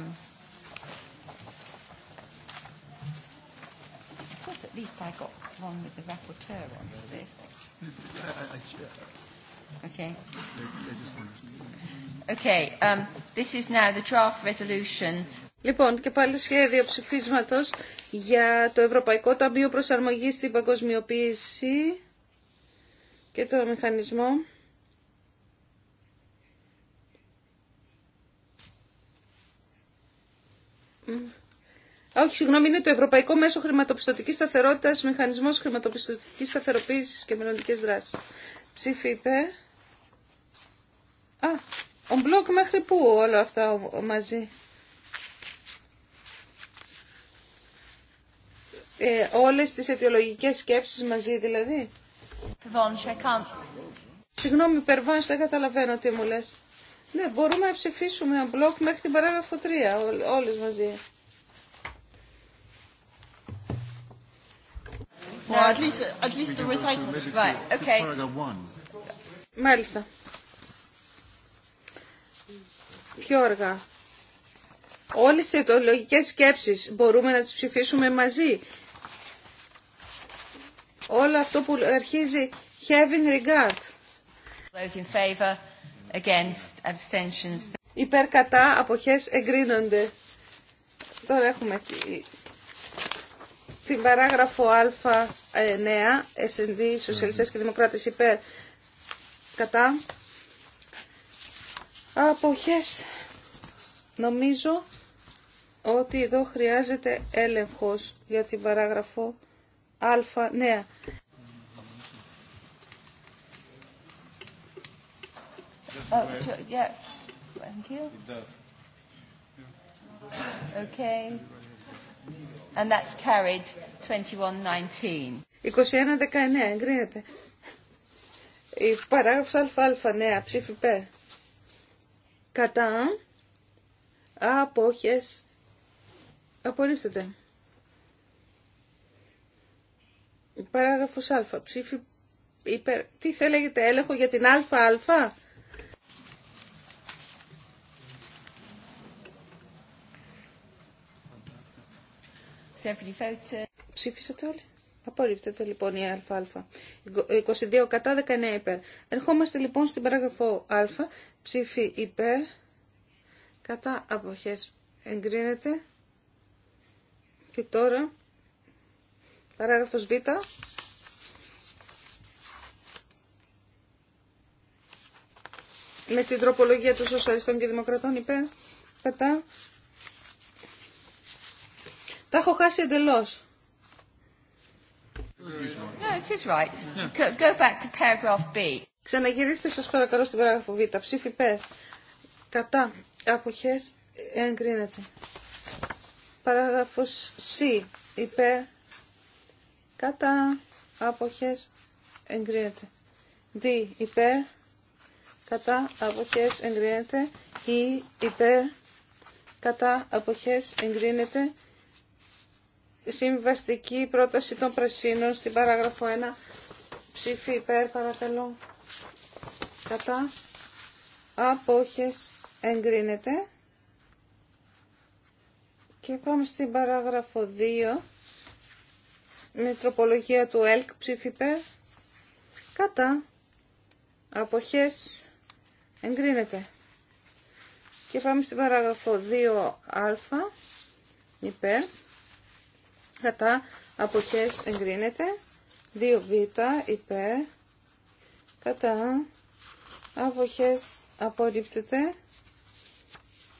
I thought at least I got one with the rapporteur on this. Okay. Okay. Um, this is now the draft resolution Λοιπόν, και πάλι σχέδιο ψηφίσματος για το Ευρωπαϊκό Ταμείο Προσαρμογής στην Παγκοσμιοποίηση και το μηχανισμό. Όχι, συγγνώμη, είναι το Ευρωπαϊκό Μέσο Χρηματοπιστωτική Σταθερότητα, Μηχανισμό Χρηματοπιστωτική Σταθεροποίηση και Μελλοντικέ Δράσει. Ψήφι Α, ο μπλοκ μέχρι πού όλα αυτά μαζί. Ε, όλες τις αιτιολογικές σκέψεις μαζί δηλαδή. Συγγνώμη, Περβάνς, δεν καταλαβαίνω τι μου λες. Ναι, μπορούμε να ψηφίσουμε ένα μπλοκ μέχρι την παράγραφο 3, όλες μαζί. Μάλιστα. Πιο αργά. Όλες οι αιτιολογικές σκέψεις μπορούμε να τις ψηφίσουμε μαζί όλο αυτό που αρχίζει having regard. Those in favor, against, abstentions. Υπέρ κατά αποχές εγκρίνονται. Τώρα έχουμε την παράγραφο Α9, ε, S&D, Σοσιαλιστές και Δημοκράτες υπέρ κατά αποχές. Νομίζω ότι εδώ χρειάζεται έλεγχος για την παράγραφο α νέα. Oh, yeah. Thank you. Okay. And that's carried 21-19. 21-19, εγκρίνεται. Η παράγραφος αλφα-αλφα, νέα, ψήφι πέ. Κατά. Απόχες. απορρίφτεται. Παράγραφο α. Ψήφι υπερ... Τι θέλετε έλεγχο για την α. Ψήφισατε όλοι. Απορρίπτεται λοιπόν η ΑΑ. 22 κατά 19 υπέρ. Ερχόμαστε λοιπόν στην παράγραφο α. Ψήφι υπέρ. Κατά αποχές εγκρίνεται. Και τώρα Παράγραφος Β. Με την τροπολογία των Σοσιαλιστών και Δημοκρατών είπε Κατά. Τα έχω χάσει εντελώς. No, it Ξαναγυρίστε σας παρακαλώ στην παράγραφο Β. Ψήφι Π. Κατά. Αποχές εγκρίνεται. Παράγραφος C. Υπέρ κατά αποχές εγκρίνεται. Δι. υπέρ κατά αποχές εγκρίνεται. E υπέρ κατά αποχές εγκρίνεται. Συμβαστική πρόταση των πρασίνων στην παράγραφο 1. Ψήφι υπέρ παρακαλώ. Κατά αποχές εγκρίνεται. Και πάμε στην παράγραφο 2 με τροπολογία του ΕΛΚ ψήφιπε κατά αποχές εγκρίνεται. Και πάμε στην παράγραφο 2α υπέρ κατά αποχές εγκρίνεται. 2β υπέρ κατά αποχές απορρίπτεται.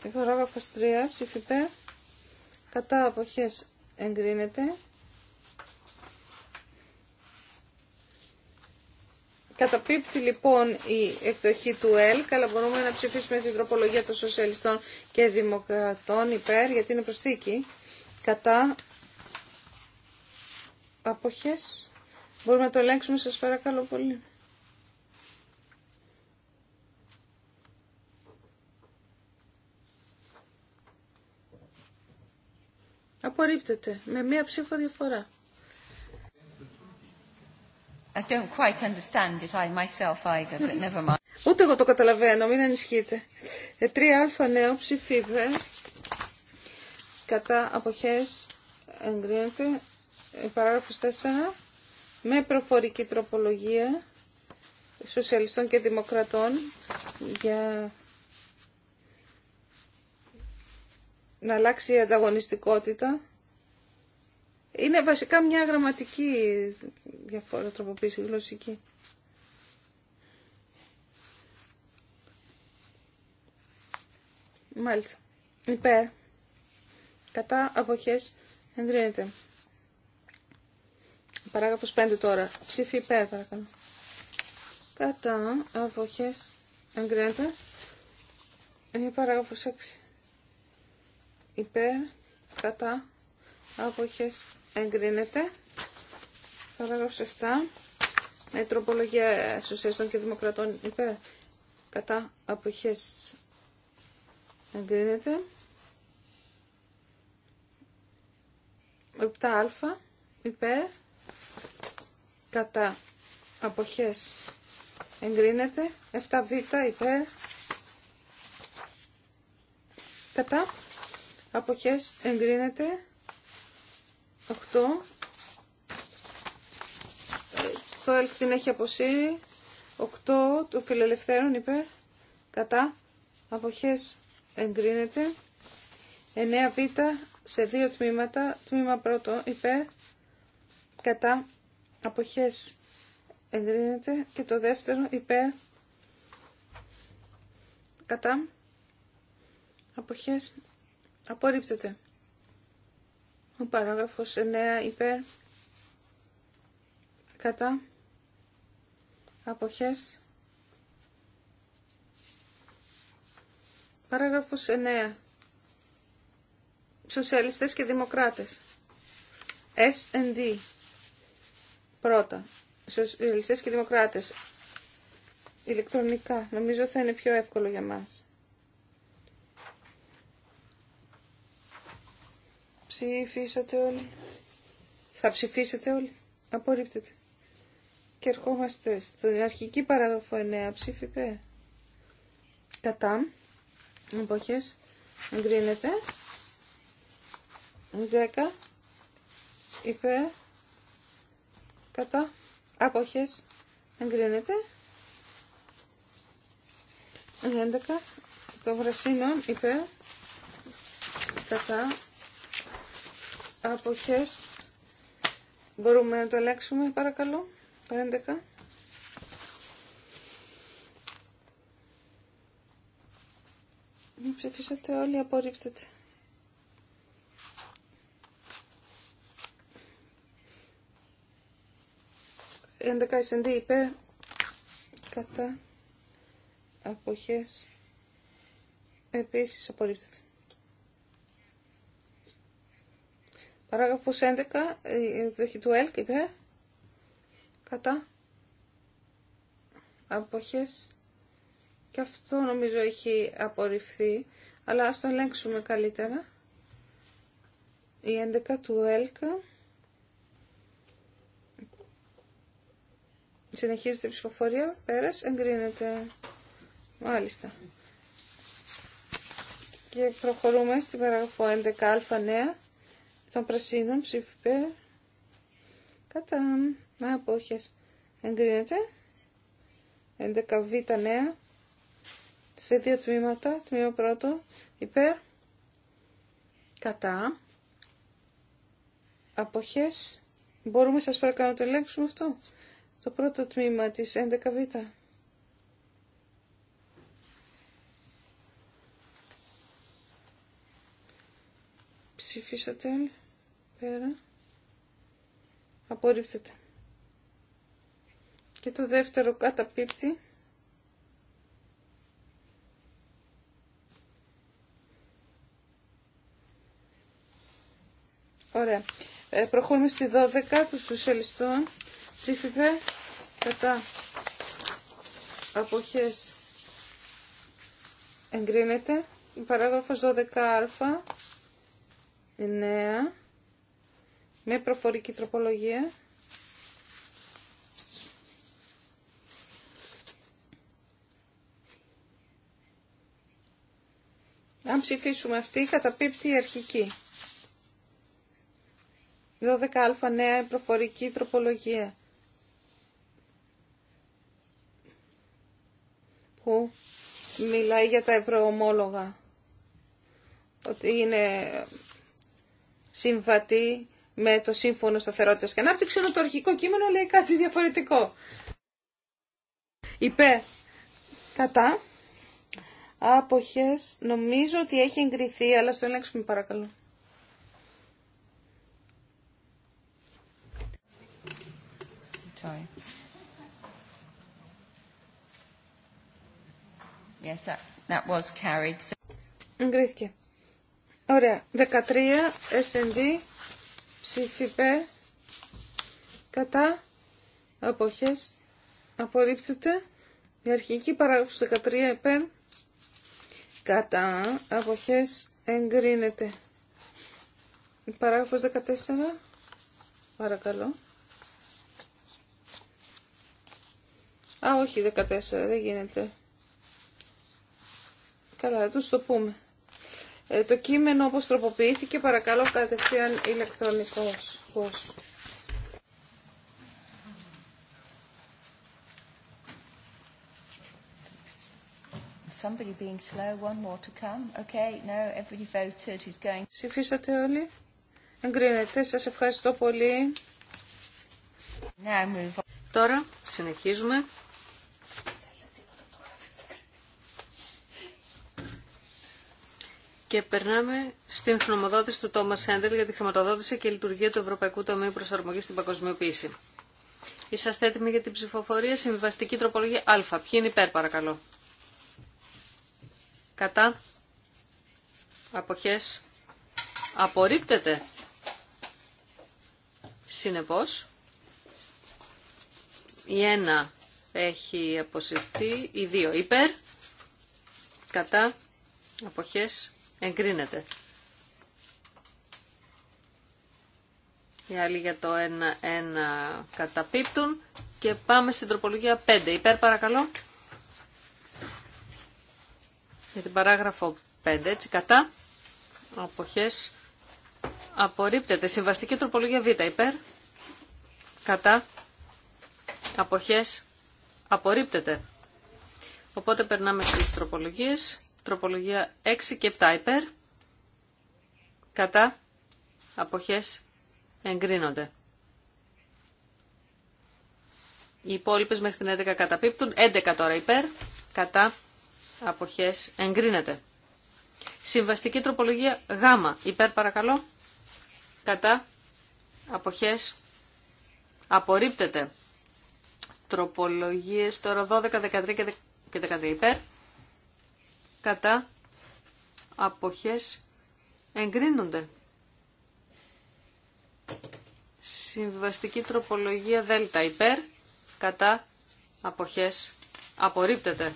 Και παράγραφος 3 ψήφιπε κατά αποχές εγκρίνεται. Καταπίπτει λοιπόν η εκδοχή του ΕΛΚ, αλλά μπορούμε να ψηφίσουμε την τροπολογία των σοσιαλιστών και δημοκρατών υπέρ, γιατί είναι προσθήκη. Κατά αποχές. Μπορούμε να το ελέγξουμε, σας παρακαλώ πολύ. Απορρίπτεται με μία ψήφο διαφορά. Ούτε εγώ το καταλαβαίνω, μην ανησυχείτε. 3α ε, νέο ψηφίδε κατά αποχές εγκρίνεται ε, παράγραφος 4 με προφορική τροπολογία σοσιαλιστών και δημοκρατών για να αλλάξει η ανταγωνιστικότητα είναι βασικά μια γραμματική διαφορά τροποποίηση γλωσσική. Μάλιστα. Υπέρ. Κατά αποχές εγκρίνεται. Παράγραφος 5 τώρα. Ψήφι υπέρ παρακαλώ. Κατά αποχές εγκρίνεται. Είναι παράγραφος 6. Υπέρ. Κατά αποχές εγκρίνεται. Παράγραφος 7. Με τροπολογία και δημοκρατών υπέρ κατά αποχές εγκρίνεται. 7α υπέρ κατά αποχές εγκρίνεται. 7β υπέρ κατά αποχές εγκρίνεται. 8. Το ΕΛΚ την έχει αποσύρει. 8 του φιλελευθέρων υπέρ. Κατά. Αποχές εγκρίνεται. 9β σε δύο τμήματα. Τμήμα πρώτο υπέρ. Κατά. Αποχές εγκρίνεται. Και το δεύτερο υπέρ. Κατά. Αποχές απορρίπτεται. Ο παράγραφος 9 υπέρ κατά αποχές. Παράγραφος 9. Σοσιαλιστές και Δημοκράτες. S&D. Πρώτα. Σοσιαλιστές και Δημοκράτες. Ηλεκτρονικά. Νομίζω θα είναι πιο εύκολο για μας. Ψήφισατε όλοι. Θα ψηφίσετε όλοι. Απορρίπτεται. Και ερχόμαστε στην αρχική παράγραφο 9. Ψήφι πέ. Κατά. Εποχές. Εγκρίνεται. 10. Υπέ. Κατά. Αποχές. Εγκρίνεται. 11. Το βρασίνο Υπέ. Κατά αποχές μπορούμε να το αλλάξουμε, παρακαλώ τα 11 Μου ψηφίσατε όλοι, απορρίπτεται. Έντεκα εισεντή υπέρ, κατά, αποχές, επίσης απορρίπτεται. Παράγραφος 11, η εκδοχή του ΕΛΚ είπε, Κατά. Αποχές. Και αυτό νομίζω έχει απορριφθεί. Αλλά ας το ελέγξουμε καλύτερα. Η 11 του ΕΛΚ. Συνεχίζεται η ψηφοφορία. Πέρας εγκρίνεται. Μάλιστα. Και προχωρούμε στην παραγραφό 11α νέα των πρασινων ψήφιπε κατά υπέρ. Κατά απόχες εγκρίνεται. 11β νέα σε δύο τμήματα. Τμήμα πρώτο υπέρ. Κατά αποχές. Μπορούμε σας παρακαλώ να το ελέγξουμε αυτό. Το πρώτο τμήμα της 11β. Ψηφίσατε όλοι. Πέρα. Απορρίπτεται. Και το δεύτερο καταπίπτει. Ωραία. Ε, προχωρούμε στη 12 του σοσιαλιστών. Ψήφιπε κατά αποχές εγκρίνεται. Παράγραφος 12α. 9 με προφορική τροπολογία. Αν ψηφίσουμε αυτή, καταπίπτει η αρχική. 12α νέα προφορική τροπολογία. Που μιλάει για τα ευρωομόλογα. Ότι είναι συμβατή με το Σύμφωνο Σταθερότητας και Ανάπτυξη, ενώ το αρχικό κείμενο λέει κάτι διαφορετικό. Υπέ, Κατά. Άποχες. Νομίζω ότι έχει εγκριθεί, αλλά στο ελέγξουμε παρακαλώ. Yes, that, was carried. Εγκρίθηκε. Ωραία. 13 S&D Ψήφιπε. Κατά. Αποχές. Απορρίπτεται. Η αρχική παράγραφος 13 επέν Κατά. Αποχές. Εγκρίνεται. Η παράγραφος 14. Παρακαλώ. Α, όχι 14, δεν γίνεται. Καλά, θα τους το πούμε. Ε, το κείμενο όπως τροποποιήθηκε παρακαλώ κατευθείαν ηλεκτρονικός. Somebody being slow, one more to come. Okay, no, everybody voted who's going. Ψηφίσατε όλοι. Εγκρίνεται. Σας ευχαριστώ πολύ. Now move on. Τώρα συνεχίζουμε. Και περνάμε στην χρηματοδότηση του Τόμα Σέντελ για τη χρηματοδότηση και λειτουργία του Ευρωπαϊκού Ταμείου Προσαρμογή στην Παγκοσμιοποίηση. Είσαστε έτοιμοι για την ψηφοφορία. Συμβιβαστική τροπολογία Α. Ποιοι είναι υπέρ, παρακαλώ. Κατά. αποχέ. Απορρίπτεται. Συνεπώς, η 1 έχει αποσυρθεί, η 2 υπέρ, κατά, αποχές, Εγκρίνεται. Οι άλλοι για το 1-1 καταπίπτουν και πάμε στην τροπολογία 5. Υπέρ παρακαλώ. Για την παράγραφο 5, έτσι κατά. Αποχές απορρίπτεται. Συμβαστική τροπολογία Β. Υπέρ. Κατά. Αποχές απορρίπτεται. Οπότε περνάμε στις τροπολογίες Τροπολογία 6 και 7 υπέρ. Κατά. Αποχές εγκρίνονται. Οι υπόλοιπε μέχρι την 11 καταπίπτουν. 11 τώρα υπέρ. Κατά. Αποχές εγκρίνεται. Συμβαστική τροπολογία Γ. Υπέρ παρακαλώ. Κατά. Αποχές απορρίπτεται. Τροπολογίες τώρα 12, 13 και 13 υπέρ κατά αποχές εγκρίνονται. Συμβαστική τροπολογία δέλτα υπέρ κατά αποχές απορρίπτεται.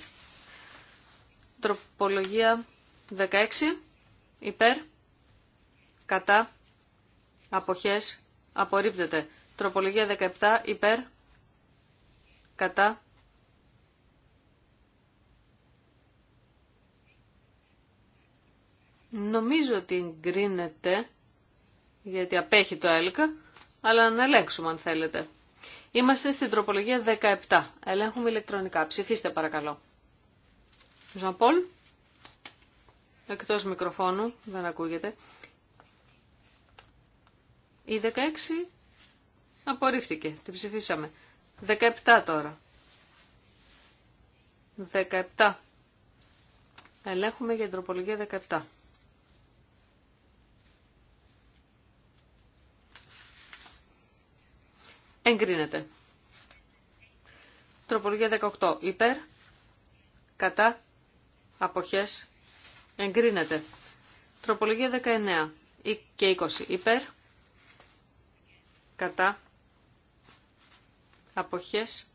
Τροπολογία 16 υπέρ κατά αποχές απορρίπτεται. Τροπολογία 17 υπέρ κατά Νομίζω ότι εγκρίνεται, γιατί απέχει το έλκα, αλλά να ελέγξουμε αν θέλετε. Είμαστε στην τροπολογία 17. Ελέγχουμε ηλεκτρονικά. Ψηφίστε παρακαλώ. Ζαμπόλ. Εκτός μικροφώνου, δεν ακούγεται. Η 16 απορρίφθηκε, την ψηφίσαμε. 17 τώρα. 17. Ελέγχουμε για την τροπολογία 17. Εγκρίνεται. Τροπολογία 18. Υπέρ. Κατά. Αποχές. Εγκρίνεται. Τροπολογία 19 και 20. Υπέρ. Κατά. Αποχές.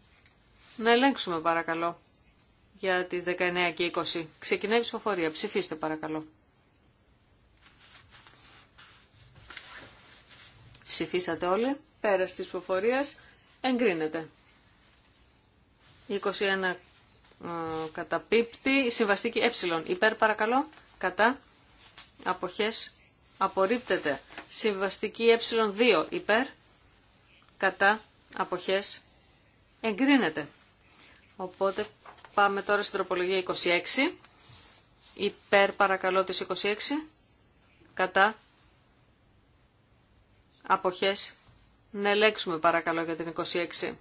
Να ελέγξουμε παρακαλώ για τις 19 και 20. Ξεκινάει η ψηφοφορία. Ψηφίστε παρακαλώ. Ψηφίσατε όλοι. Πέρας της προφορίας, εγκρίνεται. 21 ε, πίπτη, Συμβαστική ε. Υπέρ παρακαλώ. Κατά. Αποχές. Απορρίπτεται. Συμβαστική ε2. Υπέρ. Κατά. Αποχές. Εγκρίνεται. Οπότε πάμε τώρα στην τροπολογία 26. Υπέρ παρακαλώ της 26. Κατά. Αποχές. Να ελέγξουμε παρακαλώ για την 26.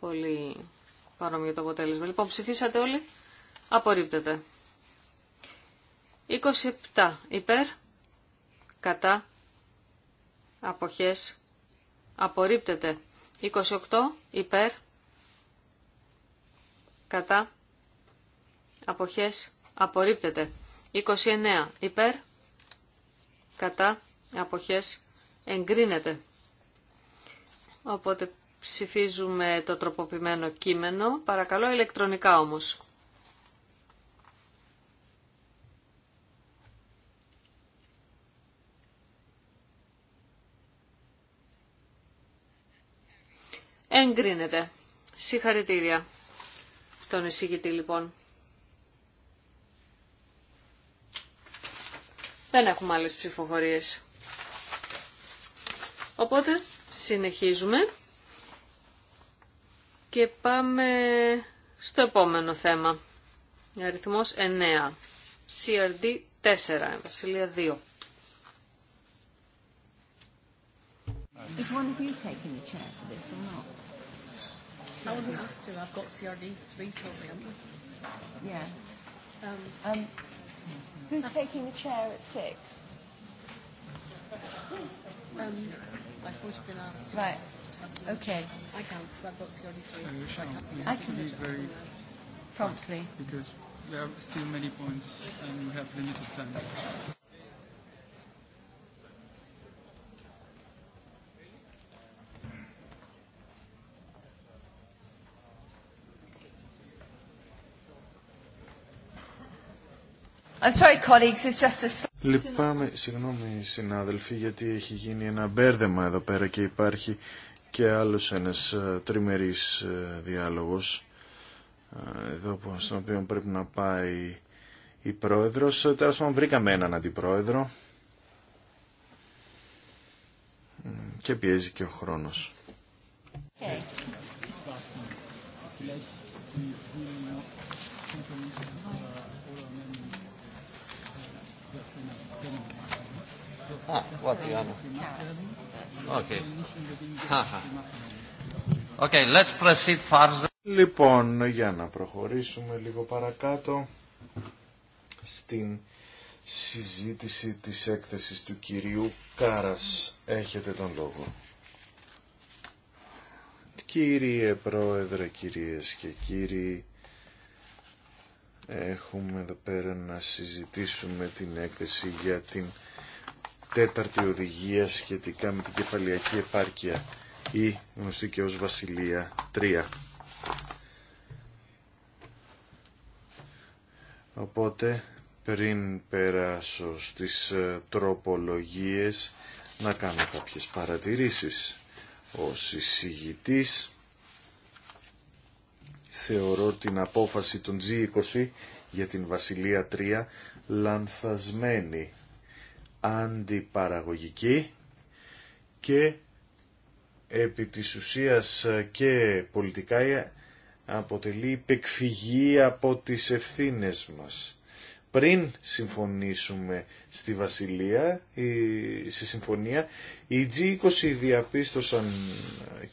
Πολύ παρόμοιο το αποτέλεσμα. Λοιπόν, ψηφίσατε όλοι. Απορρίπτεται. 27 υπέρ, κατά, αποχές, απορρίπτεται. 28 υπέρ, κατά, αποχές, απορρίπτεται. 29 υπέρ, κατά αποχές εγκρίνεται. Οπότε ψηφίζουμε το τροποποιημένο κείμενο, παρακαλώ ηλεκτρονικά όμως. Εγκρίνεται. Συγχαρητήρια στον εισηγητή λοιπόν. Δεν έχουμε άλλες ψηφοφορίες. Οπότε συνεχίζουμε και πάμε στο επόμενο θέμα. Αριθμός 9. CRD 4. Βασιλεία 2. Is one of you taking the chair for this or not? I wasn't asked to. I've got CRD Yeah. Um, um, Who's taking the chair at six? Um, I've always been asked. Right. Okay. I can't because I've got security I can be very promptly because there are still many points and we have limited time. Λυπάμαι, συγγνώμη συνάδελφοι, γιατί έχει γίνει ένα μπέρδεμα εδώ πέρα και υπάρχει και άλλος ένας ε, τριμερής ε, διάλογος, ε, εδώ στον οποίο πρέπει να πάει η πρόεδρος. Τέλος πάντων βρήκαμε έναν αντιπρόεδρο και πιέζει και ο χρόνος. Okay. Λοιπόν, για να προχωρήσουμε λίγο παρακάτω στην συζήτηση της έκθεσης του κυρίου Κάρας. Έχετε τον λόγο. Κύριε Πρόεδρε, κυρίες και κύριοι, έχουμε εδώ πέρα να συζητήσουμε την έκθεση για την τέταρτη οδηγία σχετικά με την κεφαλιακή επάρκεια ή γνωστή και ως Βασιλεία 3. Οπότε πριν περάσω στις ε, τροπολογίες να κάνω κάποιες παρατηρήσεις. ο εισηγητής θεωρώ την απόφαση των G20 για την Βασιλεία 3 λανθασμένη αντιπαραγωγική και επί της ουσίας και πολιτικά αποτελεί υπεκφυγή από τις ευθύνες μας. Πριν συμφωνήσουμε στη Βασιλεία, στη Συμφωνία, οι G20 διαπίστωσαν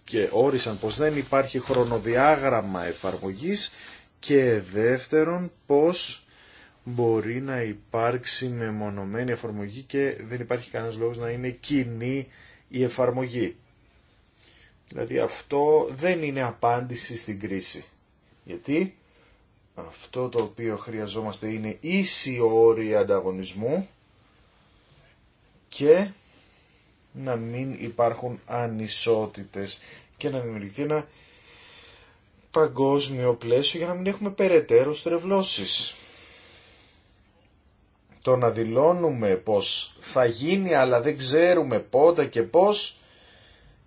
και όρισαν πως δεν υπάρχει χρονοδιάγραμμα εφαρμογής και δεύτερον πως μπορεί να υπάρξει μεμονωμένη εφαρμογή και δεν υπάρχει κανένας λόγος να είναι κοινή η εφαρμογή. Δηλαδή αυτό δεν είναι απάντηση στην κρίση. Γιατί αυτό το οποίο χρειαζόμαστε είναι ίση όροι ανταγωνισμού και να μην υπάρχουν ανισότητες και να δημιουργηθεί ένα παγκόσμιο πλαίσιο για να μην έχουμε περαιτέρω στρεβλώσεις. Το να δηλώνουμε πως θα γίνει αλλά δεν ξέρουμε πότε και πώς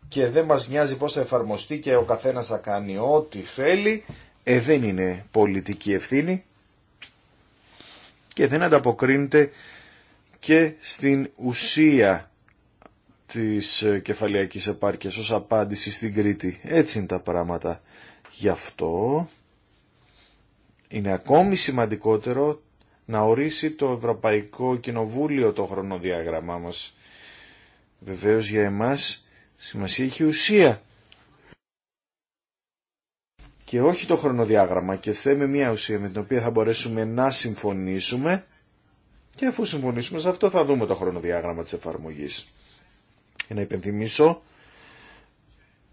και δεν μας νοιάζει πώς θα εφαρμοστεί και ο καθένας θα κάνει ό,τι θέλει, ε, δεν είναι πολιτική ευθύνη και δεν ανταποκρίνεται και στην ουσία της ε, κεφαλιακής επάρκειας ως απάντηση στην Κρήτη. Έτσι είναι τα πράγματα. Γι' αυτό είναι ακόμη σημαντικότερο να ορίσει το Ευρωπαϊκό Κοινοβούλιο το χρονοδιάγραμμά μας. Βεβαίως για εμάς σημασία έχει ουσία και όχι το χρονοδιάγραμμα και θέμε μια ουσία με την οποία θα μπορέσουμε να συμφωνήσουμε και αφού συμφωνήσουμε σε αυτό θα δούμε το χρονοδιάγραμμα της εφαρμογής. Και να υπενθυμίσω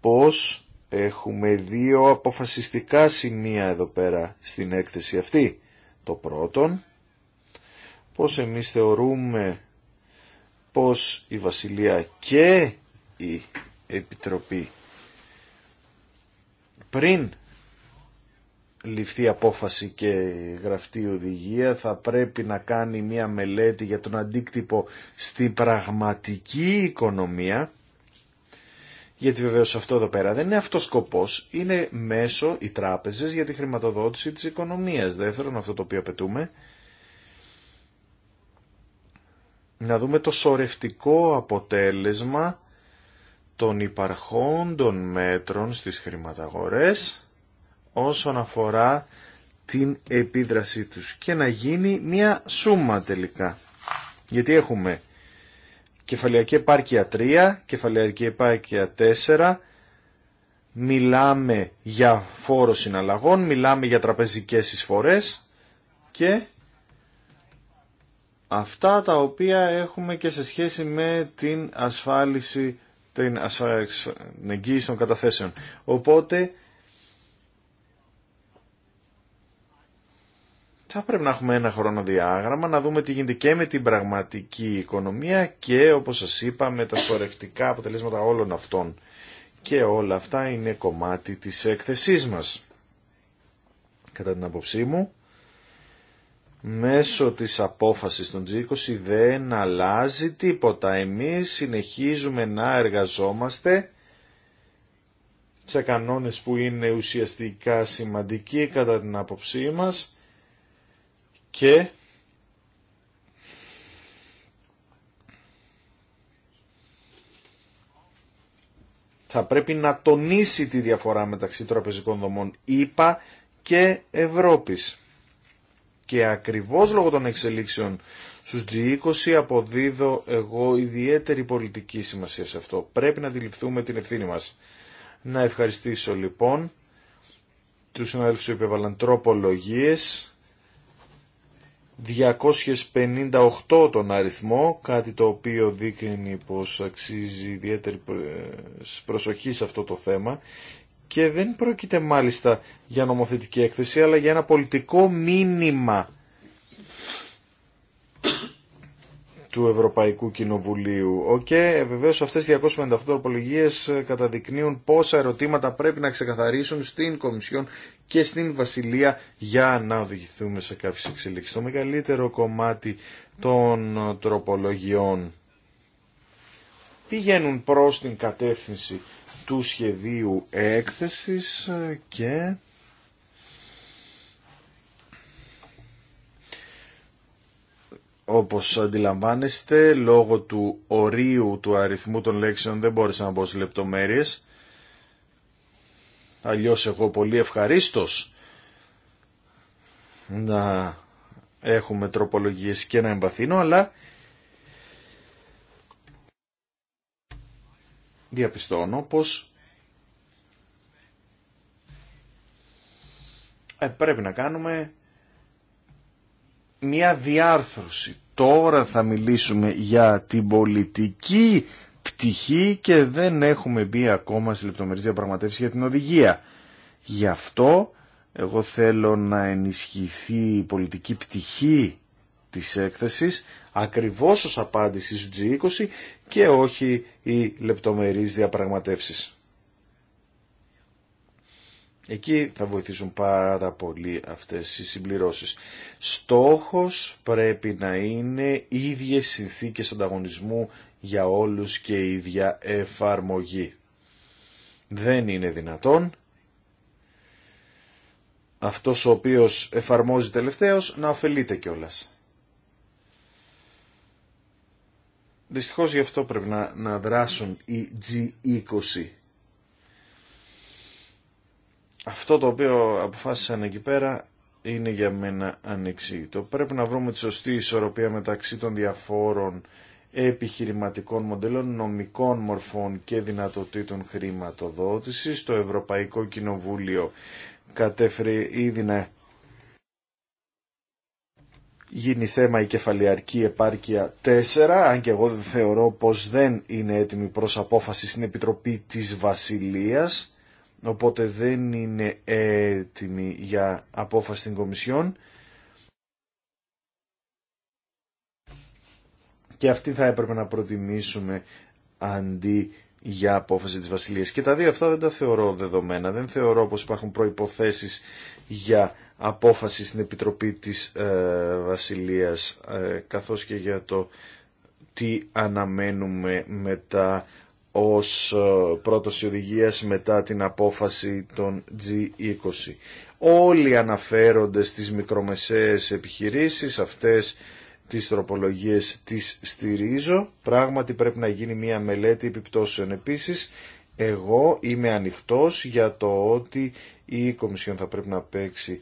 πως έχουμε δύο αποφασιστικά σημεία εδώ πέρα στην έκθεση αυτή. Το πρώτον πως εμείς θεωρούμε πως η Βασιλεία και η Επιτροπή πριν ληφθεί απόφαση και γραφτεί οδηγία θα πρέπει να κάνει μια μελέτη για τον αντίκτυπο στην πραγματική οικονομία γιατί βεβαίως αυτό εδώ πέρα δεν είναι αυτός σκοπός, είναι μέσο οι τράπεζες για τη χρηματοδότηση της οικονομίας. Δεύτερον αυτό το οποίο απαιτούμε να δούμε το σορευτικό αποτέλεσμα των υπαρχόντων μέτρων στις χρηματαγορές όσον αφορά την επίδρασή τους και να γίνει μια σούμα τελικά. Γιατί έχουμε κεφαλαιακή επάρκεια 3, κεφαλαιακή επάρκεια 4, μιλάμε για φόρο συναλλαγών, μιλάμε για τραπεζικές εισφορές και αυτά τα οποία έχουμε και σε σχέση με την ασφάλιση, την, εγγύηση των καταθέσεων. Οπότε θα πρέπει να έχουμε ένα χρονοδιάγραμμα, να δούμε τι γίνεται και με την πραγματική οικονομία και όπως σας είπα με τα σωρευτικά αποτελέσματα όλων αυτών. Και όλα αυτά είναι κομμάτι της έκθεσής μας. Κατά την άποψή μου, μέσω της απόφασης των G20 δεν αλλάζει τίποτα. Εμείς συνεχίζουμε να εργαζόμαστε σε κανόνες που είναι ουσιαστικά σημαντικοί κατά την άποψή μας και θα πρέπει να τονίσει τη διαφορά μεταξύ τραπεζικών δομών ΙΠΑ και Ευρώπης. Και ακριβώς λόγω των εξελίξεων στους G20 αποδίδω εγώ ιδιαίτερη πολιτική σημασία σε αυτό. Πρέπει να αντιληφθούμε την ευθύνη μας. Να ευχαριστήσω λοιπόν τους συναδέλφους που υπέβαλαν τροπολογίες 258 τον αριθμό, κάτι το οποίο δείχνει πως αξίζει ιδιαίτερη προσοχή σε αυτό το θέμα και δεν πρόκειται μάλιστα για νομοθετική έκθεση αλλά για ένα πολιτικό μήνυμα του Ευρωπαϊκού Κοινοβουλίου. Οκ, okay, ε, βεβαίως αυτές οι 258 απολογίες ε, καταδεικνύουν πόσα ερωτήματα πρέπει να ξεκαθαρίσουν στην Κομισιόν και στην Βασιλεία για να οδηγηθούμε σε κάποιες εξελίξεις. Το μεγαλύτερο κομμάτι των ε, τροπολογιών πηγαίνουν προς την κατεύθυνση του σχεδίου έκθεσης και όπως αντιλαμβάνεστε λόγω του ορίου του αριθμού των λέξεων δεν μπόρεσα να μπω σε λεπτομέρειες αλλιώς εγώ πολύ ευχαρίστος να έχουμε τροπολογίες και να εμπαθύνω αλλά διαπιστώνω πως ε, πρέπει να κάνουμε μια διάρθρωση. Τώρα θα μιλήσουμε για την πολιτική πτυχή και δεν έχουμε μπει ακόμα σε λεπτομερείς διαπραγματεύσεις για την οδηγία. Γι' αυτό εγώ θέλω να ενισχυθεί η πολιτική πτυχή της έκθεσης ακριβώς ως απάντηση στους G20 και όχι οι λεπτομερείς διαπραγματεύσεις. Εκεί θα βοηθήσουν πάρα πολύ αυτές οι συμπληρώσεις. Στόχος πρέπει να είναι ίδιες συνθήκες ανταγωνισμού για όλους και ίδια εφαρμογή. Δεν είναι δυνατόν αυτός ο οποίος εφαρμόζει τελευταίος να ωφελείται κιόλας. Δυστυχώς γι' αυτό πρέπει να, να δράσουν οι G20. Αυτό το οποίο αποφάσισαν εκεί πέρα είναι για μένα ανεξήγητο. Πρέπει να βρούμε τη σωστή ισορροπία μεταξύ των διαφόρων επιχειρηματικών μοντέλων, νομικών μορφών και δυνατοτήτων χρηματοδότησης. Το Ευρωπαϊκό Κοινοβούλιο κατέφερε ήδη να γίνει θέμα η κεφαλαιαρκή επάρκεια 4, αν και εγώ δεν θεωρώ πως δεν είναι έτοιμη προς απόφαση στην Επιτροπή της Βασιλείας, οπότε δεν είναι έτοιμη για απόφαση στην Κομισιόν. Και αυτή θα έπρεπε να προτιμήσουμε αντί για απόφαση της Βασιλείας. Και τα δύο αυτά δεν τα θεωρώ δεδομένα. Δεν θεωρώ πως υπάρχουν προϋποθέσεις για απόφαση στην Επιτροπή της ε, Βασιλείας ε, καθώς και για το τι αναμένουμε μετά ως ε, πρώτος οδηγίας μετά την απόφαση των G20. Όλοι αναφέρονται στις μικρομεσαίες επιχειρήσεις, αυτές τις τροπολογίες τις στηρίζω. Πράγματι πρέπει να γίνει μια μελέτη επιπτώσεων. Επίσης, εγώ είμαι ανοιχτός για το ότι η Κομισιόν θα πρέπει να παίξει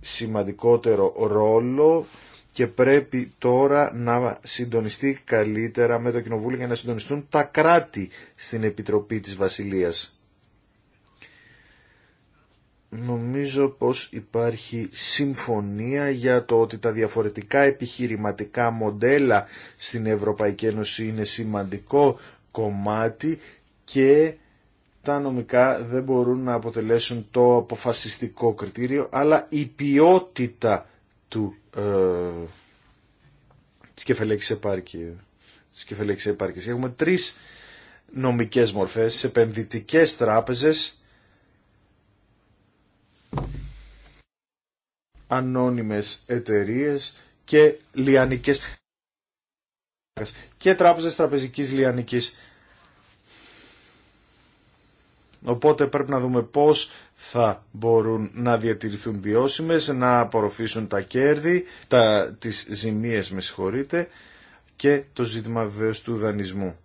σημαντικότερο ρόλο και πρέπει τώρα να συντονιστεί καλύτερα με το Κοινοβούλιο για να συντονιστούν τα κράτη στην Επιτροπή της Βασιλείας. Νομίζω πως υπάρχει συμφωνία για το ότι τα διαφορετικά επιχειρηματικά μοντέλα στην Ευρωπαϊκή Ένωση είναι σημαντικό κομμάτι και τα νομικά δεν μπορούν να αποτελέσουν το αποφασιστικό κριτήριο, αλλά η ποιότητα του, ε, της κεφαλαίκης επάρκειας. Έχουμε τρεις νομικές μορφές, επενδυτικές τράπεζες, ανώνυμες εταιρείες και λιανικές και τράπεζες τραπεζικής λιανικής Οπότε πρέπει να δούμε πώς θα μπορούν να διατηρηθούν βιώσιμες, να απορροφήσουν τα κέρδη, τα, τις ζημίες με συγχωρείτε, και το ζήτημα βεβαίως του δανεισμού.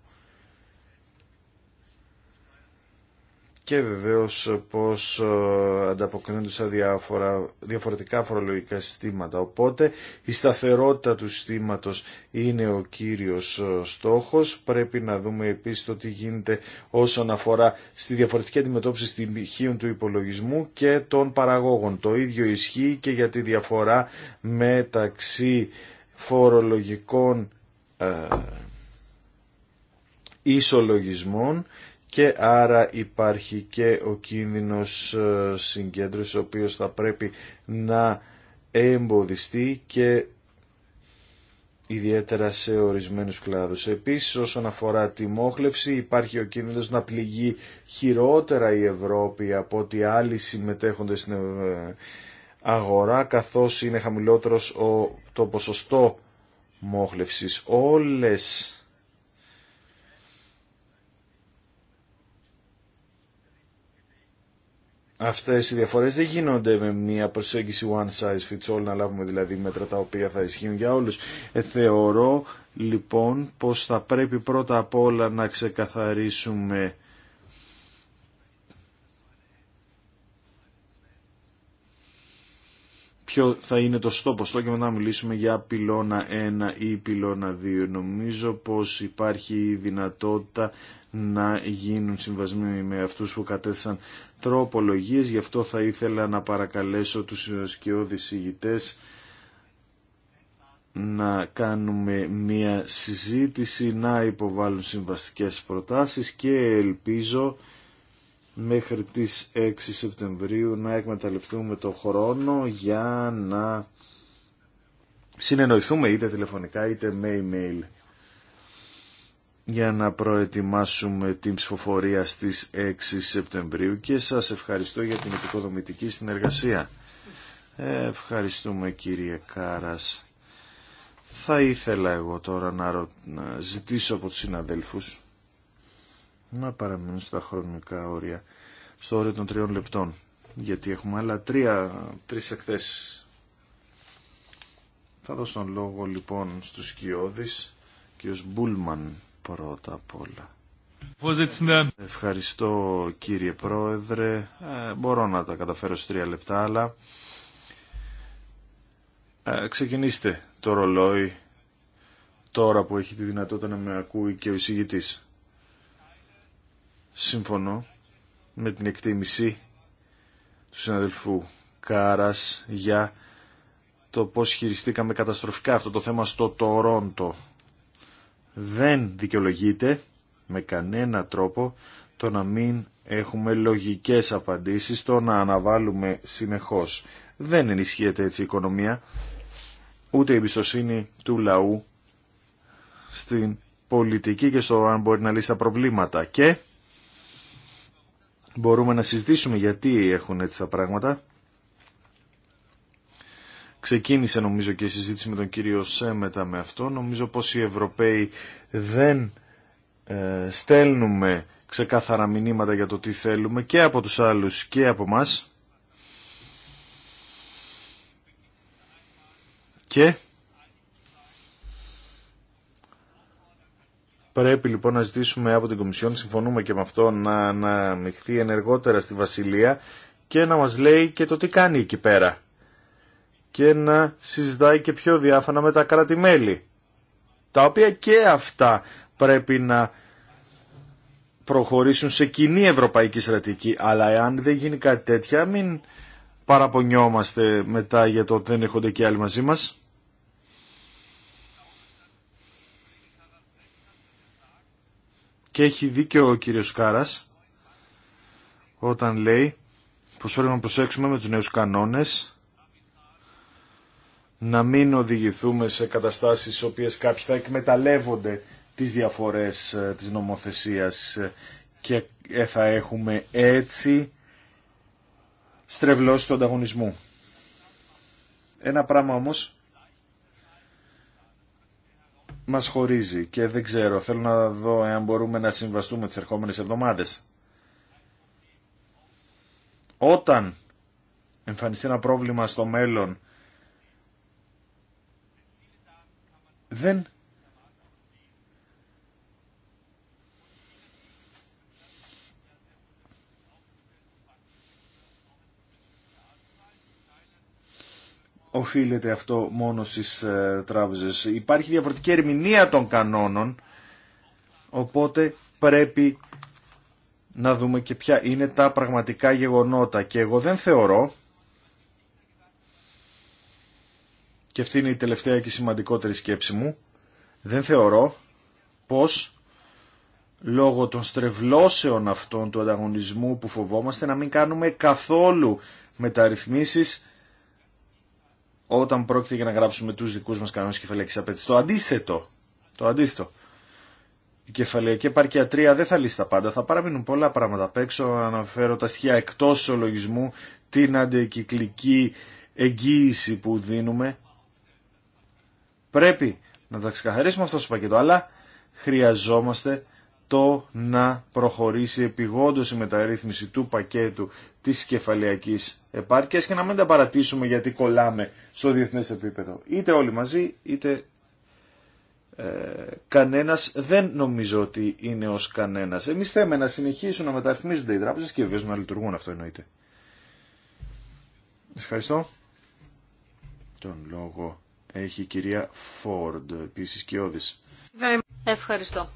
και βεβαίως πώς ε, ανταποκρίνονται σε διάφορα, διαφορετικά φορολογικά συστήματα. Οπότε η σταθερότητα του συστήματος είναι ο κύριος ε, στόχος. Πρέπει να δούμε επίσης το τι γίνεται όσον αφορά στη διαφορετική αντιμετώπιση στοιχείων του υπολογισμού και των παραγόγων. Το ίδιο ισχύει και για τη διαφορά μεταξύ φορολογικών ε, ισολογισμών και άρα υπάρχει και ο κίνδυνος ε, συγκέντρωσης ο οποίος θα πρέπει να εμποδιστεί και ιδιαίτερα σε ορισμένους κλάδους. Επίσης όσον αφορά τη μόχλευση υπάρχει ο κίνδυνος να πληγεί χειρότερα η Ευρώπη από ότι άλλοι συμμετέχονται στην ε, αγορά καθώς είναι χαμηλότερος το ποσοστό μόχλευσης. Όλες Αυτές οι διαφορές δεν γίνονται με μια προσέγγιση one size fits all, να λάβουμε δηλαδή μέτρα τα οποία θα ισχύουν για όλους. Ε, θεωρώ λοιπόν πως θα πρέπει πρώτα απ' όλα να ξεκαθαρίσουμε ποιο θα είναι το στόπο στο και μετά να μιλήσουμε για πυλώνα 1 ή πυλώνα 2. Νομίζω πως υπάρχει η δυνατότητα να γίνουν συμβασμοί με αυτούς που κατέθεσαν τροπολογίες. Γι' αυτό θα ήθελα να παρακαλέσω τους σκιώδεις ηγητές να κάνουμε μία συζήτηση, να υποβάλουν συμβαστικές προτάσεις και ελπίζω μέχρι τις 6 Σεπτεμβρίου να εκμεταλλευτούμε το χρόνο για να συνεννοηθούμε είτε τηλεφωνικά είτε με email για να προετοιμάσουμε την ψηφοφορία στις 6 Σεπτεμβρίου και σας ευχαριστώ για την επικοδομητική συνεργασία. Ευχαριστούμε κύριε Κάρας. Θα ήθελα εγώ τώρα να, να ζητήσω από τους συναδέλφους να παραμείνουν στα χρονικά όρια, στο όριο των τριών λεπτών. Γιατί έχουμε άλλα τρία, τρεις εκθέσεις. Θα δώσω τον λόγο λοιπόν στους και κύριος Μπούλμαν πρώτα απ' όλα. Ευχαριστώ κύριε Πρόεδρε. Ε, μπορώ να τα καταφέρω σε τρία λεπτά, αλλά ε, ξεκινήστε το ρολόι τώρα που έχει τη δυνατότητα να με ακούει και ο εισηγητής συμφωνώ με την εκτίμηση του συναδελφού Κάρας για το πώς χειριστήκαμε καταστροφικά αυτό το θέμα στο Τορόντο. Δεν δικαιολογείται με κανένα τρόπο το να μην έχουμε λογικές απαντήσεις, το να αναβάλουμε συνεχώς. Δεν ενισχύεται έτσι η οικονομία, ούτε η εμπιστοσύνη του λαού στην πολιτική και στο αν μπορεί να λύσει τα προβλήματα. Και Μπορούμε να συζητήσουμε γιατί έχουν έτσι τα πράγματα. Ξεκίνησε νομίζω και η συζήτηση με τον κύριο Σέμετα με αυτό. Νομίζω πως οι Ευρωπαίοι δεν ε, στέλνουμε ξεκάθαρα μηνύματα για το τι θέλουμε και από τους άλλους και από μας. Και Πρέπει λοιπόν να ζητήσουμε από την Κομισιόν, συμφωνούμε και με αυτό, να αναμειχθεί ενεργότερα στη Βασιλεία και να μας λέει και το τι κάνει εκεί πέρα. Και να συζητάει και πιο διάφανα με τα κράτη-μέλη. Τα οποία και αυτά πρέπει να προχωρήσουν σε κοινή ευρωπαϊκή στρατηγική. Αλλά εάν δεν γίνει κάτι τέτοια, μην παραπονιόμαστε μετά για το ότι δεν έχονται και άλλοι μαζί μας. Και έχει δίκιο ο κύριος Κάρας όταν λέει πως πρέπει να προσέξουμε με τους νέους κανόνες να μην οδηγηθούμε σε καταστάσεις στις οποίες κάποιοι θα εκμεταλλεύονται τις διαφορές ε, της νομοθεσίας ε, και ε, θα έχουμε έτσι στρεβλώσει του ανταγωνισμού. Ένα πράγμα όμως μας χωρίζει και δεν ξέρω, θέλω να δω εάν μπορούμε να συμβαστούμε τις ερχόμενες εβδομάδες. Όταν εμφανιστεί ένα πρόβλημα στο μέλλον, δεν οφείλεται αυτό μόνο στις ε, τράπεζες. Υπάρχει διαφορετική ερμηνεία των κανόνων, οπότε πρέπει να δούμε και ποια είναι τα πραγματικά γεγονότα. Και εγώ δεν θεωρώ, και αυτή είναι η τελευταία και σημαντικότερη σκέψη μου, δεν θεωρώ πως λόγω των στρεβλώσεων αυτών του ανταγωνισμού που φοβόμαστε να μην κάνουμε καθόλου μεταρρυθμίσεις όταν πρόκειται για να γράψουμε τους δικούς μας κανόνες κεφαλαίκης απέτηση. Το αντίθετο, το αντίθετο. Η κεφαλαϊκή επάρκεια 3 δεν θα λύσει τα πάντα, θα παραμείνουν πολλά πράγματα απ' έξω, αναφέρω τα στοιχεία εκτός ολογισμού, την αντικυκλική εγγύηση που δίνουμε. Πρέπει να τα ξεκαθαρίσουμε αυτό στο πακέτο, αλλά χρειαζόμαστε το να προχωρήσει επιγόντως η μεταρρύθμιση του πακέτου της κεφαλαιακής επάρκειας και να μην τα παρατήσουμε γιατί κολλάμε στο διεθνές επίπεδο. Είτε όλοι μαζί, είτε ε, κανένας δεν νομίζω ότι είναι ως κανένας. Εμείς θέμε να συνεχίσουν να μεταρρυθμίζονται οι τράπεζες και βέβαια να λειτουργούν αυτό εννοείται. Ευχαριστώ. Τον λόγο έχει η κυρία Φόρντ, επίσης και Ευχαριστώ.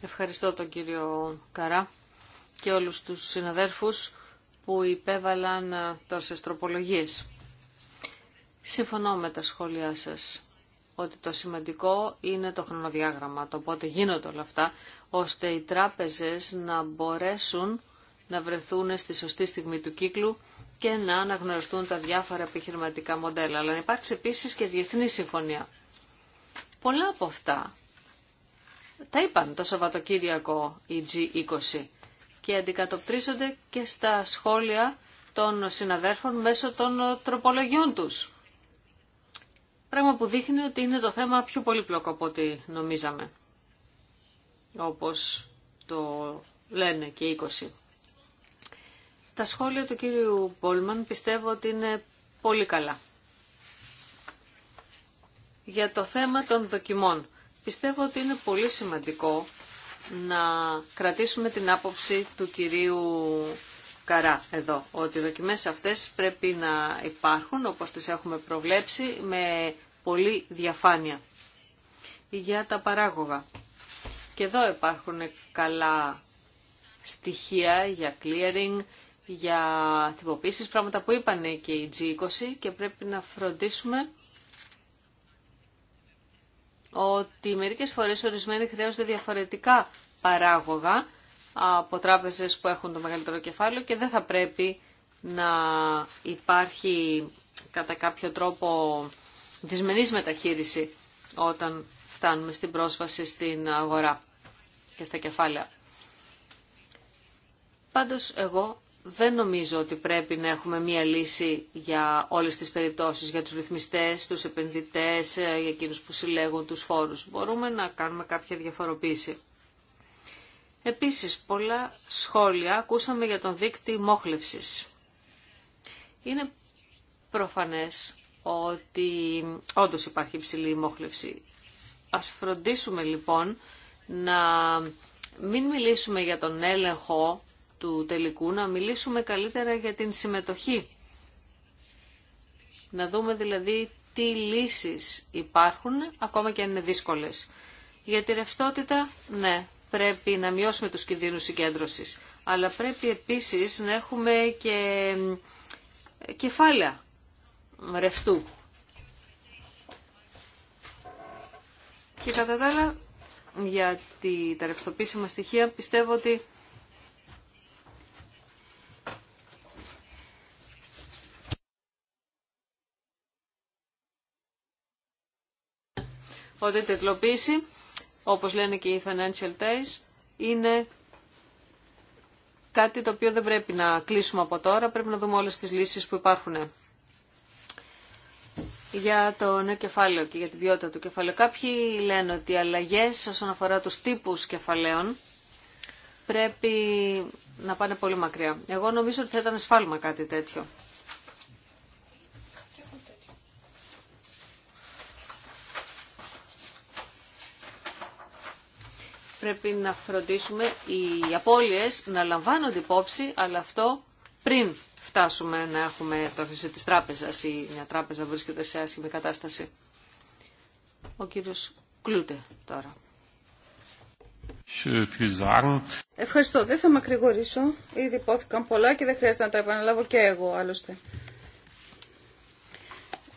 Ευχαριστώ τον κύριο Καρά και όλους τους συναδέρφους που υπέβαλαν ε, τόσες τροπολογίες. Συμφωνώ με τα σχόλιά σας ότι το σημαντικό είναι το χρονοδιάγραμμα, το πότε γίνονται όλα αυτά, ώστε οι τράπεζες να μπορέσουν να βρεθούν στη σωστή στιγμή του κύκλου και να αναγνωριστούν τα διάφορα επιχειρηματικά μοντέλα. Αλλά να υπάρξει επίσης και διεθνή συμφωνία. Πολλά από αυτά τα είπαν το Σαββατοκύριακο οι G20 και αντικατοπτρίζονται και στα σχόλια των συναδέρφων μέσω των τροπολογιών τους. Πράγμα που δείχνει ότι είναι το θέμα πιο πολύπλοκο από ό,τι νομίζαμε. Όπως το λένε και οι 20. Τα σχόλια του κύριου Πόλμαν πιστεύω ότι είναι πολύ καλά. Για το θέμα των δοκιμών. Πιστεύω ότι είναι πολύ σημαντικό να κρατήσουμε την άποψη του κυρίου Καρά εδώ, ότι οι δοκιμές αυτές πρέπει να υπάρχουν όπως τις έχουμε προβλέψει με πολύ διαφάνεια για τα παράγωγα. Και εδώ υπάρχουν καλά στοιχεία για clearing, για τυποποίησεις, πράγματα που είπαν και οι G20 και πρέπει να φροντίσουμε ότι μερικές φορές ορισμένοι χρειάζονται διαφορετικά παράγωγα από τράπεζες που έχουν το μεγαλύτερο κεφάλαιο και δεν θα πρέπει να υπάρχει κατά κάποιο τρόπο δυσμενής μεταχείριση όταν φτάνουμε στην πρόσβαση στην αγορά και στα κεφάλαια. Πάντως εγώ δεν νομίζω ότι πρέπει να έχουμε μία λύση για όλες τις περιπτώσεις, για τους ρυθμιστές, τους επενδυτές, ε, για εκείνους που συλλέγουν τους φόρους. Μπορούμε να κάνουμε κάποια διαφοροποίηση. Επίσης, πολλά σχόλια ακούσαμε για τον δίκτυ μόχλευσης. Είναι προφανές ότι όντως υπάρχει υψηλή μόχλευση. Ας φροντίσουμε λοιπόν να μην μιλήσουμε για τον έλεγχο του τελικού να μιλήσουμε καλύτερα για την συμμετοχή. Να δούμε δηλαδή τι λύσεις υπάρχουν, ακόμα και αν είναι δύσκολες. Για τη ρευστότητα, ναι, πρέπει να μειώσουμε τους κινδύνους συγκέντρωσης. Αλλά πρέπει επίσης να έχουμε και κεφάλαια ρευστού. Και κατά τα για τη, τα ρευστοποιήσιμα στοιχεία πιστεύω ότι Οπότε η τετλοποίηση, όπως λένε και οι Financial ties, είναι κάτι το οποίο δεν πρέπει να κλείσουμε από τώρα, πρέπει να δούμε όλες τις λύσεις που υπάρχουν για το νέο κεφάλαιο και για την ποιότητα του κεφαλαίου. Κάποιοι λένε ότι οι αλλαγές όσον αφορά τους τύπους κεφαλαίων πρέπει να πάνε πολύ μακριά. Εγώ νομίζω ότι θα ήταν σφάλμα κάτι τέτοιο. πρέπει να φροντίσουμε οι απώλειες να λαμβάνονται υπόψη, αλλά αυτό πριν φτάσουμε να έχουμε το χρήση της τράπεζας ή μια τράπεζα βρίσκεται σε άσχημη κατάσταση. Ο κύριος Κλούτε τώρα. Ευχαριστώ. Δεν θα μακρηγορήσω. Ήδη υπόθηκαν πολλά και δεν χρειάζεται να τα επαναλάβω και εγώ άλλωστε.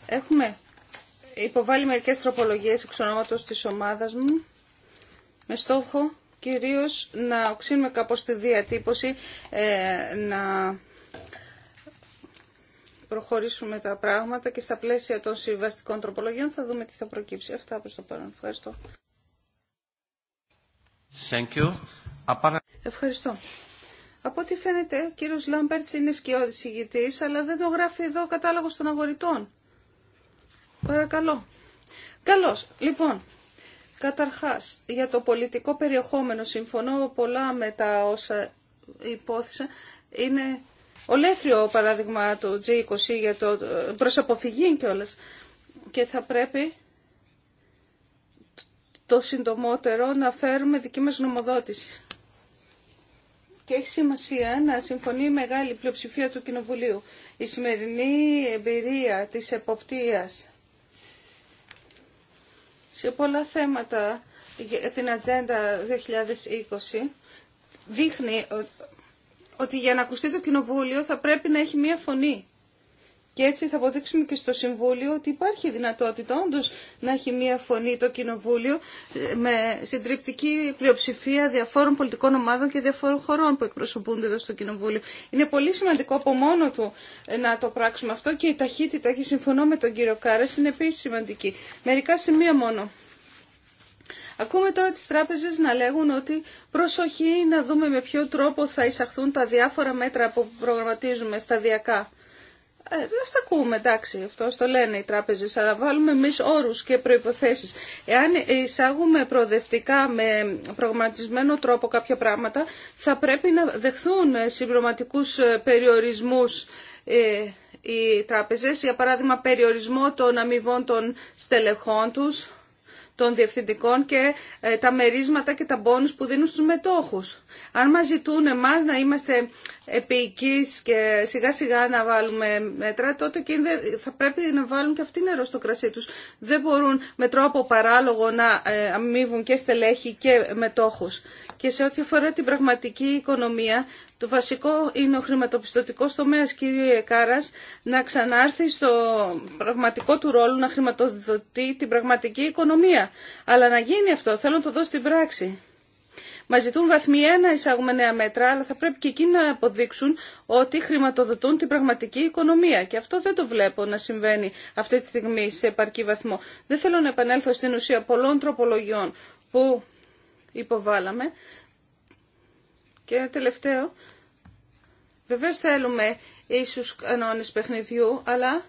Έχουμε υποβάλει μερικές τροπολογίες εξ ονόματος της ομάδας μου με στόχο κυρίως να οξύνουμε κάπως τη διατύπωση, ε, να προχωρήσουμε τα πράγματα και στα πλαίσια των συμβαστικών τροπολογιών θα δούμε τι θα προκύψει. Αυτά προς το παρόν. Ευχαριστώ. Thank you. Ευχαριστώ. Από ό,τι φαίνεται, ο κύριος Λάμπερτς είναι σκιώδης ηγητής, αλλά δεν το γράφει εδώ ο κατάλογος των αγορητών. Παρακαλώ. Καλώς. Λοιπόν, Καταρχάς, για το πολιτικό περιεχόμενο συμφωνώ πολλά με τα όσα υπόθεσα. Είναι ολέθριο παράδειγμα του G20 για το προς αποφυγή όλες. Και θα πρέπει το συντομότερο να φέρουμε δική μας νομοδότηση. Και έχει σημασία να συμφωνεί η μεγάλη πλειοψηφία του Κοινοβουλίου. Η σημερινή εμπειρία της εποπτείας σε πολλά θέματα την Ατζέντα 2020 δείχνει ότι για να ακουστεί το Κοινοβούλιο θα πρέπει να έχει μία φωνή. Και έτσι θα αποδείξουμε και στο Συμβούλιο ότι υπάρχει δυνατότητα όντω να έχει μία φωνή το Κοινοβούλιο ε, με συντριπτική πλειοψηφία διαφόρων πολιτικών ομάδων και διαφόρων χωρών που εκπροσωπούνται εδώ στο Κοινοβούλιο. Είναι πολύ σημαντικό από μόνο του ε, να το πράξουμε αυτό και η ταχύτητα, και συμφωνώ με τον κύριο Κάρα, είναι επίση σημαντική. Μερικά σημεία μόνο. Ακούμε τώρα τις τράπεζες να λέγουν ότι προσοχή να δούμε με ποιο τρόπο θα εισαχθούν τα διάφορα μέτρα που προγραμματίζουμε σταδιακά. Δεν θα τα ακούμε, εντάξει, αυτό το λένε οι τράπεζε, αλλά βάλουμε εμεί όρου και προϋποθέσεις. Εάν εισάγουμε προοδευτικά με προγραμματισμένο τρόπο κάποια πράγματα, θα πρέπει να δεχθούν συμπληρωματικούς ε, περιορισμούς ε, οι τράπεζες, για παράδειγμα περιορισμό των αμοιβών των στελεχών τους, των διευθυντικών και ε, τα μερίσματα και τα μπόνου που δίνουν στου μετόχους. Αν μας ζητούν εμά να είμαστε επίκης και σιγά σιγά να βάλουμε μέτρα, τότε και θα πρέπει να βάλουν και αυτοί νερό στο κρασί τους. Δεν μπορούν με τρόπο παράλογο να ε, αμείβουν και στελέχη και μετόχους. Και σε ό,τι αφορά την πραγματική οικονομία, το βασικό είναι ο χρηματοπιστωτικός τομέας, κύριε Κάρας, να ξανάρθει στο πραγματικό του ρόλο, να χρηματοδοτεί την πραγματική οικονομία. Αλλά να γίνει αυτό, θέλω να το δω στην πράξη. Μα ζητούν βαθμοί να εισάγουμε νέα μέτρα, αλλά θα πρέπει και εκείνοι να αποδείξουν ότι χρηματοδοτούν την πραγματική οικονομία. Και αυτό δεν το βλέπω να συμβαίνει αυτή τη στιγμή σε επαρκή βαθμό. Δεν θέλω να επανέλθω στην ουσία πολλών τροπολογιών που υποβάλαμε. Και ένα τελευταίο. βεβαίω θέλουμε ίσους κανόνε παιχνιδιού, αλλά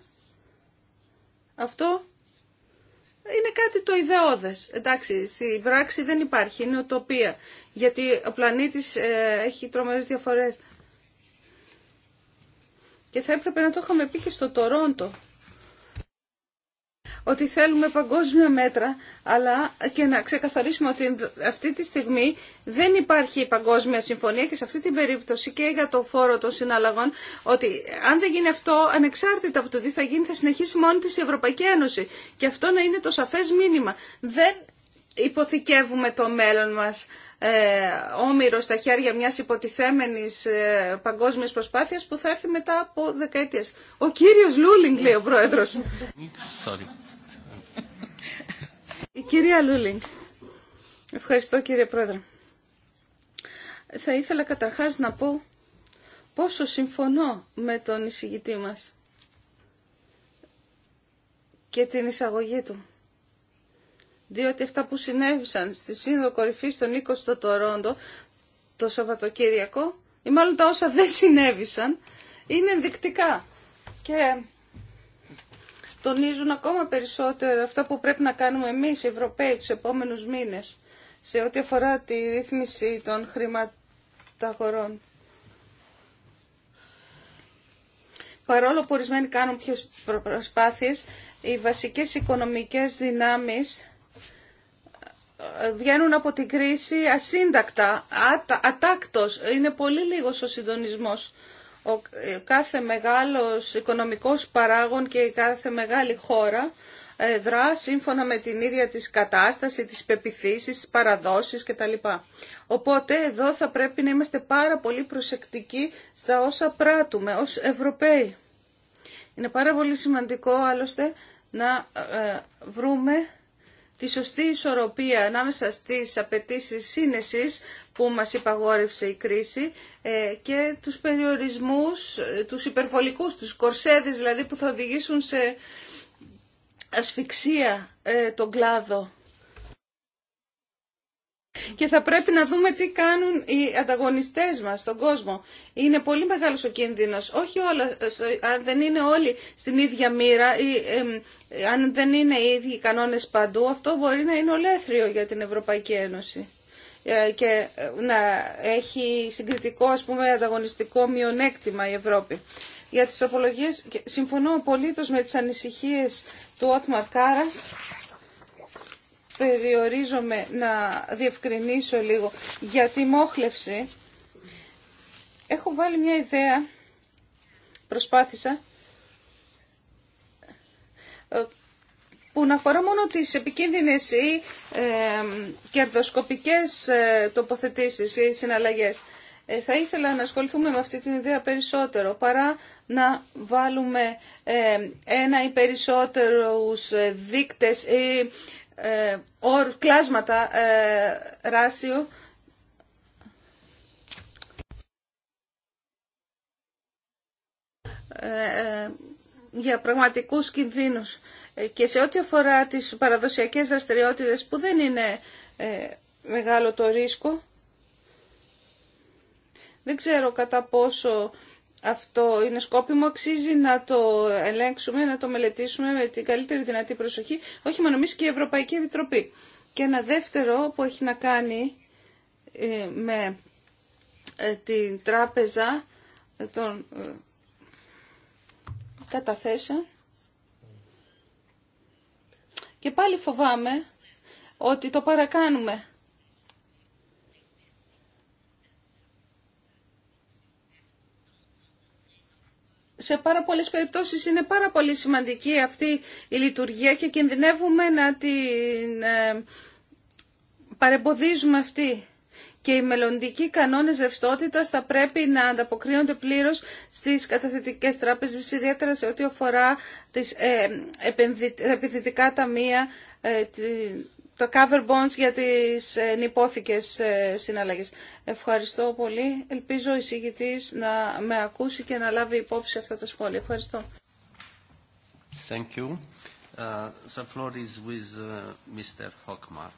αυτό είναι κάτι το ιδεώδες. Εντάξει, στη πράξη δεν υπάρχει, είναι οτοπία. Γιατί ο πλανήτης ε, έχει τρομερές διαφορές. Και θα έπρεπε να το είχαμε πει και στο Τορόντο ότι θέλουμε παγκόσμια μέτρα, αλλά και να ξεκαθαρίσουμε ότι αυτή τη στιγμή δεν υπάρχει παγκόσμια συμφωνία και σε αυτή την περίπτωση και για το φόρο των συναλλαγών, ότι αν δεν γίνει αυτό, ανεξάρτητα από το τι θα γίνει, θα συνεχίσει μόνη της η Ευρωπαϊκή Ένωση. Και αυτό να είναι το σαφές μήνυμα. Δεν υποθηκεύουμε το μέλλον μας ε, όμοιρο στα χέρια μιας υποτιθέμενης ε, παγκόσμιας προσπάθειας που θα έρθει μετά από δεκαετίες. Ο κύριος Λούλινγκ λέει ο πρόεδρος. Η κυρία Λούλινγκ. Ευχαριστώ κύριε πρόεδρε. Θα ήθελα καταρχάς να πω πόσο συμφωνώ με τον εισηγητή μας και την εισαγωγή του διότι αυτά που συνέβησαν στη Σύνοδο Κορυφή στον 20ο Τορόντο το Σαββατοκύριακο, ή μάλλον τα όσα δεν συνέβησαν, είναι ενδεικτικά. Και τονίζουν ακόμα περισσότερο αυτά που πρέπει να κάνουμε εμείς οι Ευρωπαίοι τους επόμενους μήνες σε ό,τι αφορά τη ρύθμιση των χρηματαγορών. Παρόλο που ορισμένοι κάνουν πιο προσπάθειες, οι βασικές οικονομικές δυνάμεις βγαίνουν από την κρίση ασύντακτα, ατα, ατάκτος. Είναι πολύ λίγος ο συντονισμός. Ο ε, κάθε μεγάλος οικονομικός παράγων και κάθε μεγάλη χώρα ε, δρά σύμφωνα με την ίδια της κατάσταση, τις πεπιθήσεις, τις παραδόσεις κτλ. Οπότε εδώ θα πρέπει να είμαστε πάρα πολύ προσεκτικοί στα όσα πράττουμε ως Ευρωπαίοι. Είναι πάρα πολύ σημαντικό άλλωστε να ε, βρούμε τη σωστή ισορροπία ανάμεσα στις απαιτήσει σύνεσης που μας υπαγόρευσε η κρίση ε, και τους περιορισμούς, ε, τους υπερβολικούς, τους κορσέδες δηλαδή που θα οδηγήσουν σε ασφυξία ε, τον κλάδο και θα πρέπει να δούμε τι κάνουν οι ανταγωνιστές μας στον κόσμο. Είναι πολύ μεγάλος ο κίνδυνος. Όχι όλα, αν δεν είναι όλοι στην ίδια μοίρα, ή, αν δεν είναι οι ίδιοι οι κανόνες παντού, αυτό μπορεί να είναι ολέθριο για την Ευρωπαϊκή Ένωση ε, και ε, να έχει συγκριτικό, ας πούμε, ανταγωνιστικό μειονέκτημα η Ευρώπη. Για τις τροπολογίες, συμφωνώ πολύ με τις ανησυχίες του Ότμαρ Κάρας περιορίζομαι να διευκρινίσω λίγο για τη μόχλευση. Έχω βάλει μια ιδέα, προσπάθησα, ε, που να αφορά μόνο τις επικίνδυνες ή ε, κερδοσκοπικές ε, τοποθετήσεις ή συναλλαγές. Ε, θα ήθελα να ασχοληθούμε με αυτή την ιδέα περισσότερο, παρά να βάλουμε ένα ή περισσότερους δείκτες ή ε, κλάσματα ε, ράσιο. Ε, ε, για πραγματικούς κινδύνους ε, και σε ό,τι αφορά τις παραδοσιακές δραστηριότητες που δεν είναι μεγάλο το ρίσκο δεν ξέρω κατά πόσο αυτό είναι σκόπιμο, αξίζει να το ελέγξουμε, να το μελετήσουμε με την καλύτερη δυνατή προσοχή, όχι μόνο εμείς και η Ευρωπαϊκή Επιτροπή. Και ένα δεύτερο που έχει να κάνει ε, με ε, την τράπεζα των ε, καταθέσεων. Και πάλι φοβάμαι ότι το παρακάνουμε. σε πάρα πολλές περιπτώσεις είναι πάρα πολύ σημαντική αυτή η λειτουργία και κινδυνεύουμε να την ε, παρεμποδίζουμε αυτή. Και οι μελλοντικοί κανόνες ρευστότητας θα πρέπει να ανταποκρίνονται πλήρως στις καταθετικές τράπεζες, ιδιαίτερα σε ό,τι αφορά τις, ε, επενδυτικά ταμεία, ε, το cover bonds για τις ε, νυπόθηκες ε, συναλλαγές. Ευχαριστώ πολύ. Ελπίζω ο εισηγητής να με ακούσει και να λάβει υπόψη αυτά τα σχόλια. Ευχαριστώ. Thank you. Uh, the floor is with uh, Mr. Hockmark.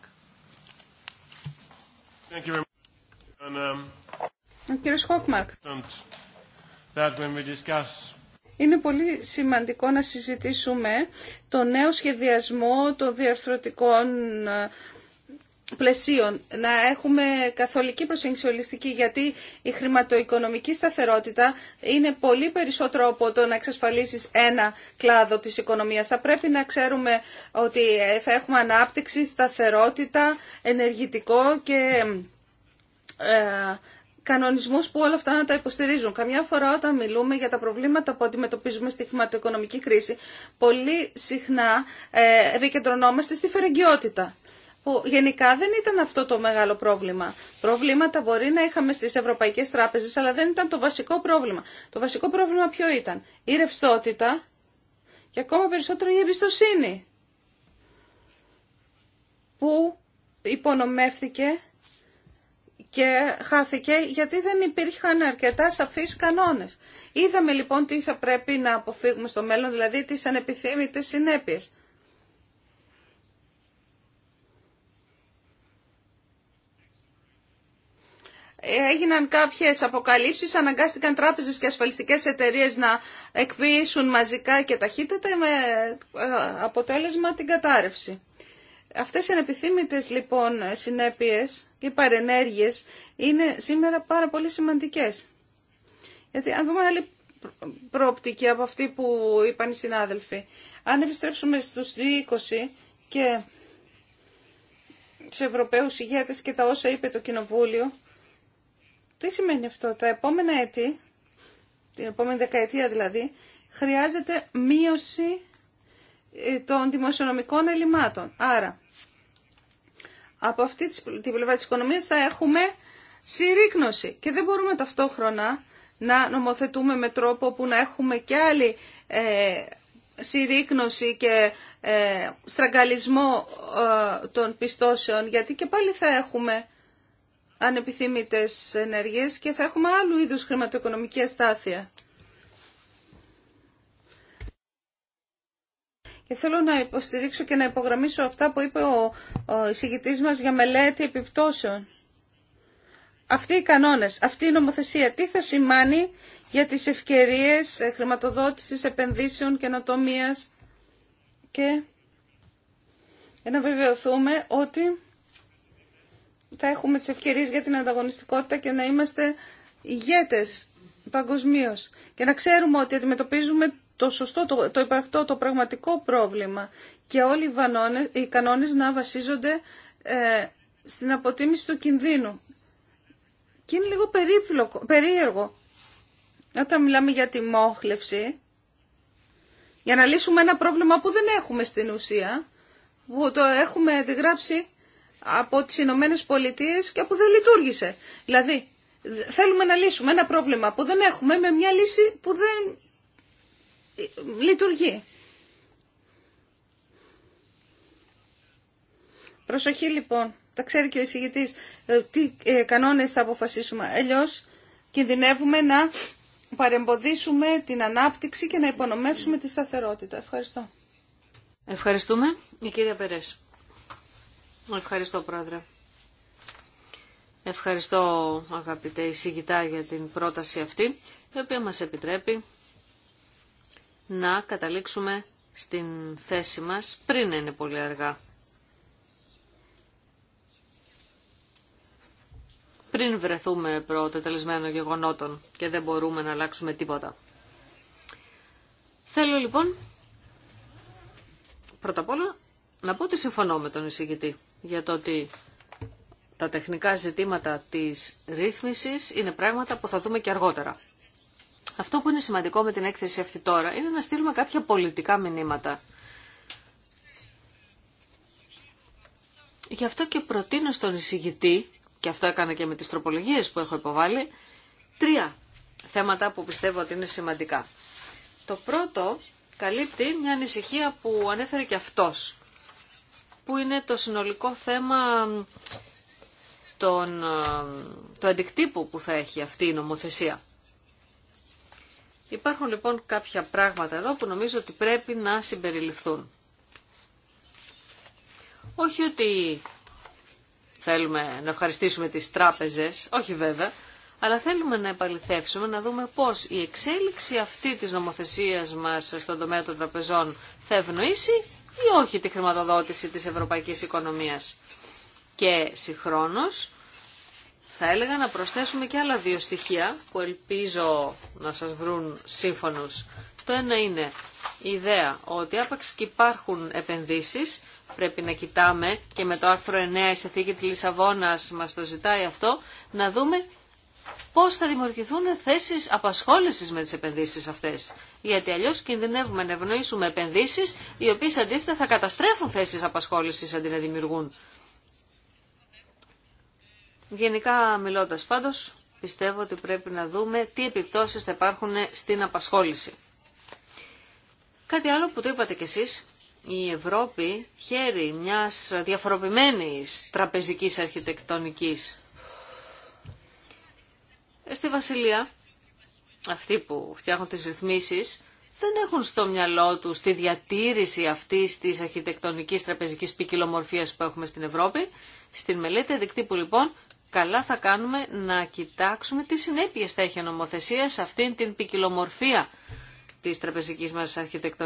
Thank you very much. And, um, Κύριος Χόκμαρκ. That when we discuss είναι πολύ σημαντικό να συζητήσουμε το νέο σχεδιασμό των διαρθρωτικών ε, πλαισίων. Να έχουμε καθολική προσέγγιση γιατί η χρηματοοικονομική σταθερότητα είναι πολύ περισσότερο από το να εξασφαλίσεις ένα κλάδο της οικονομίας. Θα πρέπει να ξέρουμε ότι ε, θα έχουμε ανάπτυξη, σταθερότητα, ενεργητικό και ε, κανονισμούς που όλα αυτά να τα υποστηρίζουν. Καμιά φορά όταν μιλούμε για τα προβλήματα που αντιμετωπίζουμε στη χρηματοοικονομική κρίση, πολύ συχνά ε, επικεντρωνόμαστε στη φερεγγιότητα που γενικά δεν ήταν αυτό το μεγάλο πρόβλημα. Προβλήματα μπορεί να είχαμε στις ευρωπαϊκές τράπεζες, αλλά δεν ήταν το βασικό πρόβλημα. Το βασικό πρόβλημα ποιο ήταν. Η ρευστότητα και ακόμα περισσότερο η εμπιστοσύνη που υπονομεύθηκε και χάθηκε γιατί δεν υπήρχαν αρκετά σαφείς κανόνες. Είδαμε λοιπόν τι θα πρέπει να αποφύγουμε στο μέλλον, δηλαδή τις ανεπιθύμητες συνέπειες. έγιναν κάποιες αποκαλύψεις, αναγκάστηκαν τράπεζες και ασφαλιστικές εταιρείες να εκποιήσουν μαζικά και ταχύτητα, με ε, αποτέλεσμα την κατάρρευση. Αυτές οι ανεπιθύμητες λοιπόν συνέπειες ή παρενέργειες είναι σήμερα πάρα πολύ σημαντικές. Γιατί αν δούμε άλλη προοπτική από αυτή που είπαν οι συνάδελφοι, αν επιστρέψουμε στους G20 και σε Ευρωπαίους ηγέτες και τα όσα είπε το Κοινοβούλιο, τι σημαίνει αυτό, τα επόμενα έτη, την επόμενη δεκαετία δηλαδή, χρειάζεται μείωση ε, των δημοσιονομικών ελλημάτων. Άρα, από αυτή την πλευρά της οικονομίας θα έχουμε συρρήκνωση και δεν μπορούμε ταυτόχρονα να νομοθετούμε με τρόπο που να έχουμε και άλλη ε, συρρήκνωση και ε, στραγγαλισμό ε, των πιστώσεων γιατί και πάλι θα έχουμε ανεπιθύμητες ενέργειες και θα έχουμε άλλου είδους χρηματοοικονομική αστάθεια. Και θέλω να υποστηρίξω και να υπογραμμίσω αυτά που είπε ο, ο εισηγητής για μελέτη επιπτώσεων. Αυτοί οι κανόνες, αυτή η νομοθεσία, τι θα σημάνει για τις ευκαιρίες ε, χρηματοδότησης επενδύσεων και και να βεβαιωθούμε ότι θα έχουμε τις ευκαιρίες για την ανταγωνιστικότητα και να είμαστε ηγέτες παγκοσμίω. Και να ξέρουμε ότι αντιμετωπίζουμε το σωστό, το, το υπαρκτό, το πραγματικό πρόβλημα και όλοι οι, βανώνες, κανόνες να βασίζονται ε, στην αποτίμηση του κινδύνου. Και είναι λίγο περίπλοκο, περίεργο όταν μιλάμε για τη μόχλευση, για να λύσουμε ένα πρόβλημα που δεν έχουμε στην ουσία, που το έχουμε αντιγράψει από τις Ηνωμένε Πολιτείε και που δεν λειτουργήσε. Δηλαδή, θέλουμε να λύσουμε ένα πρόβλημα που δεν έχουμε με μια λύση που δεν λειτουργεί. Προσοχή λοιπόν, τα ξέρει και ο εισηγητής ε, τι ε, κανόνες θα αποφασίσουμε. Ελλιώς, κινδυνεύουμε να παρεμποδίσουμε την ανάπτυξη και να υπονομεύσουμε τη σταθερότητα. Ευχαριστώ. Ευχαριστούμε. Η κυρία Περές. Ευχαριστώ πρόεδρε. Ευχαριστώ αγαπητέ εισηγητά για την πρόταση αυτή, η οποία μας επιτρέπει να καταλήξουμε στην θέση μας πριν είναι πολύ αργά. Πριν βρεθούμε προτελεσμένων γεγονότων και δεν μπορούμε να αλλάξουμε τίποτα. Θέλω λοιπόν πρώτα απ' όλα να πω ότι συμφωνώ με τον εισηγητή για το ότι τα τεχνικά ζητήματα της ρύθμισης είναι πράγματα που θα δούμε και αργότερα. Αυτό που είναι σημαντικό με την έκθεση αυτή τώρα είναι να στείλουμε κάποια πολιτικά μηνύματα. Γι' αυτό και προτείνω στον εισηγητή, και αυτό έκανα και με τις τροπολογίες που έχω υποβάλει, τρία θέματα που πιστεύω ότι είναι σημαντικά. Το πρώτο καλύπτει μια ανησυχία που ανέφερε και αυτός, που είναι το συνολικό θέμα του το αντικτύπου που θα έχει αυτή η νομοθεσία. Υπάρχουν λοιπόν κάποια πράγματα εδώ που νομίζω ότι πρέπει να συμπεριληφθούν. Όχι ότι θέλουμε να ευχαριστήσουμε τις τράπεζες, όχι βέβαια, αλλά θέλουμε να επαληθεύσουμε, να δούμε πώς η εξέλιξη αυτή της νομοθεσίας μας στον τομέα των τραπεζών θα ευνοήσει ή όχι τη χρηματοδότηση της ευρωπαϊκής οικονομίας. Και συγχρόνως θα έλεγα να προσθέσουμε και άλλα δύο στοιχεία που ελπίζω να σας βρουν σύμφωνους. Το ένα είναι η ιδέα ότι άπαξ και υπάρχουν επενδύσεις, πρέπει να κοιτάμε και με το άρθρο 9 η συνθήκη της Λισαβόνας μας το ζητάει αυτό, να δούμε πώς θα δημιουργηθούν θέσεις απασχόλησης με τις επενδύσεις αυτές. Γιατί αλλιώς κινδυνεύουμε να ευνοήσουμε επενδύσεις οι οποίες αντίθετα θα καταστρέφουν θέσεις απασχόλησης αντί να δημιουργούν. Γενικά μιλώντας πάντως, πιστεύω ότι πρέπει να δούμε τι επιπτώσεις θα υπάρχουν στην απασχόληση. Κάτι άλλο που το είπατε κι εσείς, η Ευρώπη χαίρει μιας διαφοροποιημένης τραπεζικής αρχιτεκτονικής. Ε, στη Βασιλεία, αυτοί που φτιάχνουν τις ρυθμίσεις, δεν έχουν στο μυαλό τους τη διατήρηση αυτής της αρχιτεκτονικής τραπεζικής ποικιλομορφίας που έχουμε στην Ευρώπη. Στην μελέτη λοιπόν καλά θα κάνουμε να κοιτάξουμε τι συνέπειες θα έχει η νομοθεσία σε αυτήν την ποικιλομορφία της τραπεζικής μας αρχιτεκτονικής.